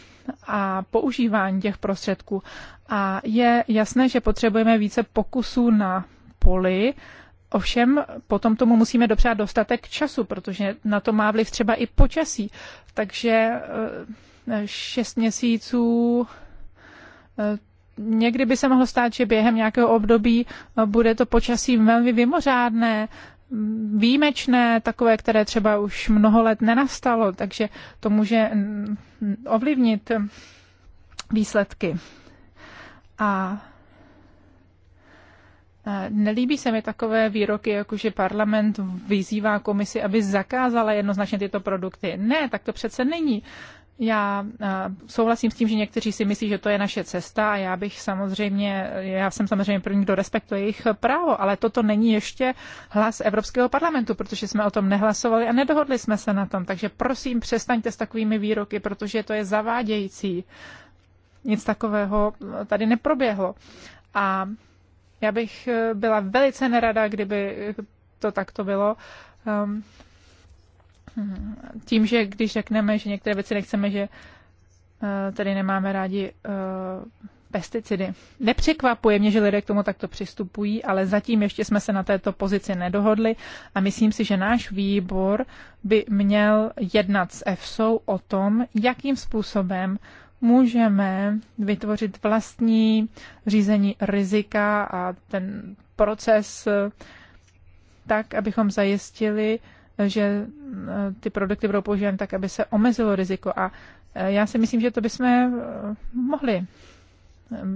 a používání těch prostředků. A je jasné, že potřebujeme více pokusů na poli, Ovšem potom tomu musíme dopřát dostatek času, protože na to má vliv třeba i počasí. Takže eh, šest měsíců eh, někdy by se mohlo stát, že během nějakého období eh, bude to počasí velmi vymořádné, mm, výjimečné, takové, které třeba už mnoho let nenastalo, takže to může mm, ovlivnit mm, výsledky. A Nelíbí se mi takové výroky, jako že parlament vyzývá komisi, aby zakázala jednoznačně tyto produkty. Ne, tak to přece není. Já souhlasím s tím, že někteří si myslí, že to je naše cesta a já bych samozřejmě, já jsem samozřejmě první, kdo respektuje jejich právo, ale toto není ještě hlas Evropského parlamentu, protože jsme o tom nehlasovali a nedohodli jsme se na tom. Takže prosím, přestaňte s takovými výroky, protože to je zavádějící. Nic takového tady neproběhlo. A já bych eh, byla velice nerada, kdyby to takto bylo. Ehm, hm, tím, že když řekneme, že některé věci nechceme, že eh, tady nemáme rádi eh, pesticidy. Nepřekvapuje mě, že lidé k tomu takto přistupují, ale zatím ještě jsme se na této pozici nedohodli a myslím si, že náš výbor by měl jednat s EFSO o tom, jakým způsobem můžeme vytvořit vlastní řízení rizika a ten proces eh, tak, abychom zajistili, eh, že eh, ty produkty budou používány tak, aby se omezilo riziko. A já si myslím, že to bychom mohli,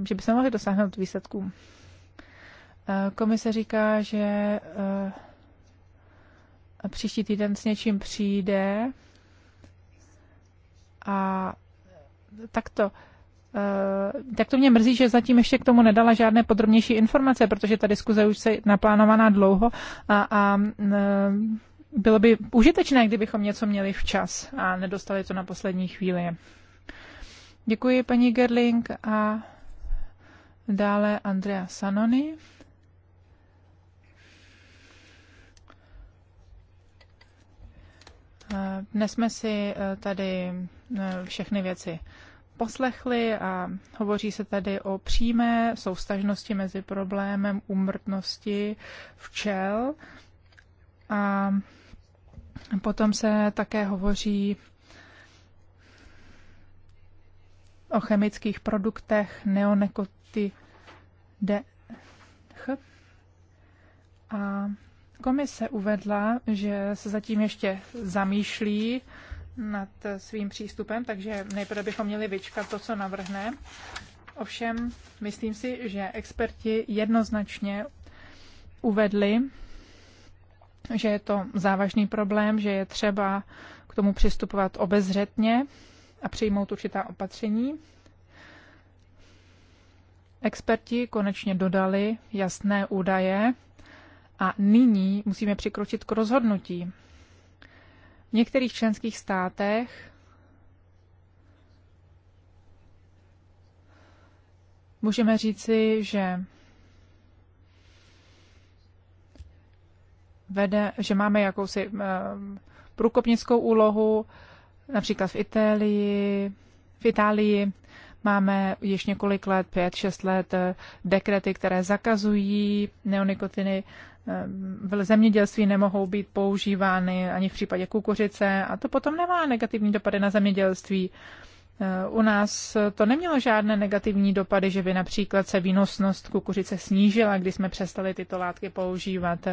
že bychom mohli dosáhnout výsledků. Komise říká, že příští týden s něčím přijde a takto. Eh, tak to mě mrzí, že zatím ještě k tomu nedala žádné podrobnější informace, protože ta diskuze už se naplánovaná dlouho a, a eh, bylo by užitečné, kdybychom něco měli včas a nedostali to na poslední chvíli. Děkuji paní Gerling a dále Andrea Sanoni. Eh, dnes jsme si tady Eh, všechny věci poslechli a hovoří se tady o přímé soustažnosti mezi problémem úmrtnosti včel a potom se také hovoří o chemických produktech neonekoty DH. A komise uvedla, že se zatím ještě zamýšlí nad svým přístupem, takže nejprve bychom měli vyčkat to, co navrhne. Ovšem, myslím si, že experti jednoznačně uvedli, že je to závažný problém, že je třeba k tomu přistupovat obezřetně a přijmout určitá opatření. Experti konečně dodali jasné údaje a nyní musíme přikročit k rozhodnutí. V některých členských státech můžeme říci, že vede, že máme jakousi eh, průkopnickou úlohu, například v Itálii, v Itálii Máme již několik let, pět, šest let, eh, dekrety, které zakazují neonikotiny. Eh, v zemědělství nemohou být používány ani v případě kukuřice a to potom nemá negativní dopady na zemědělství. Eh, u nás to nemělo žádné negativní dopady, že by například se výnosnost kukuřice snížila, když jsme přestali tyto látky používat.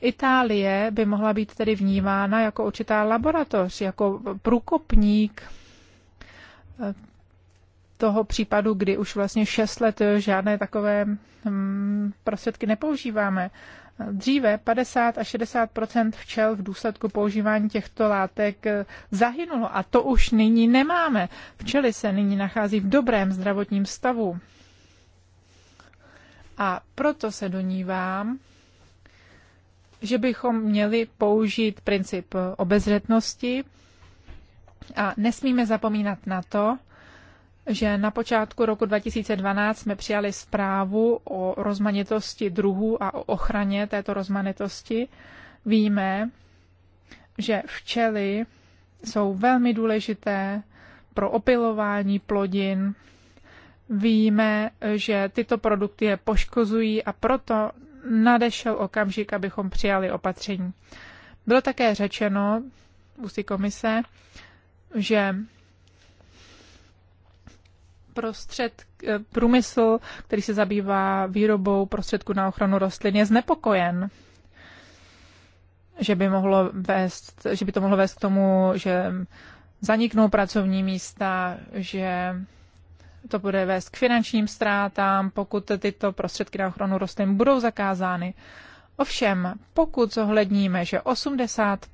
Itálie by mohla být tedy vnímána jako určitá laboratoř, jako průkopník toho případu, kdy už vlastně 6 let žádné takové hm, prostředky nepoužíváme. Dříve 50 a 60 včel v důsledku používání těchto látek eh, zahynulo a to už nyní nemáme. Včely se nyní nachází v dobrém zdravotním stavu. A proto se donívám, že bychom měli použít princip obezřetnosti a nesmíme zapomínat na to, že na počátku roku 2012 jsme přijali zprávu o rozmanitosti druhů a o ochraně této rozmanitosti. Víme, že včely jsou velmi důležité pro opilování plodin. Víme, že tyto produkty je poškozují a proto nadešel okamžik, abychom přijali opatření. Bylo také řečeno ústy komise, že prostřed, eh, průmysl, který se zabývá výrobou prostředků na ochranu rostlin, je znepokojen že by, mohlo vést, že by to mohlo vést k tomu, že zaniknou pracovní místa, že to bude vést k finančním ztrátám, pokud tyto prostředky na ochranu rostlin budou zakázány. Ovšem, pokud zohledníme, že 80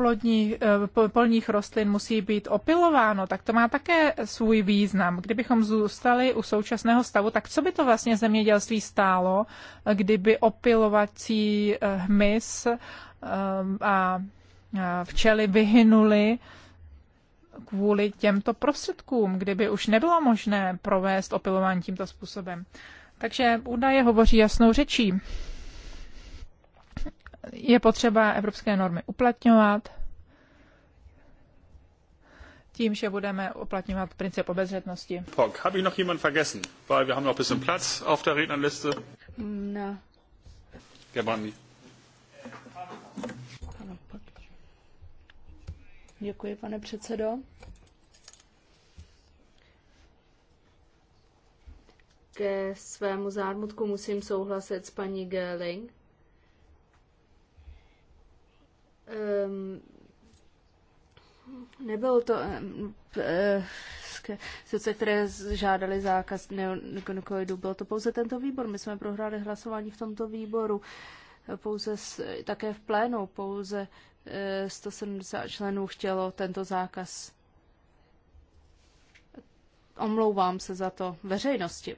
plodní, eh, polních rostlin musí být opilováno, tak to má také svůj význam. Kdybychom zůstali u současného stavu, tak co by to vlastně zemědělství stálo, eh, kdyby opilovací eh, hmyz a včely vyhynuly kvůli těmto prostředkům, kdyby už nebylo možné provést opilování tímto způsobem. Takže údaje hovoří jasnou řečí je potřeba evropské normy uplatňovat tím, že budeme uplatňovat princip obezřetnosti. Pog, habe ich noch jemand vergessen? Weil wir haben noch ein bisschen Platz auf der Rednerliste. Děkuji, pane předsedo. Ke svému zármutku musím souhlasit s paní Gelling. Ehm, nebylo to ehm, eh, sice, které žádali zákaz neonikonikoidů, bylo to pouze tento výbor. My jsme prohráli hlasování v tomto výboru, eh, pouze také v plénu, pouze 170 eh, členů chtělo tento zákaz. Omlouvám se za to veřejnosti.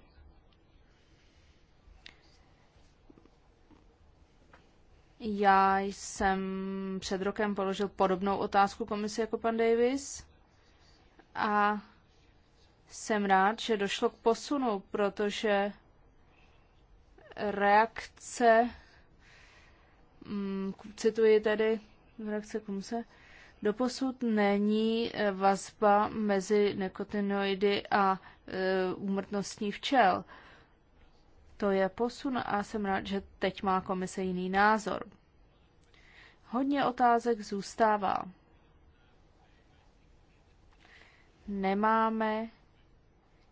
Já jsem před rokem položil podobnou otázku komisi jako pan Davis a jsem rád, že došlo k posunu, protože reakce, mm, cituji tedy reakce komise, doposud není eh, vazba mezi nekotinoidy a eh, úmrtností včel. To je posun a jsem rád, že teď má komise jiný názor. Hodně otázek zůstává. Nemáme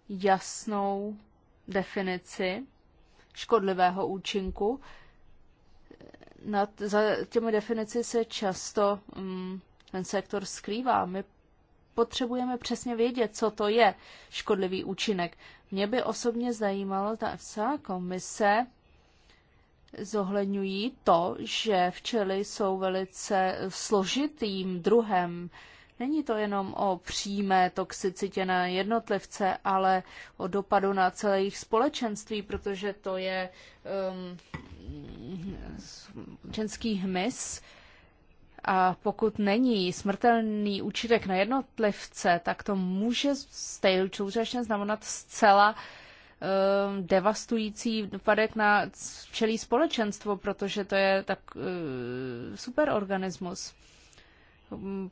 jasnou definici škodlivého účinku. Nad, za těmi definici se často um, ten sektor skrývá. My potřebujeme přesně vědět, co to je škodlivý účinek. Mě by osobně zajímalo, ta EFSA komise zohledňují to, že včely jsou velice složitým druhem. Není to jenom o přímé toxicitě na jednotlivce, ale o dopadu na celé jejich společenství, protože to je um, ženský hmyz, a pokud není smrtelný účinek na jednotlivce, tak to může stejl současně znamenat zcela um, devastující dopadek na celé společenstvo, protože to je tak uh, superorganismus.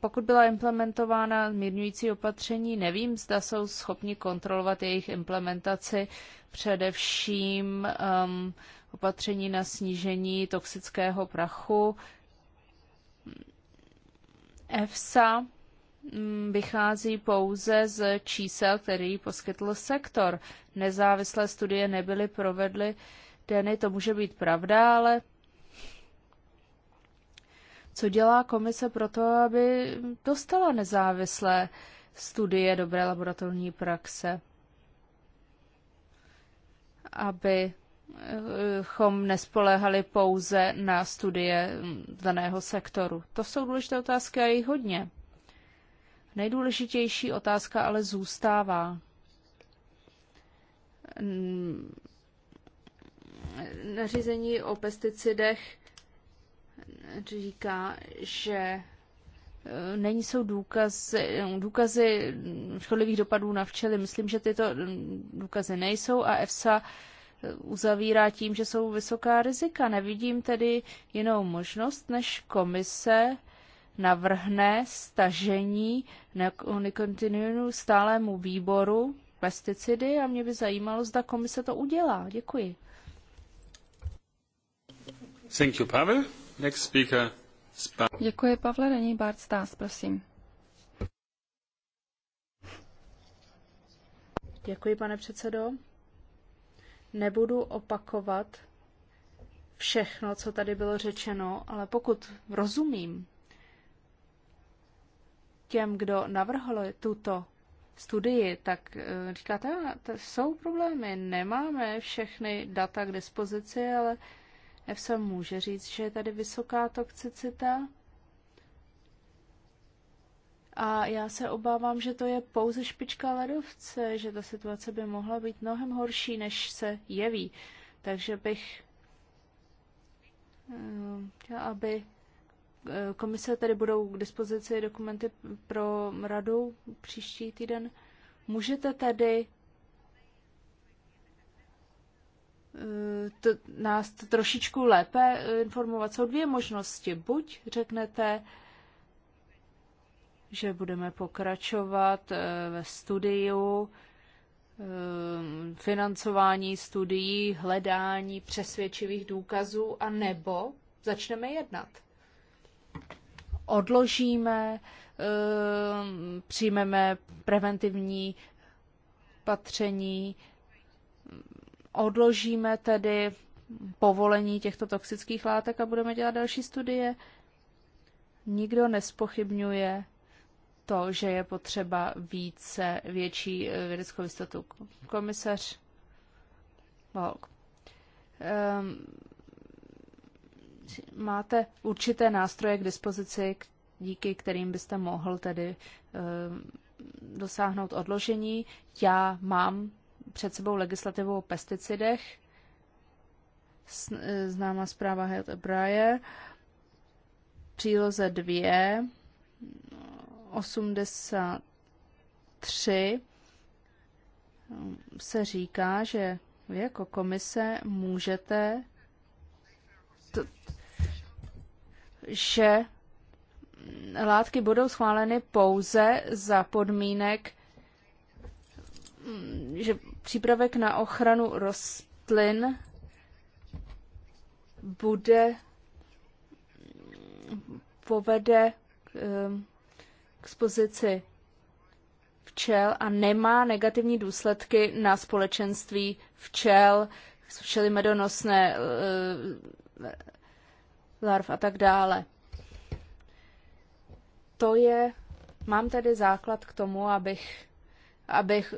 Pokud byla implementována mírňující opatření, nevím, zda jsou schopni kontrolovat jejich implementaci, především um, opatření na snížení toxického prachu, EFSA mm, vychází pouze z čísel, který poskytl sektor. Nezávislé studie nebyly provedly deny, to může být pravda, ale co dělá komise pro to, aby dostala nezávislé studie dobré laboratorní praxe? Aby chom nespoléhali pouze na studie daného sektoru. To jsou důležité otázky a je hodně. Nejdůležitější otázka ale zůstává. Nařízení o pesticidech říká, že eh, není jsou důkazy, důkazy škodlivých dopadů na včely. Myslím, že tyto mm, důkazy nejsou a EFSA uzavírá tím, že jsou vysoká rizika. Nevidím tedy jinou možnost, než komise navrhne stažení nekontinuinu stálému výboru pesticidy a mě by zajímalo, zda komise to udělá. Děkuji. Thank you, Pavel. Next speaker. Děkuji, Pavle. Není Bart Stas, prosím. Děkuji, pane předsedo. Nebudu opakovat všechno, co tady bylo řečeno, ale pokud rozumím těm, kdo navrhl tuto studii, tak eh, říkáte, to jsou problémy, nemáme všechny data k dispozici, ale EFSA může říct, že je tady vysoká toxicita a já se obávám, že to je pouze špička ledovce, že ta situace by mohla být mnohem horší, než se jeví. Takže bych eh, chtěla, aby eh, komise tady budou k dispozici dokumenty pro radu příští týden. Můžete tady eh, to, nás trošičku lépe informovat. Jsou dvě možnosti. Buď řeknete, že budeme pokračovat eh, ve studiu, eh, financování studií, hledání přesvědčivých důkazů a nebo začneme jednat. Odložíme, eh, přijmeme preventivní patření, odložíme tedy povolení těchto toxických látek a budeme dělat další studie. Nikdo nespochybňuje to, že je potřeba více, větší eh, vědeckou jistotu. Komisař Volk. Um, ehm, máte určité nástroje k dispozici, díky kterým byste mohl tedy um, dosáhnout odložení. Já mám před sebou legislativu o pesticidech, eh, známá zpráva Head Breyer, příloze 2 83 um, se říká, že vy jako komise můžete, t- že látky budou schváleny pouze za podmínek, mm, že přípravek na ochranu rostlin bude povede um, expozici včel a nemá negativní důsledky na společenství včel, včely medonosné eh, larv a tak dále. To je, mám tady základ k tomu, abych, abych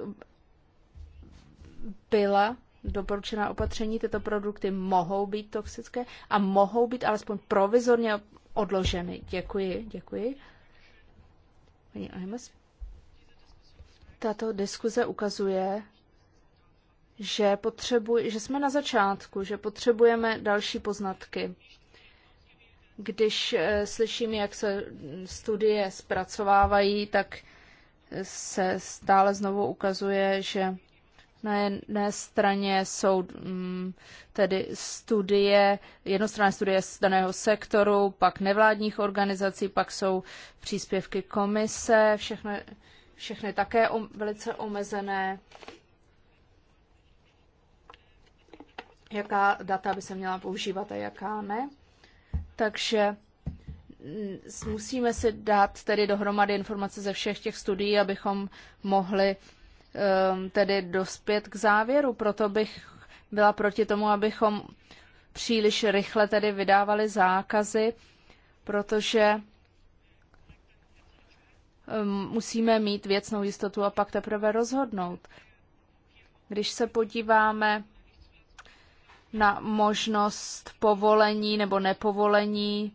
byla doporučená opatření, tyto produkty mohou být toxické a mohou být alespoň provizorně odloženy. Děkuji, děkuji. Tato diskuze ukazuje, že, potřebuj, že jsme na začátku, že potřebujeme další poznatky. Když eh, slyším, jak se studie zpracovávají, tak se stále znovu ukazuje, že na jedné straně jsou mm, tedy studie, jednostranné studie z daného sektoru, pak nevládních organizací, pak jsou příspěvky komise, všechny, všechny také velice omezené. Jaká data by se měla používat a jaká ne. Takže mm, musíme si dát tedy dohromady informace ze všech těch studií, abychom mohli Ehm, tedy dospět k závěru. Proto bych byla proti tomu, abychom příliš rychle tedy vydávali zákazy, protože ehm, musíme mít věcnou jistotu a pak teprve rozhodnout. Když se podíváme na možnost povolení nebo nepovolení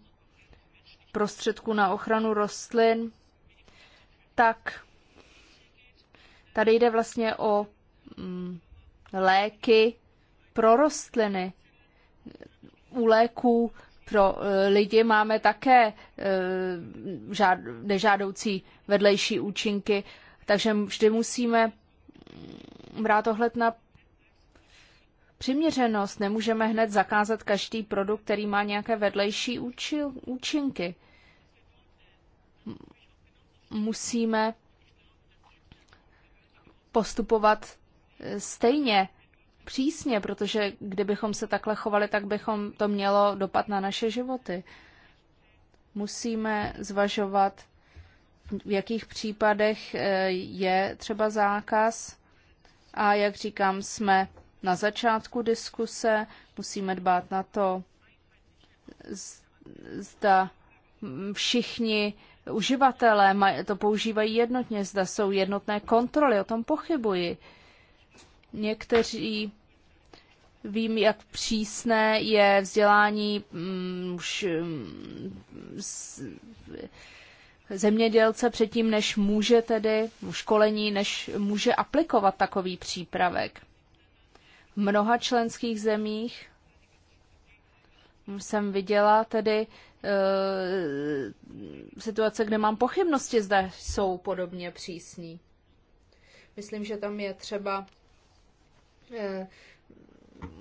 prostředků na ochranu rostlin, tak Tady jde vlastně o mm, léky pro rostliny. U léků pro e, lidi máme také e, žád, nežádoucí vedlejší účinky, takže vždy musíme mm, brát ohled na přiměřenost. Nemůžeme hned zakázat každý produkt, který má nějaké vedlejší účinky. Musíme postupovat eh, stejně přísně, protože kdybychom se takhle chovali, tak bychom to mělo dopad na naše životy. Musíme zvažovat, v jakých případech eh, je třeba zákaz a jak říkám, jsme na začátku diskuse, musíme dbát na to, zda všichni uživatelé to používají jednotně, zda jsou jednotné kontroly, o tom pochybuji. Někteří vím, jak přísné je vzdělání mm, už mm, zemědělce předtím, než může tedy školení, než může aplikovat takový přípravek. V mnoha členských zemích jsem viděla tedy eh, situace, kde mám pochybnosti, zda jsou podobně přísní. Myslím, že tam je třeba eh,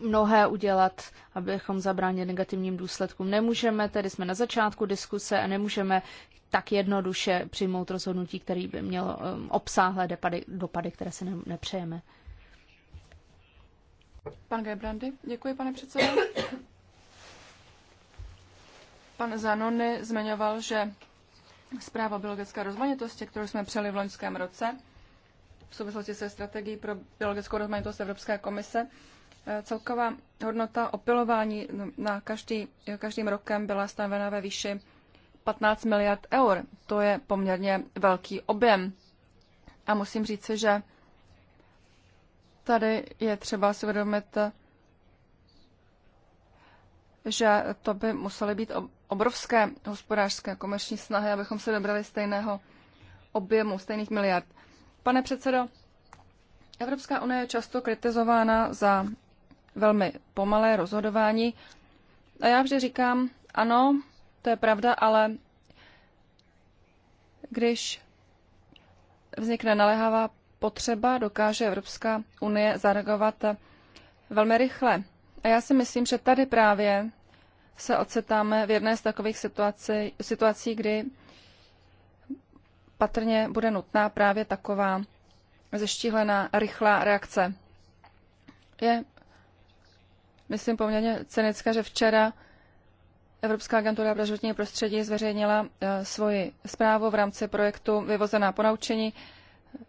mnohé udělat, abychom zabránili negativním důsledkům. Nemůžeme, tedy jsme na začátku diskuse a nemůžeme tak jednoduše přijmout rozhodnutí, který by mělo eh, obsáhlé dopady, dopady které si nepřejeme. Pan Gebrandy, děkuji, pane předsedo. Pan Zanoni zmiňoval, že zpráva biologické rozmanitosti, kterou jsme přeli v loňském roce, v souvislosti se strategií pro biologickou rozmanitost Evropské komise, eh, celková hodnota opilování na každý, každým rokem byla stanovena ve výši 15 miliard eur. To je poměrně velký objem. A musím říct, že tady je třeba si uvědomit, že to by musely být obrovské hospodářské a komerční snahy, abychom se dobrali stejného objemu, stejných miliard. Pane předsedo, Evropská unie je často kritizována za velmi pomalé rozhodování. A já vždy říkám, ano, to je pravda, ale když vznikne naléhavá potřeba, dokáže Evropská unie zareagovat velmi rychle. A já si myslím, že tady právě se ocitáme v jedné z takových situací, situací kdy patrně bude nutná právě taková zeštíhlená, rychlá reakce. Je, myslím, poměrně cynické, že včera Evropská agentura pro životní prostředí zveřejnila eh, svoji zprávu v rámci projektu Vyvozená ponaučení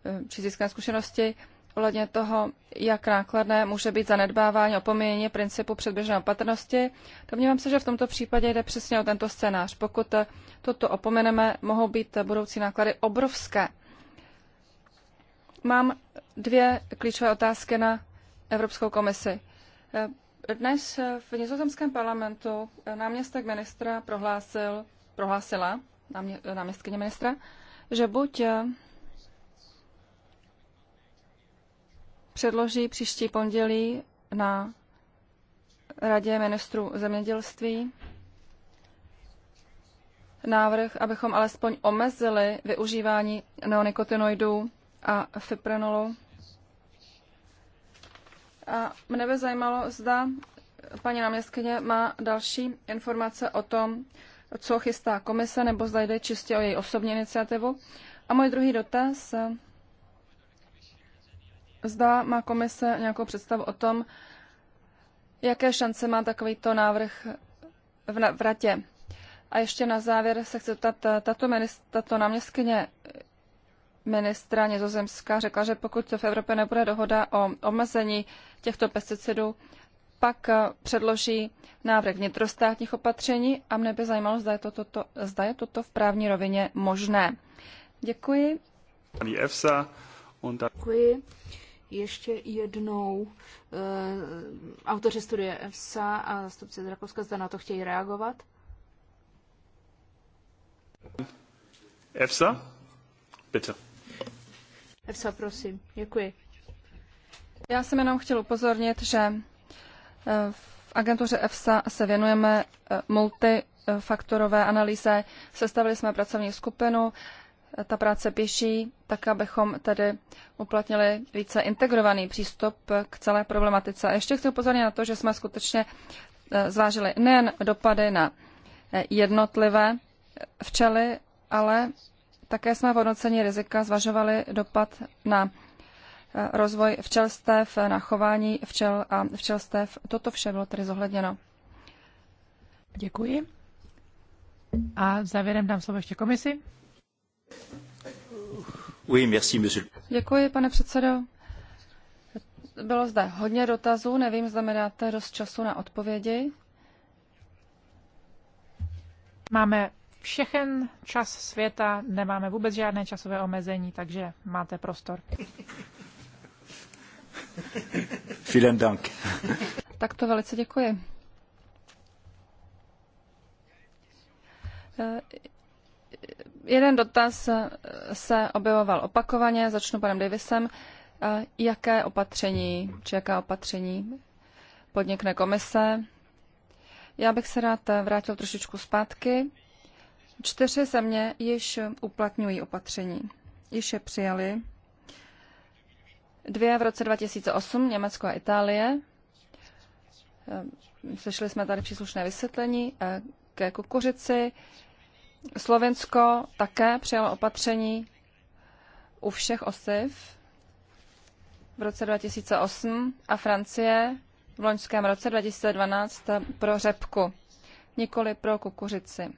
eh, či získané zkušenosti ohledně toho, jak nákladné může být zanedbávání opomíjení principu předběžné opatrnosti. Domnívám se, že v tomto případě jde přesně o tento scénář. Pokud toto opomeneme, mohou být budoucí náklady obrovské. Mám dvě klíčové otázky na Evropskou komisi. Dnes v nizozemském parlamentu náměstek ministra prohlásil, prohlásila, náměstkyně ministra, že buď předloží příští pondělí na Radě ministrů zemědělství návrh, abychom alespoň omezili využívání neonikotinoidů a fipronolu. A mne by zajímalo, zda paní náměstkyně má další informace o tom, co chystá komise, nebo zda jde čistě o její osobní iniciativu. A můj druhý dotaz Zda má komise nějakou představu o tom, jaké šance má takovýto návrh v, v ratě. A ještě na závěr se chci zeptat, eh, tato, tato náměstkyně ministra Nizozemska řekla, že pokud v Evropě nebude dohoda o omezení těchto pesticidů, pak eh, předloží návrh vnitrostátních opatření a mne by zajímalo, zda je, to, zda je toto v právní rovině možné. Děkuji. Děkuji ještě jednou e, autoři studie EFSA a zastupci z Rakouska zda na to chtějí reagovat. EFSA? Bitte. EFSA, prosím. Děkuji. Já jsem jenom chtěl upozornit, že eh, v agentuře EFSA se věnujeme eh, multifaktorové analýze. Sestavili jsme pracovní skupinu, ta práce pěší, tak abychom tedy uplatnili více integrovaný přístup k celé problematice. A ještě chci upozornit na to, že jsme skutečně eh, zvážili nejen dopady na eh, jednotlivé eh, včely, ale také jsme v hodnocení rizika zvažovali dopad na rozvoj včelstev, na chování včel a včelstev. Toto vše bylo tedy zohledněno. Děkuji. A závěrem dám slovo ještě komisi. Děkuji, pane předsedo. Bylo zde hodně dotazů, nevím, zda mi dáte dost času na odpovědi. Máme všechen čas světa, nemáme vůbec žádné časové omezení, takže máte prostor. Vielen Dank. Tak to velice děkuji. Jeden dotaz eh, se objevoval opakovaně, začnu panem Davisem. Eh, jaké opatření, či jaká opatření podnikne komise? Já bych se rád eh, vrátil trošičku zpátky. Čtyři země již uplatňují opatření, již je přijali. Dvě v roce 2008, Německo a Itálie. Slyšeli jsme tady příslušné vysvětlení ke kukuřici. Slovensko také přijalo opatření u všech osiv v roce 2008 a Francie v loňském roce 2012 pro řepku, nikoli pro kukuřici,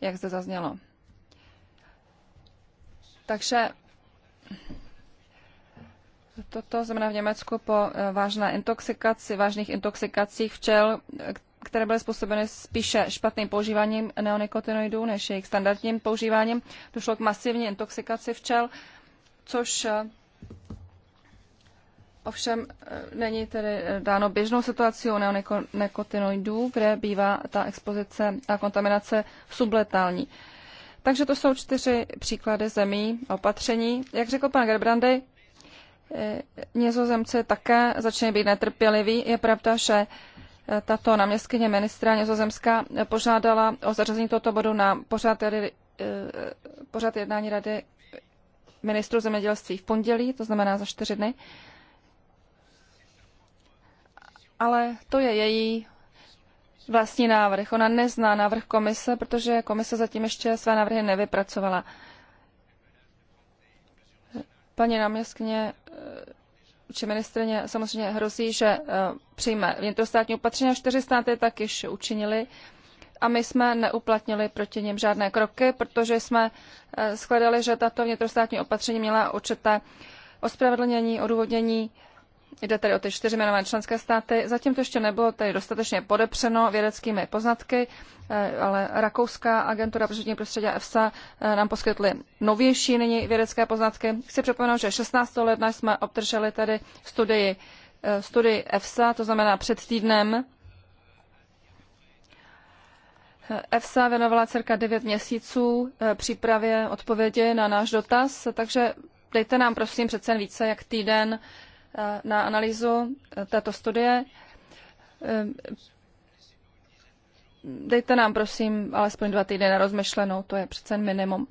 jak zde zaznělo. Takže toto znamená v Německu po eh, vážné intoxikaci, vážných intoxikacích včel, které byly způsobeny spíše špatným používáním neonikotinoidů než jejich standardním používáním. Došlo k masivní intoxikaci včel, což eh, ovšem eh, není tedy eh, dáno běžnou situací u neonikotinoidů, kde bývá ta expozice a kontaminace subletální. Takže to jsou čtyři příklady zemí a opatření. Jak řekl pan Gerbrandy, nězozemci také začínají být netrpěliví. Je pravda, že tato náměstkyně ministra Nizozemská požádala o zařazení tohoto bodu na pořad, tedy, eh, pořad jednání rady ministru zemědělství v pondělí, to znamená za čtyři dny. Ale to je její vlastní návrh. Ona nezná návrh komise, protože komise zatím ještě své návrhy nevypracovala. Paní náměstkyně eh, či ministrině samozřejmě hrozí, že eh, přijme vnitrostátní opatření. Čtyři státy tak již učinili a my jsme neuplatnili proti nim žádné kroky, protože jsme eh, shledali, že tato vnitrostátní opatření měla určité ospravedlnění, odůvodnění Jde tedy o ty čtyři jmenované členské státy. Zatím to ještě nebylo tady dostatečně podepřeno vědeckými poznatky, eh, ale Rakouská agentura pro životní prostředí EFSA eh, nám poskytly novější nyní vědecké poznatky. Chci připomenout, že 16. ledna jsme obdrželi tady studii, eh, studii EFSA, to znamená před týdnem. EFSA věnovala cirka 9 měsíců přípravě odpovědi na náš dotaz, takže dejte nám prosím přece více jak týden Eh, na analýzu eh, této studie. Eh, dejte nám, prosím, alespoň dva týdny na rozmyšlenou, to je přece minimum.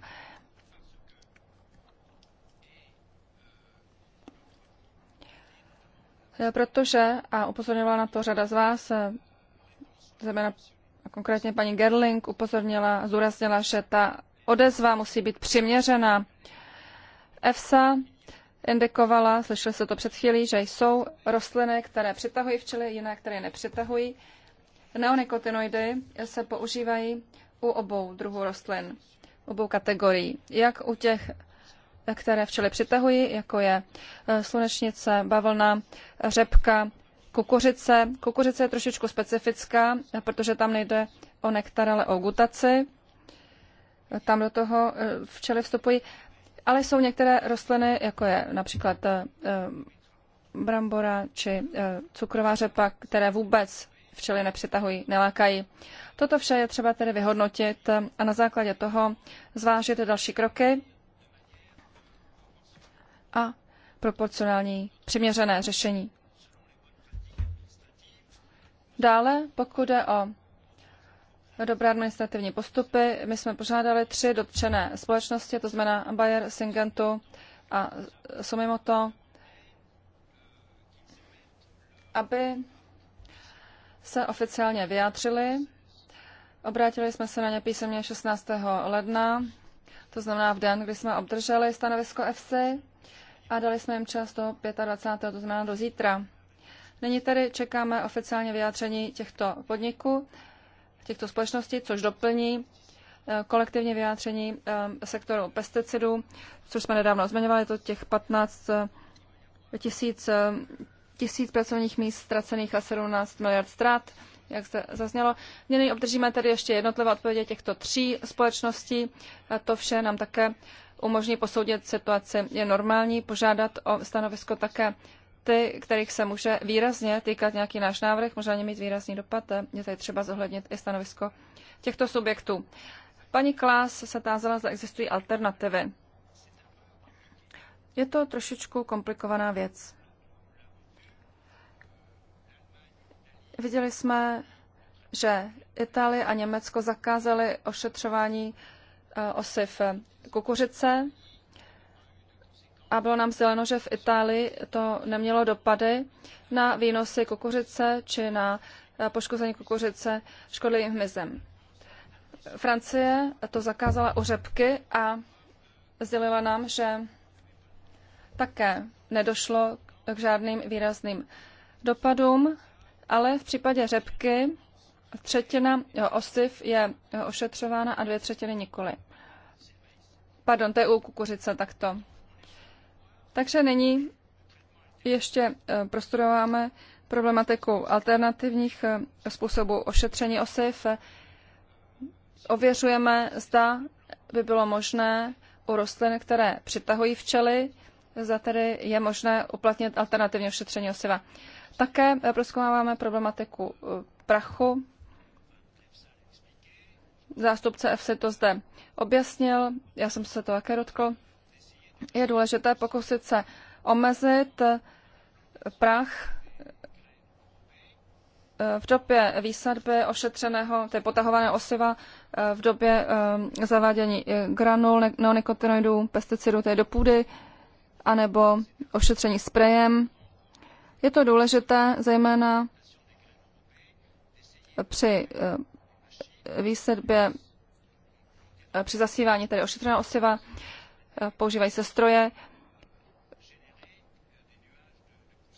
Protože, a upozorňovala na to řada z vás, zejména konkrétně paní Gerling upozornila, zdůraznila, že ta odezva musí být přiměřená. EFSA indikovala, slyšeli se to před chvílí, že jsou rostliny, které přitahují včely, jiné, které nepřitahují. Neonikotinoidy se používají u obou druhů rostlin, obou kategorií. Jak u těch, které včely přitahují, jako je eh, slunečnice, bavlna, řepka, kukuřice. Kukuřice je trošičku specifická, protože tam nejde o nektar, ale o gutaci. Tam do toho eh, včely vstupují. Ale jsou některé rostliny, jako je například eh, eh, brambora či eh, cukrová řepa, které vůbec včely nepřitahují, nelákají. Toto vše je třeba tedy vyhodnotit a na základě toho zvážit další kroky a proporcionální přiměřené řešení. Dále, pokud jde o dobré administrativní postupy. My jsme požádali tři dotčené společnosti, to znamená Bayer, Syngentu a Sumimoto, aby se oficiálně vyjádřili. Obrátili jsme se na ně písemně 16. ledna, to znamená v den, kdy jsme obdrželi stanovisko FC a dali jsme jim čas do 25. to znamená do zítra. Nyní tedy čekáme oficiálně vyjádření těchto podniků těchto společností, což doplní eh, kolektivně vyjádření eh, sektoru pesticidů, což jsme nedávno zmiňovali, to těch 15 eh, tisíc, tisíc pracovních míst ztracených a 17 miliard ztrat, jak se zaznělo. Nyní obdržíme tedy ještě jednotlivé odpovědi těchto tří společností. A to vše nám také umožní posoudit situaci. Je normální požádat o stanovisko také ty, kterých se může výrazně týkat nějaký náš návrh, možná ani mít výrazný dopad, je tady třeba zohlednit i stanovisko těchto subjektů. Paní Klás se tázala, zda existují alternativy. Je to trošičku komplikovaná věc. Viděli jsme, že Itálie a Německo zakázaly ošetřování eh, osiv kukuřice, a bylo nám sděleno, že v Itálii to nemělo dopady na výnosy kukuřice či na eh, poškození kukuřice škodlivým hmyzem. Francie to zakázala u řepky a sdělila nám, že také nedošlo k žádným výrazným dopadům, ale v případě řepky třetina osiv je ošetřována a dvě třetiny nikoli. Pardon, to je u kukuřice takto. Takže nyní ještě eh, prostudováme problematiku alternativních eh, způsobů ošetření osiv. Ověřujeme, zda by bylo možné u rostlin, které přitahují včely, zda tedy je možné uplatnit alternativně ošetření osiva. Také eh, proskoumáváme problematiku prachu. Zástupce FC to zde objasnil, já jsem se to také dotkl je důležité pokusit se omezit prach eh, v době výsadby ošetřeného, tedy potahované osiva, eh, v době eh, zavádění granul, neonikotinoidů, pesticidů, tedy do půdy, anebo ošetření sprejem. Je to důležité zejména při výsadbě, při zasívání tedy ošetřeného osiva, Eh, používají se stroje.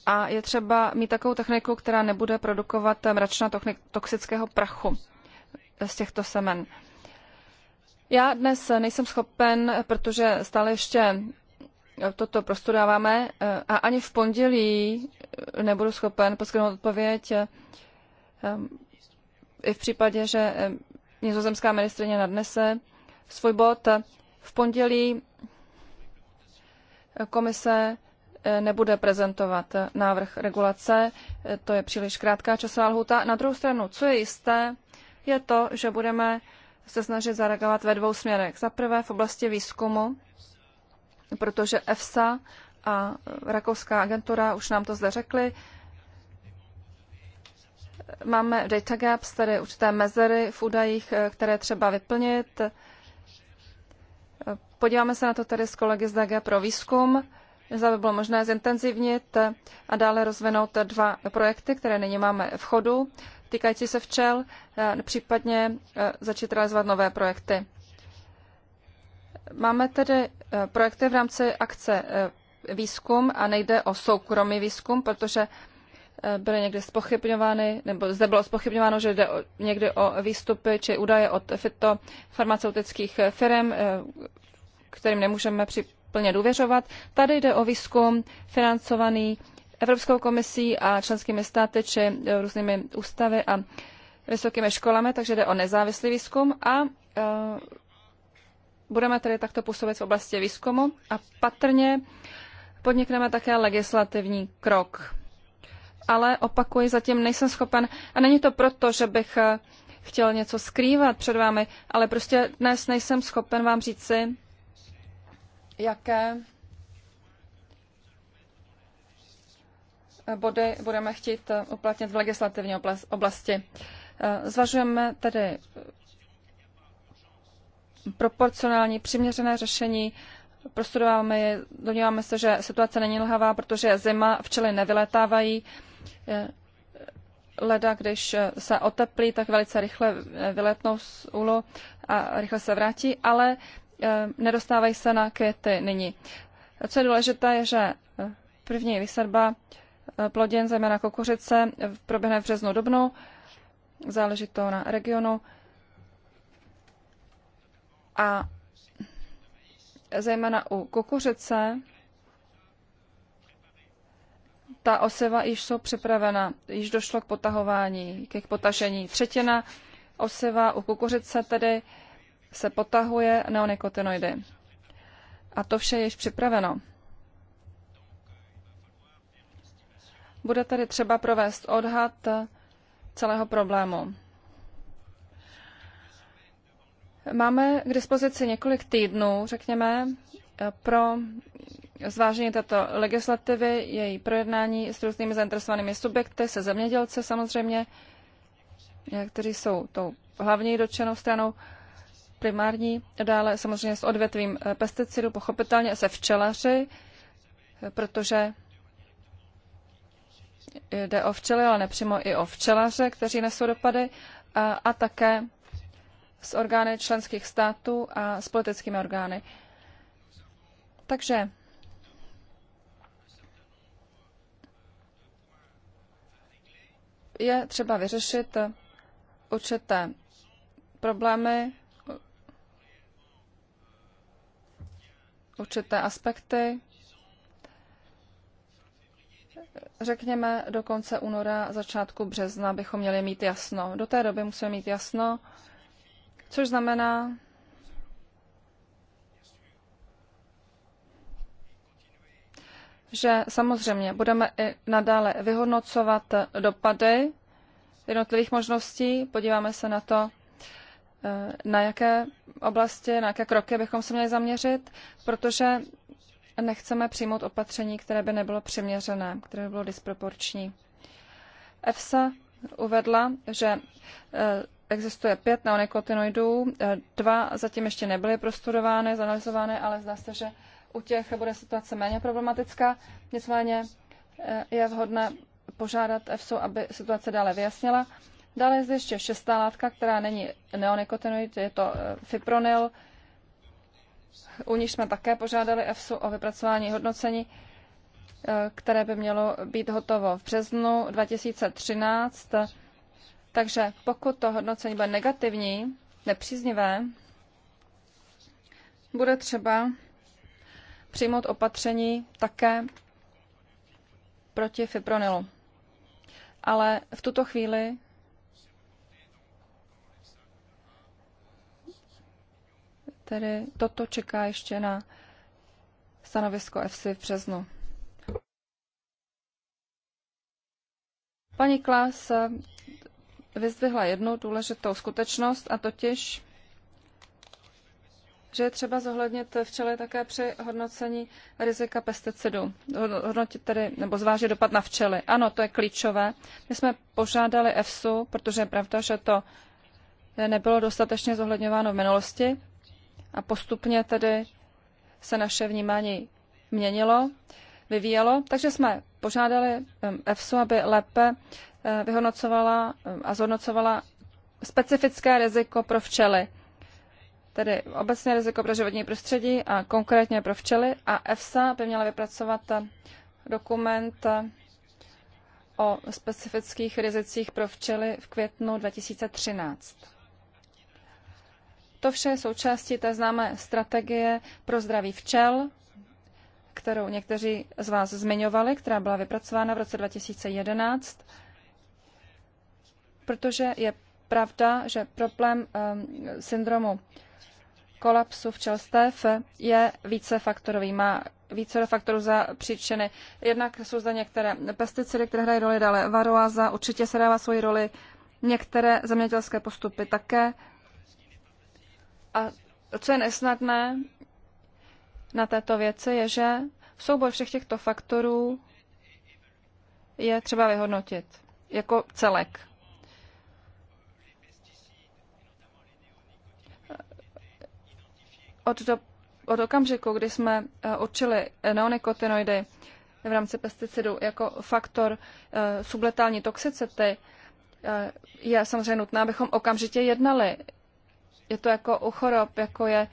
A je třeba mít takovou techniku, která nebude produkovat mračna toxického prachu z těchto semen. Já dnes nejsem schopen, protože stále ještě eh, toto prostudáváme eh, a ani v pondělí nebudu schopen poskytnout odpověď i v případě, že nizozemská ministrině nadnese svůj bod. V pondělí komise eh, nebude prezentovat eh, návrh regulace, eh, to je příliš krátká časová lhuta. Na druhou stranu, co je jisté, je to, že budeme se snažit zareagovat ve dvou směrech. Za prvé v oblasti výzkumu, protože EFSA a Rakouská agentura už nám to zde řekli. Máme data gaps, tedy určité mezery v údajích, které třeba vyplnit. Podíváme se na to tedy s kolegy z DG pro výzkum. Zda by bylo možné zintenzivnit a dále rozvinout dva projekty, které nyní máme v chodu, týkající se včel, eh, případně eh, začít realizovat nové projekty. Máme tedy eh, projekty v rámci akce výzkum a nejde o soukromý výzkum, protože byly někdy spochybňovány, nebo zde bylo spochybňováno, že jde někdy o výstupy či údaje od fitofarmaceutických firm, kterým nemůžeme při plně důvěřovat. Tady jde o výzkum financovaný Evropskou komisí a členskými státy či e, různými ústavy a vysokými školami, takže jde o nezávislý výzkum a uh, budeme tedy takto působit v oblasti výzkumu a patrně podnikneme také legislativní krok. Ale opakuji, zatím nejsem schopen a není to proto, že bych e, chtěl něco skrývat před vámi, ale prostě dnes nejsem schopen vám říci, jaké body budeme chtít uplatnit v legislativní oblasti. Eh, zvažujeme tedy proporcionální, přiměřené řešení. Prostudováme je, domníváme se, že situace není lhavá, protože zima, včely nevyletávají. Eh, leda, když se oteplí, tak velice rychle eh, vyletnou z úlu a rychle se vrátí, ale Eh, nedostávají se na květy nyní. Co je důležité, je, že eh, první vysadba eh, plodin, zejména kukuřice, proběhne v březnu dubnu, záleží to na regionu. A zejména u kukuřice ta osiva již jsou připravena, již došlo k potahování, k jejich potažení. Třetina osiva u kukuřice tedy se potahuje neonikotinoidy. A to vše je již připraveno. Bude tedy třeba provést odhad celého problému. Máme k dispozici několik týdnů, řekněme, pro zvážení této legislativy, její projednání s různými zainteresovanými subjekty, se zemědělce samozřejmě, kteří jsou tou hlavní dotčenou stranou primární. Dále samozřejmě s odvětvím eh, pesticidů, pochopitelně se včelaři, eh, protože jde o včely, ale nepřímo i o včelaře, kteří nesou dopady, a, a také s orgány členských států a s politickými orgány. Takže je třeba vyřešit určité problémy určité aspekty. Řekněme, do konce února, začátku března bychom měli mít jasno. Do té doby musíme mít jasno, což znamená, že samozřejmě budeme i nadále vyhodnocovat dopady jednotlivých možností, podíváme se na to, Eh, na jaké oblasti, na jaké kroky bychom se měli zaměřit, protože nechceme přijmout opatření, které by nebylo přiměřené, které by bylo disproporční. EFSA uvedla, že eh, existuje pět neonikotinoidů, eh, dva zatím ještě nebyly prostudovány, zanalizovány, ale zdá se, že u těch bude situace méně problematická. Nicméně je vhodné požádat EFSA, aby situace dále vyjasnila. Dále je zde ještě šestá látka, která není neonikotinoid, je to eh, fipronil. U níž jsme také požádali EFSU o vypracování hodnocení, eh, které by mělo být hotovo v březnu 2013. Takže pokud to hodnocení bude negativní, nepříznivé, bude třeba přijmout opatření také proti fipronilu. Ale v tuto chvíli Tedy toto čeká ještě na stanovisko EFSI v březnu. Paní Klas vyzdvihla jednu důležitou skutečnost, a totiž, že je třeba zohlednit včely také při hodnocení rizika pesticidů. Hodnotit tedy, nebo zvážit dopad na včely. Ano, to je klíčové. My jsme požádali EFSU, protože je pravda, že to nebylo dostatečně zohledňováno v minulosti a postupně tedy se naše vnímání měnilo, vyvíjelo, takže jsme požádali um, EFSU, aby lépe eh, vyhodnocovala um, a zhodnocovala specifické riziko pro včely, tedy obecně riziko pro životní prostředí a konkrétně pro včely. A EFSA by měla vypracovat eh, dokument eh, o specifických rizicích pro včely v květnu 2013. To vše je součástí té známé strategie pro zdraví včel, kterou někteří z vás zmiňovali, která byla vypracována v roce 2011, protože je pravda, že problém um, syndromu kolapsu včelstev je vícefaktorový. Má více faktorů za příčiny. Jednak jsou zde některé pesticidy, které hrají roli, dále varoáza, určitě se dává svoji roli, některé zemědělské postupy také a co je nesnadné na této věci, je, že soubor všech těchto faktorů je třeba vyhodnotit jako celek. Od, do, od okamžiku, kdy jsme eh, určili eh, neonikotinoidy v rámci pesticidů jako faktor eh, subletální toxicity, je samozřejmě nutné, abychom okamžitě jednali. Je to jako u chorob, jako je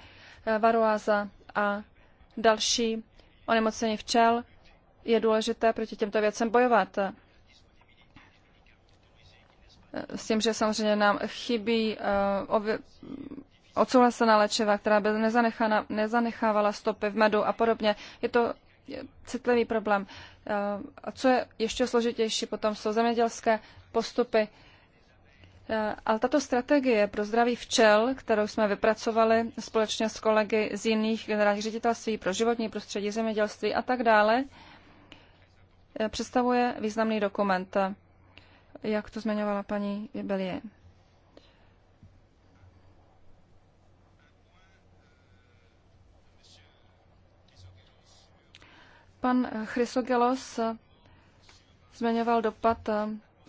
e, varuáza a další onemocnění včel. Je důležité proti těmto věcem bojovat. E, s tím, že samozřejmě nám chybí e, odsouhlasená léčiva, která by nezanechávala stopy v medu a podobně. Je to citlivý problém. A co je ještě složitější, potom jsou zemědělské postupy, Eh, ale tato strategie pro zdraví včel, kterou jsme vypracovali společně s kolegy z jiných generálních ředitelství pro životní prostředí, zemědělství a tak dále, eh, představuje významný dokument, eh, jak to zmiňovala paní Belie. Pan Chrysogelos zmiňoval dopad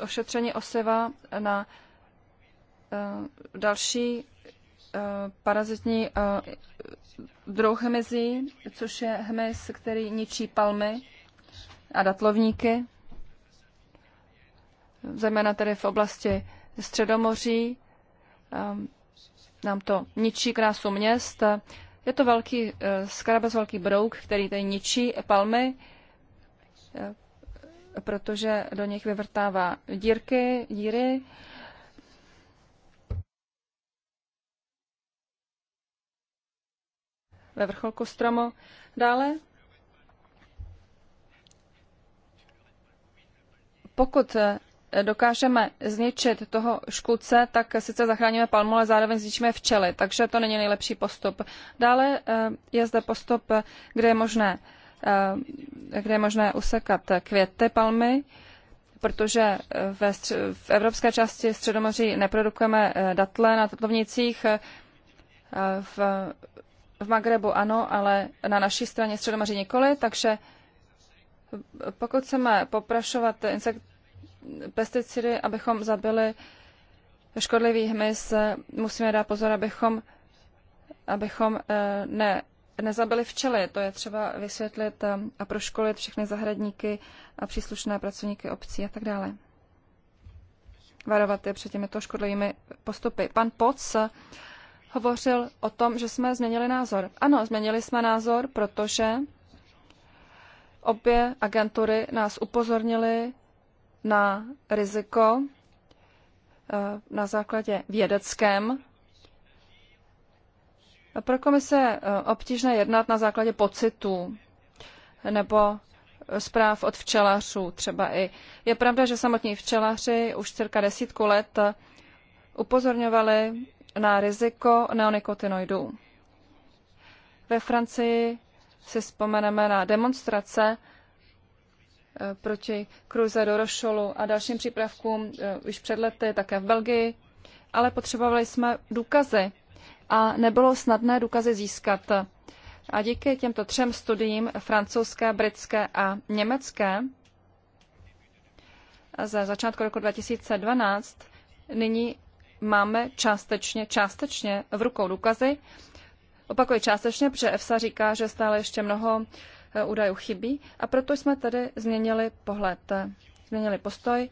ošetření osiva na Eh, další eh, parazitní eh, druh hmyzí, což je hmyz, který ničí palmy a datlovníky, zejména tedy v oblasti Středomoří. Nám to ničí krásu měst. Je to velký skarabes, velký brouk, který tady ničí palmy, protože do nich vyvrtává dírky, díry ve vrcholku stromu. Dále, pokud eh, dokážeme zničit toho škůdce, tak sice zachráníme palmu, ale zároveň zničíme včely, takže to není nejlepší postup. Dále eh, je zde postup, kde je možné, eh, kde je možné usekat květy palmy, protože ve, v evropské části Středomoří neprodukujeme datle na toplovnicích, v v Magrebu ano, ale na naší straně středomaří nikoli, takže pokud chceme poprašovat insekt, pesticidy, abychom zabili škodlivý hmyz, musíme dát pozor, abychom, abychom eh, ne, nezabili včely. To je třeba vysvětlit eh, a proškolit všechny zahradníky a příslušné pracovníky obcí a tak dále. Varovat je před těmito škodlivými postupy. Pan Poc hovořil o tom, že jsme změnili názor. Ano, změnili jsme názor, protože obě agentury nás upozornily na riziko eh, na základě vědeckém. Pro komise je eh, obtížné jednat na základě pocitů nebo zpráv od včelařů třeba i. Je pravda, že samotní včelaři už cirka desítku let upozorňovali na riziko neonikotinoidů. Ve Francii si vzpomeneme na demonstrace eh, proti kruze do rošolu a dalším přípravkům už eh, před lety, také v Belgii, ale potřebovali jsme důkazy a nebylo snadné důkazy získat. A díky těmto třem studiím, francouzské, britské a německé, ze začátku roku 2012, nyní máme částečně, částečně v rukou důkazy. Opakuji částečně, protože EFSA říká, že stále ještě mnoho eh, údajů chybí a proto jsme tady změnili pohled, eh, změnili postoj,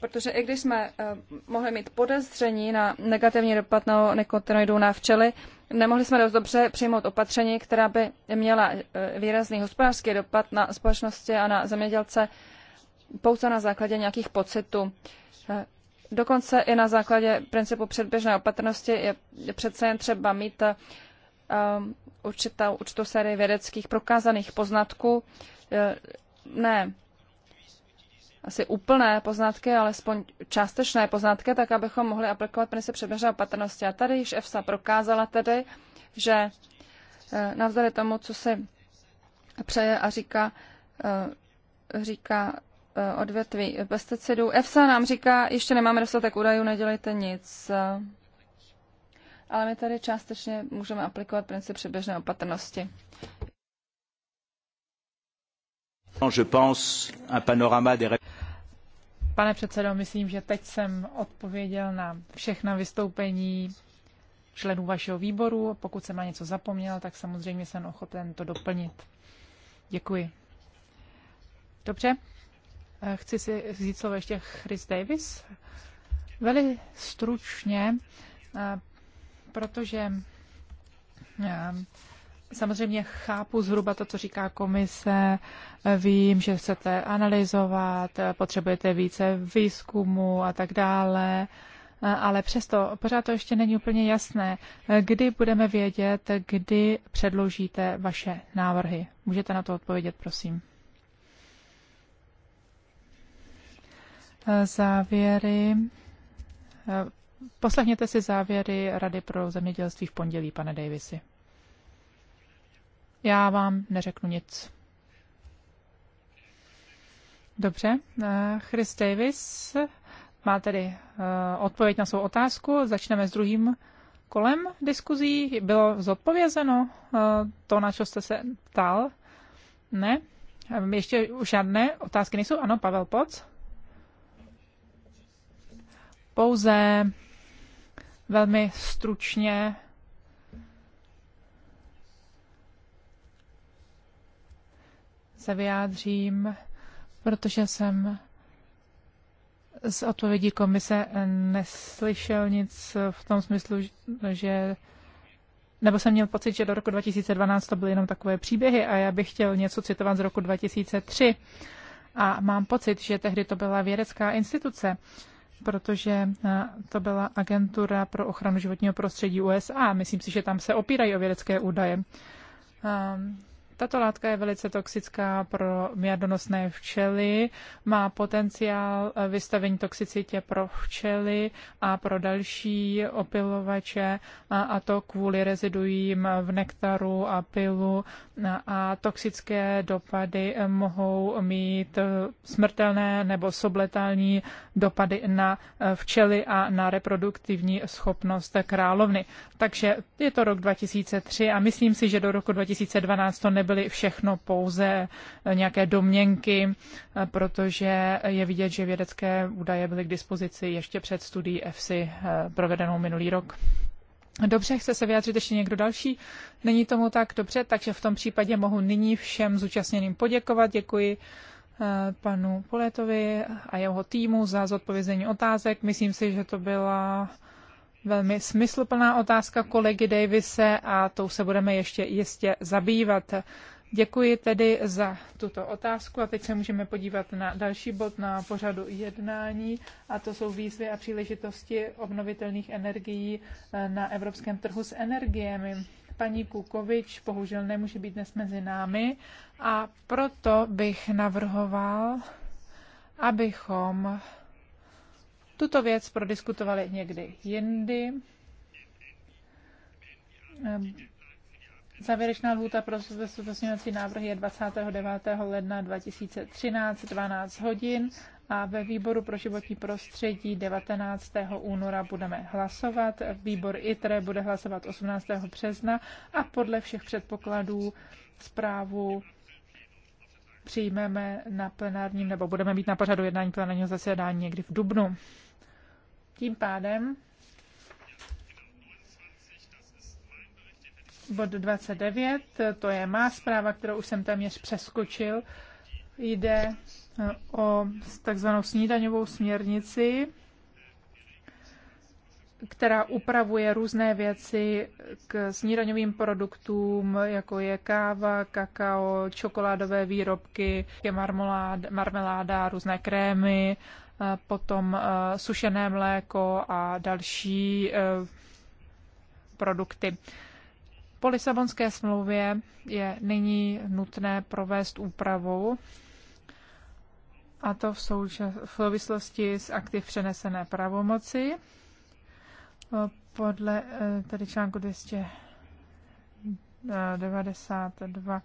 protože i když jsme eh, mohli mít podezření na negativní dopad na nikotinoidů na včely, nemohli jsme dost dobře přijmout opatření, která by měla výrazný hospodářský dopad na společnosti a na zemědělce pouze na základě nějakých pocitů. Dokonce i na základě principu předběžné opatrnosti je přece jen třeba mít eh, um, určitou, určitou sérii vědeckých prokázaných poznatků. Eh, ne asi úplné poznatky, alespoň částečné poznatky, tak abychom mohli aplikovat princip předběžné opatrnosti. A tady již EFSA prokázala tedy, že eh, navzdory tomu, co si přeje a říká, říká Eh, odvětví pesticidů. EFSA nám říká, ještě nemáme dostatek údajů, nedělejte nic. Eh, ale my tady částečně můžeme aplikovat princip předběžné opatrnosti. Pane předsedo, myslím, že teď jsem odpověděl na všechna vystoupení členů vašeho výboru. Pokud jsem na něco zapomněl, tak samozřejmě jsem ochoten to doplnit. Děkuji. Dobře, Eh, chci si vzít slovo ještě Chris Davis. Veli stručně, eh, protože eh, samozřejmě chápu zhruba to, co říká komise. Vím, že chcete analyzovat, potřebujete více výzkumu a tak dále ale přesto pořád to ještě není úplně jasné. Kdy budeme vědět, kdy předložíte vaše návrhy? Můžete na to odpovědět, prosím. závěry. Poslechněte si závěry Rady pro zemědělství v pondělí, pane Davisy. Já vám neřeknu nic. Dobře, Chris Davis má tedy eh, odpověď na svou otázku. Začneme s druhým kolem diskuzí. Bylo zodpovězeno eh, to, na co jste se ptal? Ne? Ještě žádné otázky nejsou? Ano, Pavel Poc. Pouze velmi stručně se vyjádřím, protože jsem z odpovědí komise neslyšel nic v tom smyslu, že nebo jsem měl pocit, že do roku 2012 to byly jenom takové příběhy a já bych chtěl něco citovat z roku 2003. A mám pocit, že tehdy to byla vědecká instituce, protože eh, to byla agentura pro ochranu životního prostředí USA. Myslím si, že tam se opírají o vědecké údaje. Ehm, tato látka je velice toxická pro miadonosné včely, má potenciál vystavení toxicitě pro včely a pro další opilovače, a, to kvůli reziduím v nektaru a pilu. A, a toxické dopady mohou mít smrtelné nebo sobletální dopady na včely a na reproduktivní schopnost královny. Takže je to rok 2003 a myslím si, že do roku 2012 to nebude nebyly všechno pouze eh, nějaké domněnky, eh, protože je vidět, že vědecké údaje byly k dispozici ještě před studií EFSI eh, provedenou minulý rok. Dobře, chce se vyjádřit ještě někdo další? Není tomu tak dobře, takže v tom případě mohu nyní všem zúčastněným poděkovat. Děkuji panu Poletovi a jeho týmu za zodpovězení otázek. Myslím si, že to byla velmi smysluplná otázka kolegy Davise a tou se budeme ještě jistě zabývat. Děkuji tedy za tuto otázku a teď se můžeme podívat na další bod na pořadu jednání a to jsou výzvy a příležitosti obnovitelných energií eh, na evropském trhu s energiemi. Paní Kukovič bohužel nemůže být dnes mezi námi a proto bych navrhoval, abychom tuto věc prodiskutovali někdy jindy. Ehm, závěrečná lhůta pro zesutosňovací návrh je 29. ledna 2013 12 hodin a ve výboru pro životní prostředí 19. února budeme hlasovat. Výbor ITRE bude hlasovat 18. března a podle všech předpokladů zprávu přijmeme na plenárním, nebo budeme mít na pořadu jednání plenárního zasedání někdy v Dubnu. Tím pádem bod 29, to je má zpráva, kterou už jsem téměř přeskočil, jde eh, o takzvanou snídaňovou směrnici, která upravuje různé věci k snídaňovým produktům, jako je káva, kakao, čokoládové výrobky, marmeláda, různé krémy Eh, potom eh, sušené mléko a další eh, produkty. Po Lisabonské smlouvě je nyní nutné provést úpravu, a to v, v souvislosti s aktiv přenesené pravomoci podle tedy článku 292.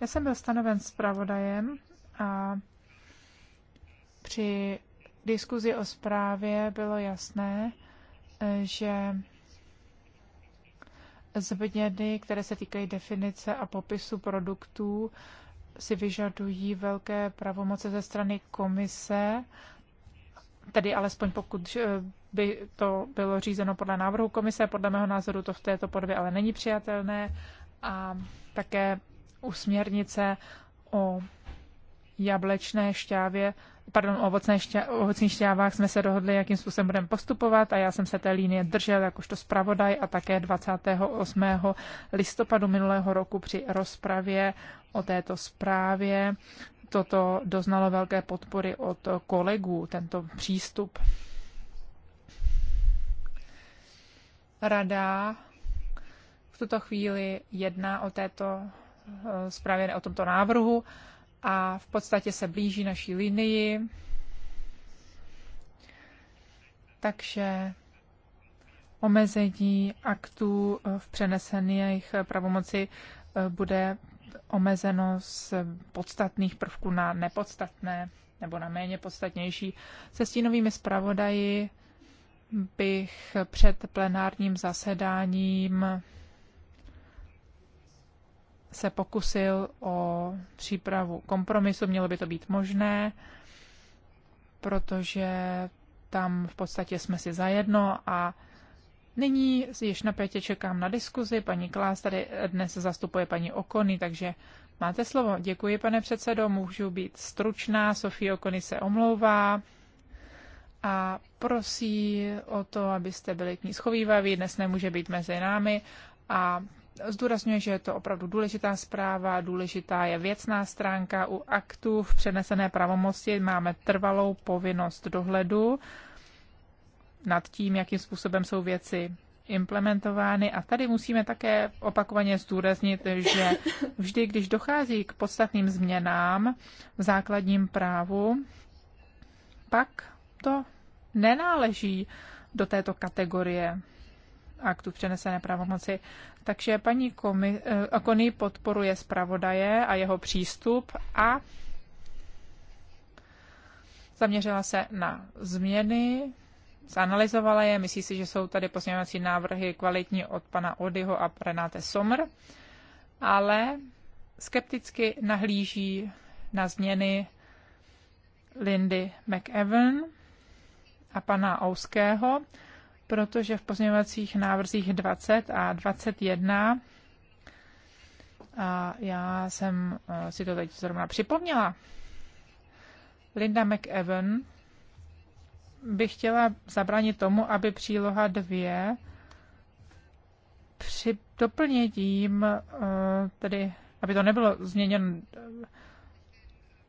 Já jsem byl stanoven zpravodajem a při diskuzi o zprávě bylo jasné, že změny, které se týkají definice a popisu produktů, si vyžadují velké pravomoce ze strany komise, tedy alespoň pokud eh, by to bylo řízeno podle návrhu komise, podle mého názoru to v této podobě ale není přijatelné a také u směrnice o jablečné šťávě pardon, o ovocných šťávách jsme se dohodli, jakým způsobem budeme postupovat a já jsem se té linie držel jakožto zpravodaj a také 28. listopadu minulého roku při rozpravě o této zprávě toto doznalo velké podpory od kolegů, tento přístup. Rada v tuto chvíli jedná o této eh, zprávě, o tomto návrhu a v podstatě se blíží naší linii. Takže omezení aktů eh, v přenesených eh, pravomoci eh, bude omezeno z podstatných prvků na nepodstatné nebo na méně podstatnější. Se stínovými zpravodaji bych před plenárním zasedáním se pokusil o přípravu kompromisu. Mělo by to být možné, protože tam v podstatě jsme si zajedno a nyní již pětě čekám na diskuzi. Paní Klás tady dnes zastupuje paní Okony, takže máte slovo. Děkuji, pane předsedo, můžu být stručná. Sofie Okony se omlouvá a prosí o to, abyste byli k ní schovývaví. Dnes nemůže být mezi námi a zdůrazňuje, že je to opravdu důležitá zpráva, důležitá je věcná stránka. U aktů v přenesené pravomoci máme trvalou povinnost dohledu nad tím, jakým způsobem jsou věci implementovány. A tady musíme také opakovaně zdůraznit, že vždy, když dochází k podstatným změnám v základním právu, pak to nenáleží do této kategorie aktu přenesené pravomoci. Takže paní komi- eh, Akony podporuje zpravodaje a jeho přístup a zaměřila se na změny, zanalizovala je. Myslí si, že jsou tady pozměňovací návrhy kvalitní od pana Odyho a Renáte Somr, ale skepticky nahlíží na změny Lindy McEwen a pana Ouského protože v pozměňovacích návrzích 20 a 21 a já jsem e, si to teď zrovna připomněla. Linda McEwen by chtěla zabránit tomu, aby příloha 2 při doplněním, e, tedy aby to nebylo změněno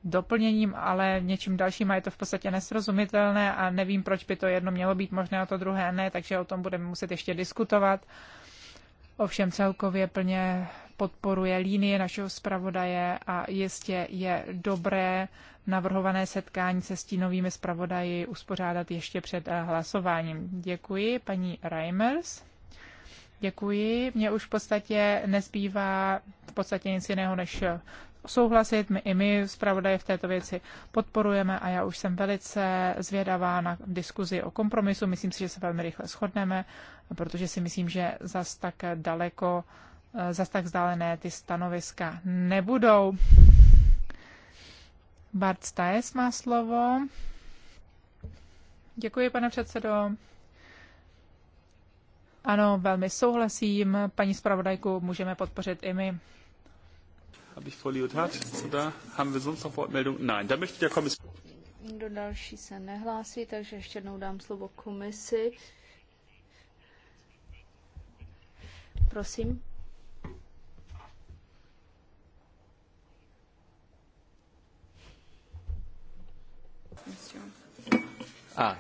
doplněním, ale něčím dalším a je to v podstatě nesrozumitelné a nevím, proč by to jedno mělo být možné a to druhé ne, takže o tom budeme muset ještě diskutovat. Ovšem celkově plně podporuje línie našeho zpravodaje a jistě je dobré navrhované setkání se stínovými zpravodaji uspořádat ještě před eh, hlasováním. Děkuji, paní Reimers. Děkuji. Mně už v podstatě nezbývá v podstatě nic jiného, než souhlasit. My i my zpravodaje v této věci podporujeme a já už jsem velice zvědavá na diskuzi o kompromisu. Myslím si, že se velmi rychle shodneme, protože si myslím, že zas tak daleko, eh, zas tak vzdálené ty stanoviska nebudou. Bart Staes má slovo. Děkuji, pane předsedo. Ano, velmi souhlasím. Paní zpravodajku můžeme podpořit i my. Habe ich Frau Liotard? haben wir sonst noch Wortmeldungen? Nein, da möchte der Kommissar. Nikdo další se nehlásí, takže ještě jednou dám slovo komisi. Prosím. Ah.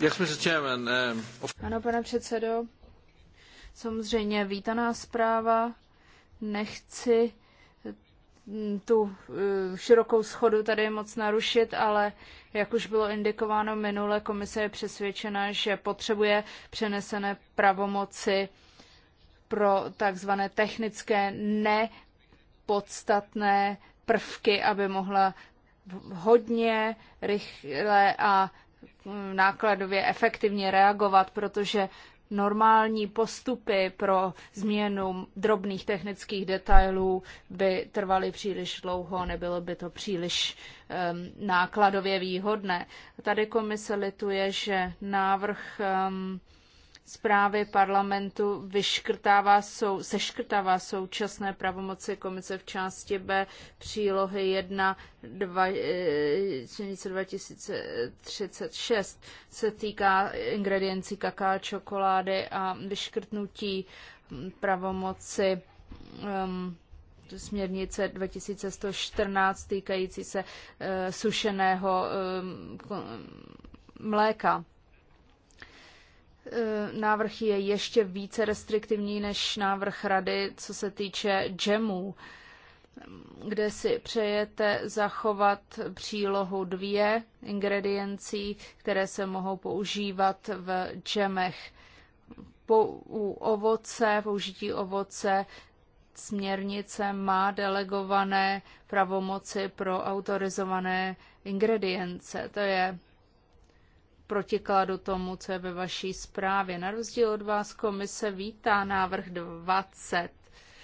Um, ano, pane předsedo. Samozřejmě vítaná zpráva. Nechci Mm, tu eh, širokou schodu tady moc narušit, ale jak už bylo indikováno minule, komise je přesvědčena, že potřebuje přenesené pravomoci pro takzvané technické nepodstatné prvky, aby mohla hodně rychle a mm, nákladově efektivně reagovat, protože normální postupy pro změnu drobných technických detailů by trvaly příliš dlouho, nebylo by to příliš um, nákladově výhodné. Tady komise lituje, že návrh um, zprávy parlamentu vyškrtává, sou, seškrtává současné pravomoci komise v části B přílohy 1 2036 eh, se týká ingrediencí kaká, čokolády a vyškrtnutí hm, pravomoci um, směrnice 2114 týkající se uh, sušeného um, mléka Eh, návrh je ještě více restriktivní než návrh rady, co se týče džemů, kde si přejete zachovat přílohu dvě ingrediencí, které se mohou používat v džemech. Po, u ovoce, použití ovoce, směrnice má delegované pravomoci pro autorizované ingredience. To je protikladu tomu, co je ve vaší zprávě. Na rozdíl od vás komise vítá návrh 20,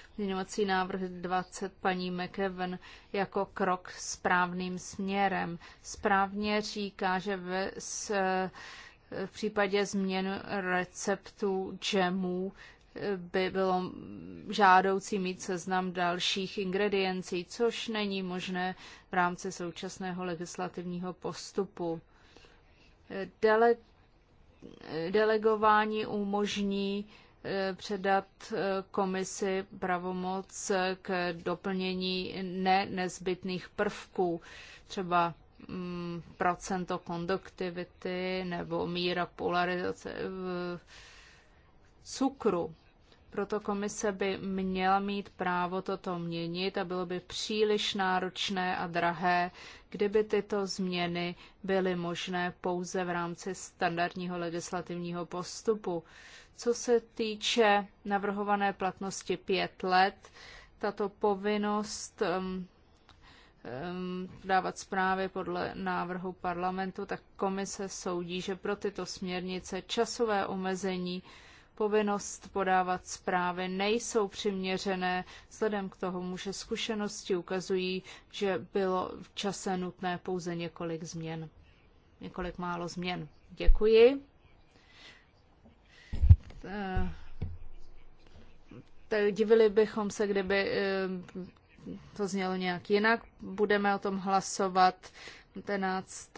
pozměňovací návrh 20 paní McEwen jako krok správným směrem. Správně říká, že ve, s, v případě změn receptů džemů eh, by bylo žádoucí mít seznam dalších ingrediencí, což není možné v rámci současného legislativního postupu. Dele, delegování umožní eh, předat eh, komisi pravomoc eh, k doplnění ne nezbytných prvků, třeba mm, procento konduktivity nebo míra polarizace cukru. Proto komise by měla mít právo toto měnit a bylo by příliš náročné a drahé, kdyby tyto změny byly možné pouze v rámci standardního legislativního postupu. Co se týče navrhované platnosti pět let, tato povinnost um, um, dávat zprávy podle návrhu parlamentu, tak komise soudí, že pro tyto směrnice časové omezení povinnost podávat zprávy nejsou přiměřené, vzhledem k tomu, že zkušenosti ukazují, že bylo v čase nutné pouze několik změn. Několik málo změn. Děkuji. Eh, divili bychom se, kdyby eh, to znělo nějak jinak. Budeme o tom hlasovat 19.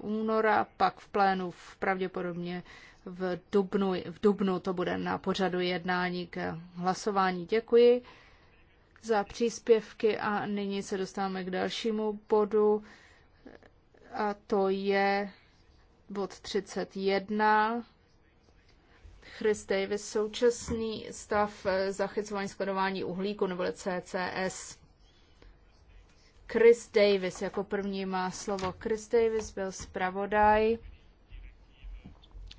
února, pak v plénu v pravděpodobně v dubnu, v dubnu to bude na pořadu jednání k hlasování. Děkuji za příspěvky a nyní se dostáváme k dalšímu bodu a to je bod 31. Chris Davis, současný stav zachycování skladování uhlíku nebo CCS. Chris Davis jako první má slovo. Chris Davis byl zpravodaj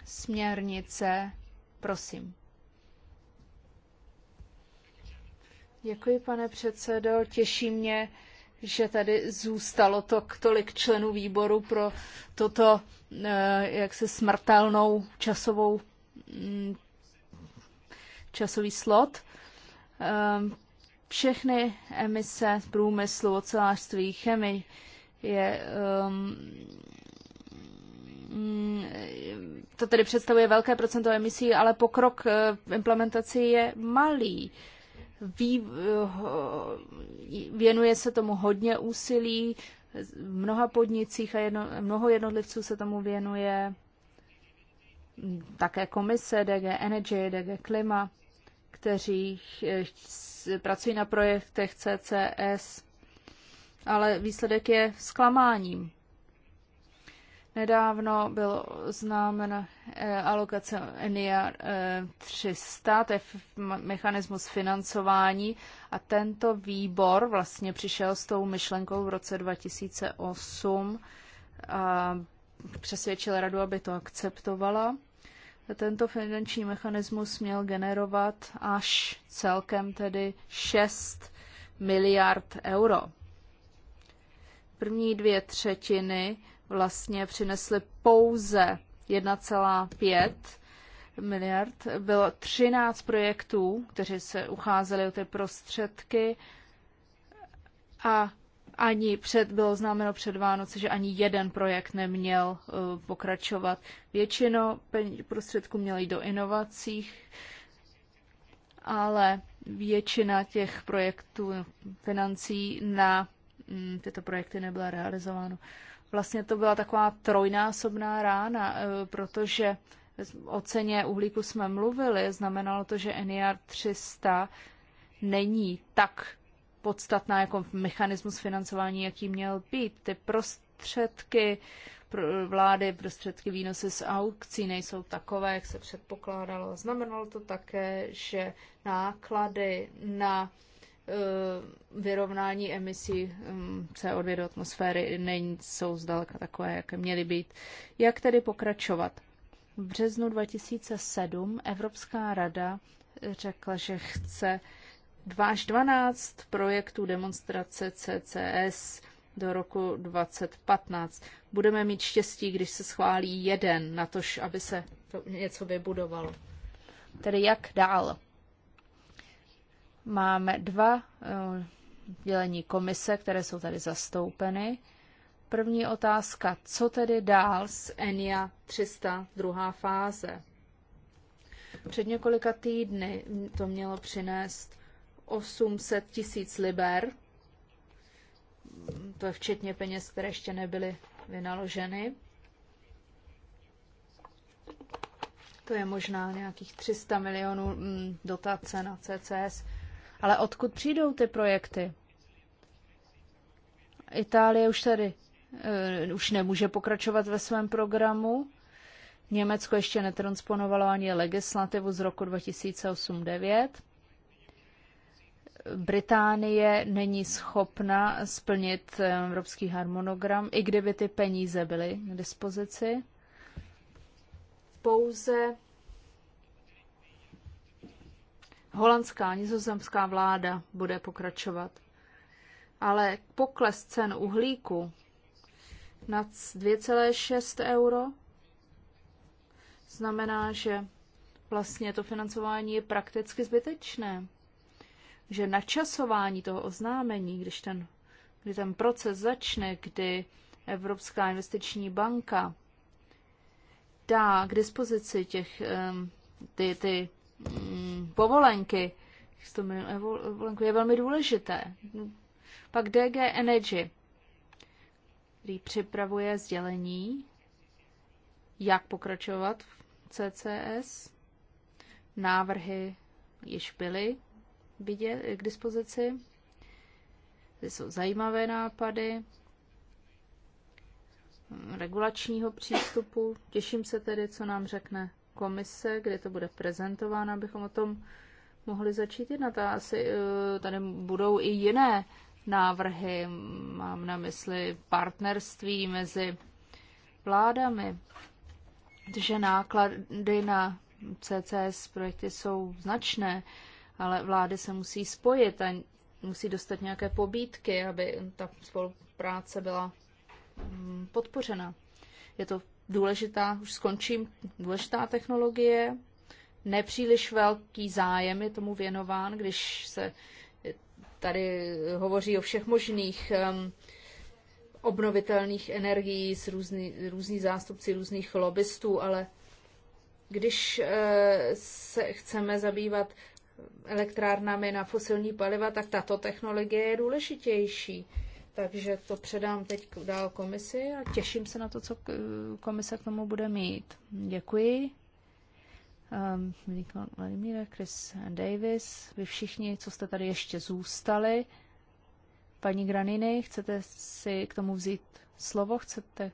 směrnice. Prosím. Děkuji, pane předsedo. Těší mě, že tady zůstalo to tolik členů výboru pro toto eh, jaksi smrtelnou časovou mm, časový slot. Ehm, všechny emise průmyslu, ocelářství, chemii je um, Mm, to tedy představuje velké procento emisí, ale pokrok eh, v implementaci je malý. Vý, eh, věnuje se tomu hodně úsilí, v mnoha podnicích a jedno, mnoho jednotlivců se tomu věnuje, mm, také komise DG Energy, DG Klima, kteří eh, pracují na projektech CCS, ale výsledek je zklamáním. Nedávno bylo známena eh, alokace ENIA eh, 300, to je mechanismus financování a tento výbor vlastně přišel s tou myšlenkou v roce 2008 a přesvědčil radu, aby to akceptovala. Tento finanční mechanismus měl generovat až celkem tedy 6 miliard euro. První dvě třetiny vlastně přinesly pouze 1,5 miliard. Bylo 13 projektů, kteří se ucházeli o ty prostředky a ani před, bylo známeno před Vánoce, že ani jeden projekt neměl uh, pokračovat. Většinu prostředků měl jít do inovacích, ale většina těch projektů financí na mm, tyto projekty nebyla realizováno. Uh, vlastně to byla taková trojnásobná rána, e, protože o ceně uhlíku jsme mluvili, znamenalo to, že NER 300 není tak podstatná jako mechanismus financování, jaký měl být. Ty prostředky vlády, prostředky výnosy z aukcí nejsou takové, jak se předpokládalo. Znamenalo to také, že náklady na Eh, vyrovnání emisí mm, CO2 do atmosféry není, jsou zdaleka takové, jaké měly být. Jak tedy pokračovat? V březnu 2007 Evropská rada řekla, že chce 2 až 12 projektů demonstrace CCS do roku 2015. Budeme mít štěstí, když se schválí jeden, na to, aby se to něco vybudovalo. Tedy jak dál? Máme dva eh, dělení komise, které jsou tady zastoupeny. První otázka, co tedy dál s ENIA 300, druhá fáze? Před několika týdny to mělo přinést 800 tisíc liber, to je včetně peněz, které ještě nebyly vynaloženy. To je možná nějakých 300 milionů mm, dotace na CCS. Ale odkud přijdou ty projekty? Itálie už tady uh, už nemůže pokračovat ve svém programu. Německo ještě netransponovalo ani legislativu z roku 2008-2009. Británie není schopna splnit eh, evropský harmonogram, i kdyby ty peníze byly k dispozici. Pouze holandská a nizozemská vláda bude pokračovat. Ale pokles cen uhlíku na 2,6 euro znamená, že vlastně to financování je prakticky zbytečné. Že načasování toho oznámení, když ten, kdy ten proces začne, kdy Evropská investiční banka dá k dispozici těch, ty, ty Mm, povolenky, 100 je velmi důležité. No, pak DG Energy, který připravuje sdělení, jak pokračovat v CCS. Návrhy již byly vidět, k dispozici. Zde jsou zajímavé nápady regulačního přístupu. Těším se tedy, co nám řekne komise, kde to bude prezentováno, abychom o tom mohli začít jednat. A asi eh, tady budou i jiné návrhy, mám na mysli partnerství mezi vládami, že náklady na CCS projekty jsou značné, ale vlády se musí spojit a musí dostat nějaké pobídky, aby ta spolupráce byla mm, podpořena. Je to důležitá, už skončím, důležitá technologie, nepříliš velký zájem je tomu věnován, když se tady hovoří o všech možných um, obnovitelných energií s různý, různý zástupci různých lobbystů, ale když uh, se chceme zabývat elektrárnami na fosilní paliva, tak tato technologie je důležitější. Takže to předám teď dál komisi a těším se na to, co eh, komise k tomu bude mít. Děkuji. Um, Chris Davis, vy všichni, co jste tady ještě zůstali. Paní Graniny, chcete si k tomu vzít slovo? Chcete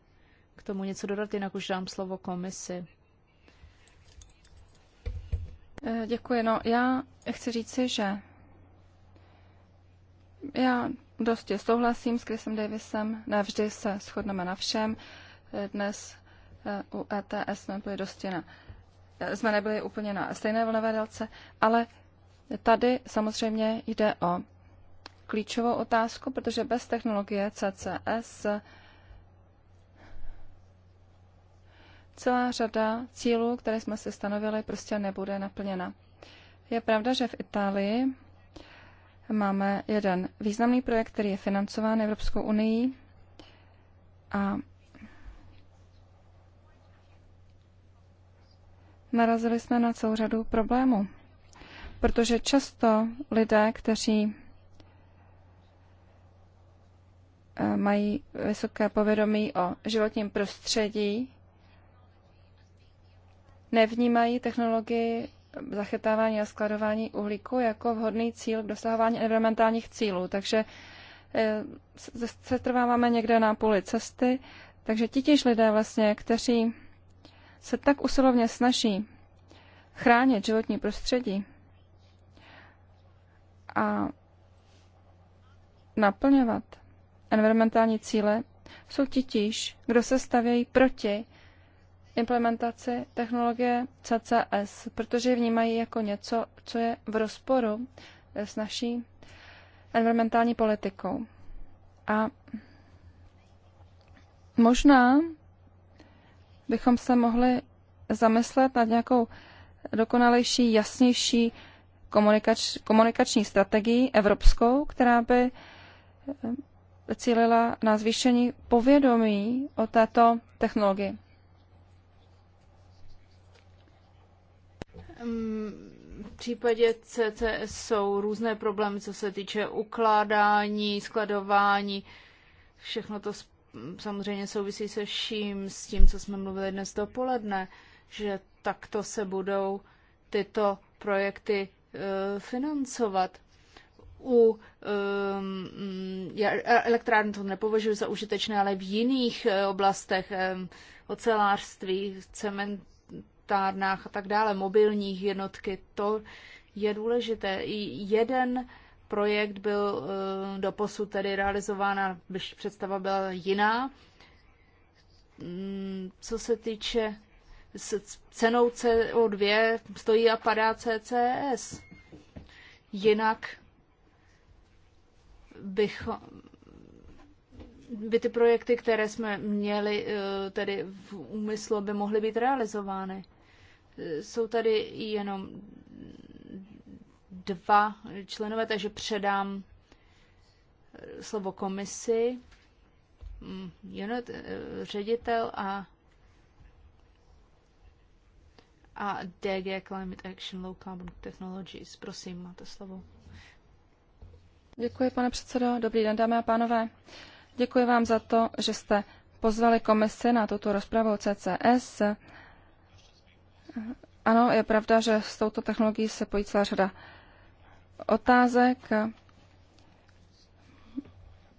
k tomu něco dodat? Jinak už dám slovo komisi. Eh, děkuji. No, já chci říci, že já dosti souhlasím s Chrisem Davisem, nevždy se shodneme na všem. Dnes eh, u ETS jsme byli dosti na, eh, jsme nebyli úplně na stejné vlnové délce, ale tady samozřejmě jde o klíčovou otázku, protože bez technologie CCS celá řada cílů, které jsme si stanovili, prostě nebude naplněna. Je pravda, že v Itálii máme jeden významný projekt, který je financován Evropskou unii a narazili jsme na celou řadu problémů, protože často lidé, kteří eh, mají vysoké povědomí o životním prostředí, nevnímají technologii zachytávání a skladování uhlíku jako vhodný cíl k dosahování environmentálních cílů. Takže eh, se trváváme někde na půli cesty, takže titiž lidé vlastně, kteří se tak usilovně snaží chránit životní prostředí a naplňovat environmentální cíle, jsou titiž, kdo se stavějí proti implementaci technologie CCS, protože ji vnímají jako něco, co je v rozporu eh, s naší environmentální politikou. A možná bychom se mohli zamyslet nad nějakou dokonalejší, jasnější komunikač, komunikační strategii evropskou, která by eh, cílila na zvýšení povědomí o této technologii. v případě CCS jsou různé problémy, co se týče ukládání, skladování, všechno to samozřejmě souvisí se vším, s tím, co jsme mluvili dnes dopoledne, že takto se budou tyto projekty eh, financovat. U um, elektrárny to nepovažuji za užitečné, ale v jiných eh, oblastech um, ocelářství, cement, elektrárnách a tak dále, mobilních jednotky, to je důležité. I jeden projekt byl eh, do posud tedy realizován a představa byla jiná. Mm, co se týče s cenou CO2 stojí a padá CCS. Jinak bych, by ty projekty, které jsme měli eh, tedy v úmyslu, by mohly být realizovány. Jsou tady jenom dva členové, takže předám eh, slovo komisi, Jenom mm, eh, ředitel a, a DG Climate Action Low Carbon Technologies. Prosím, máte slovo. Děkuji, pane předsedo. Dobrý den, dámy a pánové. Děkuji vám za to, že jste pozvali komisi na tuto rozpravu CCS. Ano, je pravda, že s touto technologií se pojí celá řada otázek,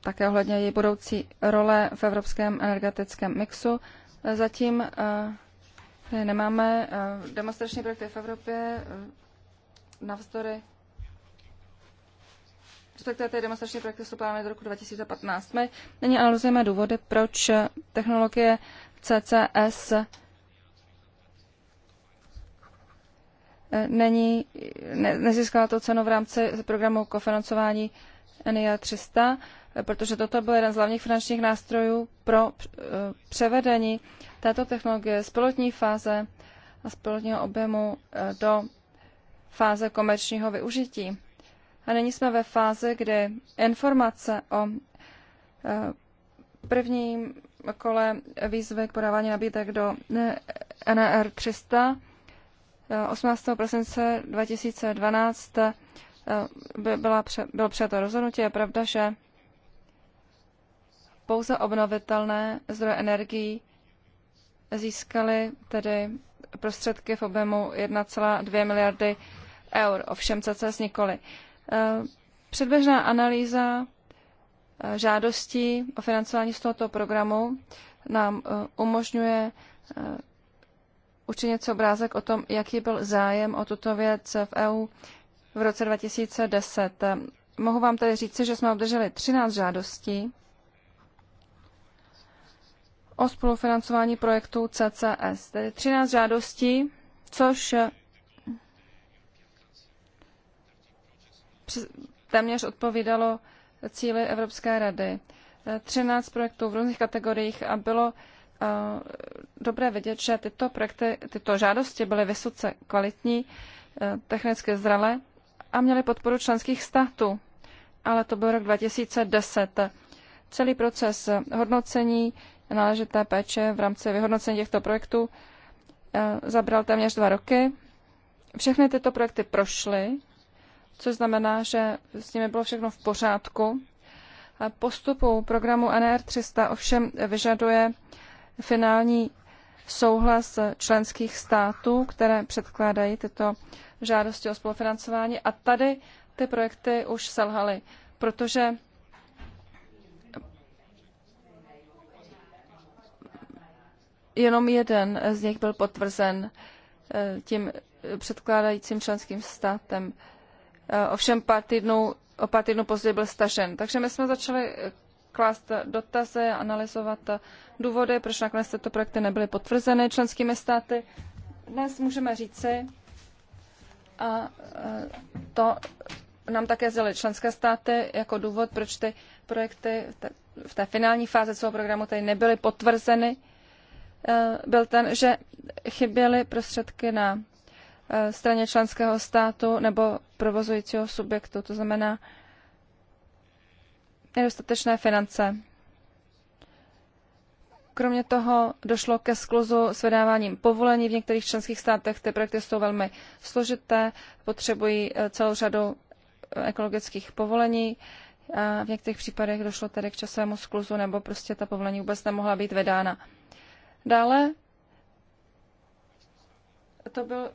také ohledně její budoucí role v evropském energetickém mixu. Zatím eh, nemáme eh, demonstrační projekty v Evropě eh, navzdory respektive ty demonstrační projekty jsou plánovány do roku 2015. My nyní analyzujeme důvody, proč technologie CCS není, ne, nezískala to cenu v rámci programu kofinancování NIA 300, protože toto byl jeden z hlavních finančních nástrojů pro eh, převedení této technologie z pilotní fáze a z pilotního objemu eh, do fáze komerčního využití. A nyní jsme ve fázi, kdy informace o eh, prvním kole výzvy k podávání nabídek do NR 300 18. prosince 2012 eh, by byla, bylo přijato rozhodnutí. Je pravda, že pouze obnovitelné zdroje energií získaly tedy prostředky v objemu 1,2 miliardy eur, ovšem CCS nikoli. Eh, předběžná analýza eh, žádostí o financování z tohoto programu nám umožňuje učinit se obrázek o tom, jaký byl zájem o tuto věc v EU v roce 2010. Mohu vám tedy říci, že jsme obdrželi 13 žádostí o spolufinancování projektu CCS, tedy 13 žádostí, což téměř odpovídalo cíli Evropské rady. 13 projektů v různých kategoriích a bylo Eh, dobré vidět, že tyto projekty, tyto žádosti byly vysoce kvalitní, eh, technicky zralé a měly podporu členských států. Ale to byl rok 2010. Celý proces hodnocení náležité péče v rámci vyhodnocení těchto projektů eh, zabral téměř dva roky. Všechny tyto projekty prošly, což znamená, že s nimi bylo všechno v pořádku. Postupu programu NR300 ovšem vyžaduje finální souhlas členských států, které předkládají tyto žádosti o spolufinancování. A tady ty projekty už selhaly, protože jenom jeden z nich byl potvrzen eh, tím předkládajícím členským státem. Eh, ovšem pár týdnů, o pár týdnů později byl stažen. Takže my jsme začali klást dotazy, analyzovat důvody, proč nakonec tyto projekty nebyly potvrzeny členskými státy. Dnes můžeme říci, a e, to nám také sdělili členské státy jako důvod, proč ty projekty v té, v té finální fázi svého programu tady nebyly potvrzeny, e, byl ten, že chyběly prostředky na e, straně členského státu nebo provozujícího subjektu. To znamená, nedostatečné finance. Kromě toho došlo ke skluzu s vydáváním povolení. V některých členských státech ty projekty jsou velmi složité, potřebují eh, celou řadu eh, ekologických povolení. A v některých případech došlo tedy k časovému skluzu nebo prostě ta povolení vůbec nemohla být vydána. Dále to byl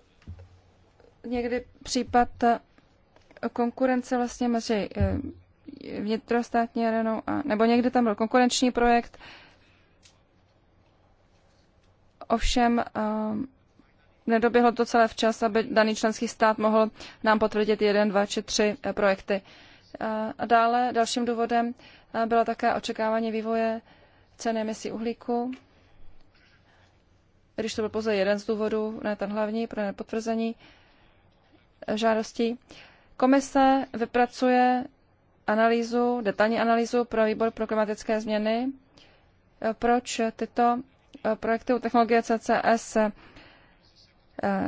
někdy případ eh, konkurence vlastně mezi vnitrostátní arenou, a, nebo někde tam byl konkurenční projekt. Ovšem um, nedoběhlo to celé včas, aby daný členský stát mohl nám potvrdit jeden, dva či tři eh, projekty. Eh, a dále dalším důvodem eh, byla také očekávání vývoje ceny emisí uhlíku. Když to byl pouze jeden z důvodů, ne ten hlavní, pro nepotvrzení žádostí. Komise vypracuje analýzu, detailní analýzu pro výbor pro klimatické změny, eh, proč tyto eh, projekty u technologie CCS eh,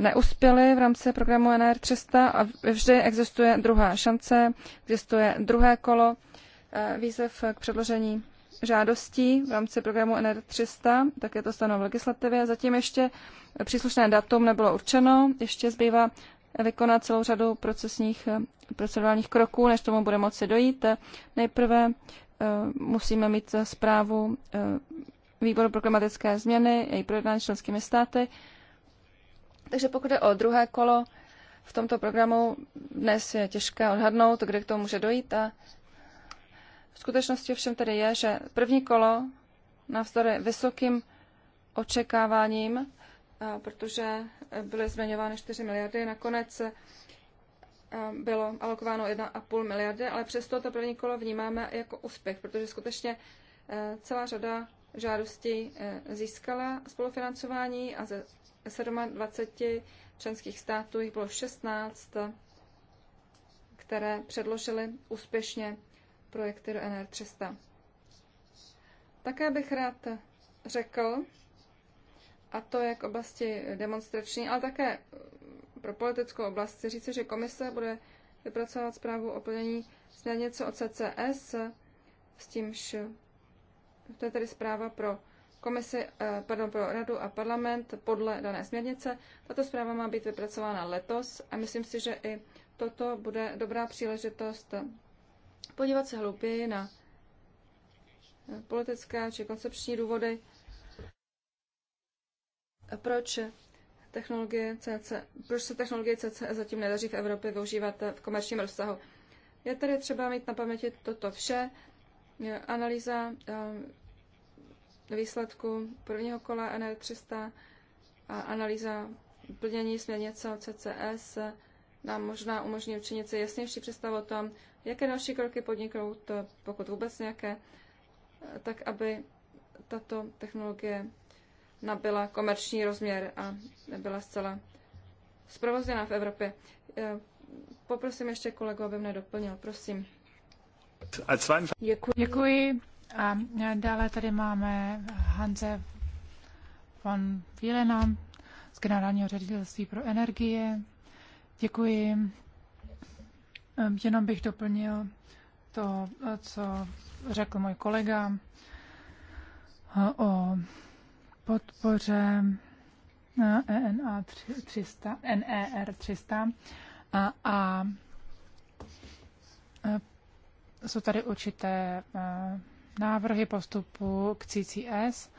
neuspěly v rámci programu NR300 a vždy existuje druhá šance, existuje druhé kolo výzev k předložení žádostí v rámci programu NR300, tak je to stanovo v legislativě. Zatím ještě příslušné datum nebylo určeno, ještě zbývá vykonat celou řadu procesních, eh, procedurálních kroků, než tomu bude moci dojít. Nejprve eh, musíme mít zprávu eh, výboru pro klimatické změny, její projednání členskými státy. Takže pokud je o druhé kolo, v tomto programu dnes je těžké odhadnout, kde k tomu může dojít a v skutečnosti ovšem tedy je, že první kolo navzdory vysokým očekáváním protože byly zmiňovány 4 miliardy. Nakonec e, bylo alokováno 1,5 miliardy, ale přesto to první kolo vnímáme jako úspěch, protože skutečně e, celá řada žádostí e, získala spolufinancování a ze 27 členských států jich bylo 16, které předložily úspěšně projekty do NR300. Také bych rád řekl, a to jak oblasti demonstrační, ale také pro politickou oblast. Chci říci, že komise bude vypracovat zprávu o plnění směrnice o CCS, s tímž to je tedy zpráva pro komisi, eh, pardon, pro radu a parlament podle dané směrnice. Tato zpráva má být vypracována letos a myslím si, že i toto bude dobrá příležitost podívat se hlouběji na politické či koncepční důvody proč technologie CC, proč se technologie CCS zatím nedaří v Evropě využívat v komerčním rozsahu. Je tady třeba mít na paměti toto vše. Analýza eh, výsledku prvního kola NR300 a analýza plnění směrnice o CCS nám možná umožní učinit si jasnější představu o tom, jaké další kroky podniknout, pokud vůbec nějaké, eh, tak aby tato technologie nabyla komerční rozměr a byla zcela zprovozněna v Evropě. Eh, poprosím ještě kolegu, aby mne doplnil, prosím. Děkuji. Děkuji. A eh, dále tady máme Hanze von Vilena z Generálního ředitelství pro energie. Děkuji. Eh, jenom bych doplnil to, co řekl můj kolega o podpoře ENA 300, NER 300 a, a eh, jsou tady určité eh, návrhy postupu k CCS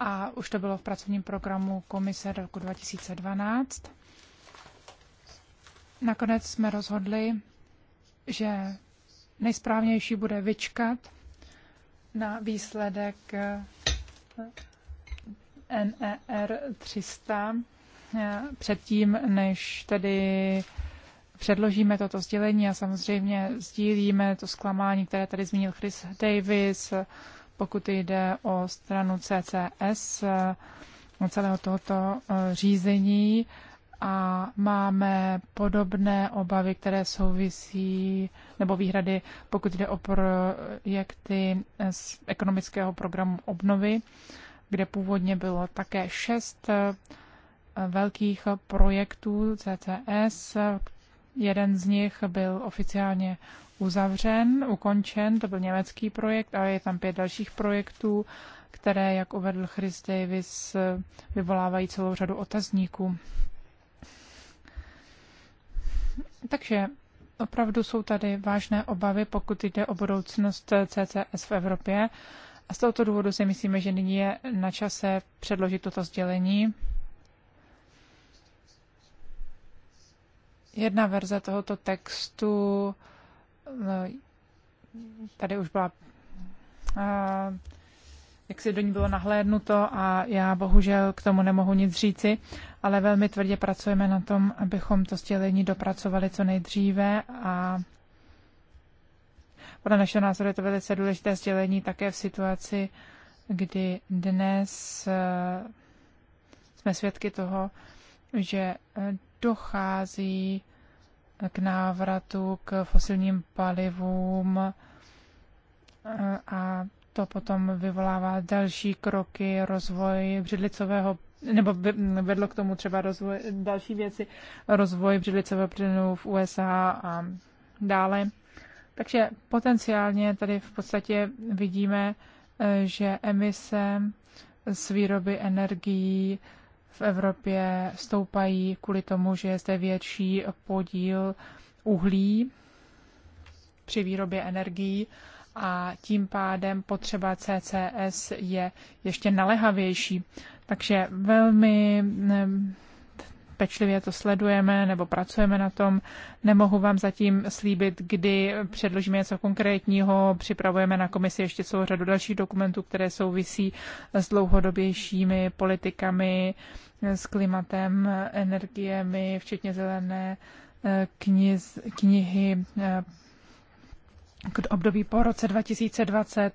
a už to bylo v pracovním programu komise roku 2012. Nakonec jsme rozhodli, že nejsprávnější bude vyčkat na výsledek eh, NER 300 eh, předtím, než tedy předložíme toto sdělení a samozřejmě sdílíme to zklamání, které tady zmínil Chris Davis, pokud jde o stranu CCS, eh, o celého tohoto eh, řízení a máme podobné obavy, které souvisí, nebo výhrady, pokud jde o projekty z ekonomického programu obnovy kde původně bylo také šest eh, velkých projektů CCS. Jeden z nich byl oficiálně uzavřen, ukončen, to byl německý projekt, ale je tam pět dalších projektů, které, jak uvedl Chris Davis, eh, vyvolávají celou řadu otazníků. Takže opravdu jsou tady vážné obavy, pokud jde o budoucnost CCS v Evropě a z tohoto důvodu si myslíme, že nyní je na čase předložit toto sdělení. Jedna verze tohoto textu eh, tady už byla eh, jak si do ní bylo nahlédnuto a já bohužel k tomu nemohu nic říci, ale velmi tvrdě pracujeme na tom, abychom to sdělení dopracovali co nejdříve a podle našeho názoru je to velice důležité sdělení také v situaci, kdy dnes eh, jsme svědky toho, že eh, dochází eh, k návratu k fosilním palivům a to potom vyvolává další kroky, rozvoj břidlicového, nebo vedlo k tomu třeba rozvoj, další věci, rozvoj břidlicového plynu v USA a dále. Takže potenciálně tady v podstatě vidíme, eh, že emise z výroby energií v Evropě stoupají kvůli tomu, že je zde větší podíl uhlí při výrobě energií a tím pádem potřeba CCS je ještě nalehavější. Takže velmi eh, pečlivě to sledujeme nebo pracujeme na tom. Nemohu vám zatím slíbit, kdy předložíme něco konkrétního. Připravujeme na komisi ještě celou řadu dalších dokumentů, které souvisí s dlouhodobějšími politikami, s klimatem, energiemi, včetně zelené eh, kniz, knihy eh, k období po roce 2020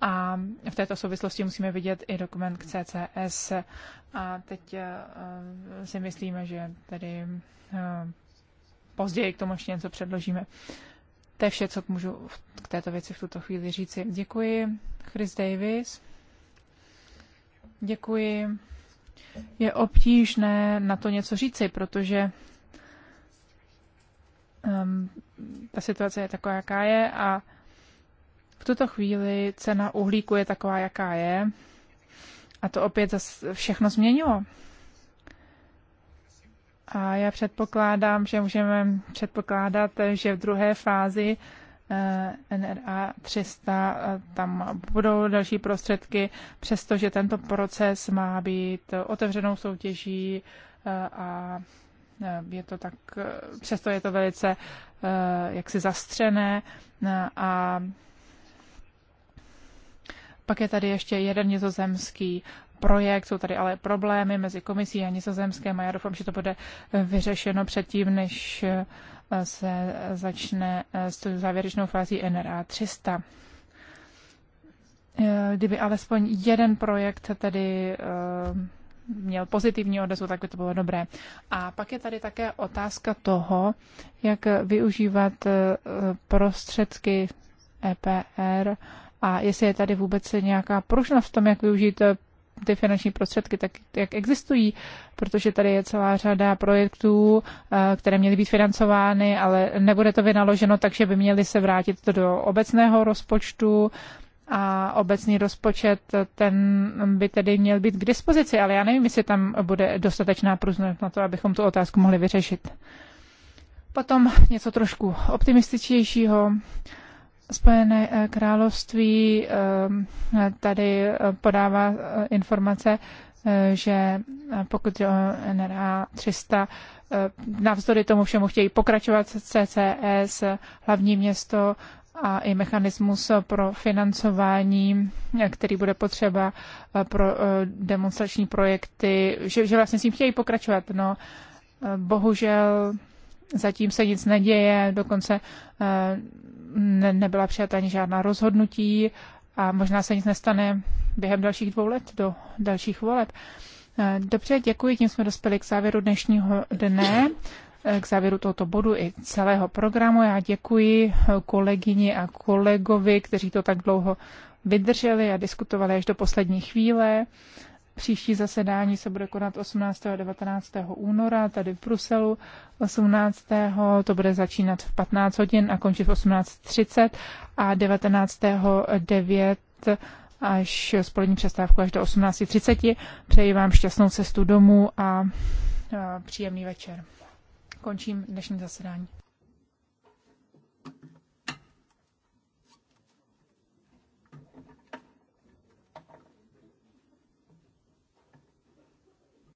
a v této souvislosti musíme vidět i dokument k CCS. A teď eh, si myslíme, že tedy eh, později k tomu ještě něco předložíme. To je vše, co můžu k této věci v tuto chvíli říci. Děkuji, Chris Davis. Děkuji. Je obtížné na to něco říci, protože um, ta situace je taková, jaká je a v tuto chvíli cena uhlíku je taková, jaká je. A to opět všechno změnilo. A já předpokládám, že můžeme předpokládat, že v druhé fázi eh, NRA 300 eh, tam budou další prostředky, přestože tento proces má být otevřenou soutěží eh, a Eh, je to tak, eh, přesto je to velice eh, jaksi zastřené a pak je tady ještě jeden nizozemský projekt, jsou tady ale problémy mezi komisí a nizozemském a já doufám, že to bude vyřešeno předtím, než se začne s závěrečnou fází NRA 300. Kdyby alespoň jeden projekt tedy měl pozitivní odezvu, tak by to bylo dobré. A pak je tady také otázka toho, jak využívat eh, prostředky EPR a jestli je tady vůbec nějaká pružnost v tom, jak využít eh, ty finanční prostředky, tak jak existují, protože tady je celá řada projektů, eh, které měly být financovány, ale nebude to vynaloženo, takže by měly se vrátit to do obecného rozpočtu a obecný rozpočet, ten by tedy měl být k dispozici, ale já nevím, jestli tam bude dostatečná průznost na to, abychom tu otázku mohli vyřešit. Potom něco trošku optimističtějšího. Spojené eh, království eh, tady eh, podává informace, že pokud je o NRA 300, navzdory tomu všemu chtějí pokračovat CCS, hlavní město a i mechanismus pro financování, který bude potřeba eh, pro eh, demonstrační projekty, že, že vlastně s tím chtějí pokračovat. No, eh, bohužel zatím se nic neděje, dokonce ne, nebyla přijata ani žádná rozhodnutí a možná se nic nestane během dalších dvou let do dalších voleb. Dobře, děkuji, tím jsme dospěli k závěru dnešního dne k závěru tohoto bodu i celého programu. Já děkuji kolegyni a kolegovi, kteří to tak dlouho vydrželi a diskutovali až do poslední chvíle. Příští zasedání se bude konat 18. a 19. února tady v Bruselu. 18. to bude začínat v 15 hodin a končit v 18.30 a 19. 9 až spolední přestávku až do 18.30. Přeji vám šťastnou cestu domů a příjemný večer. Končím dnešní zasedání.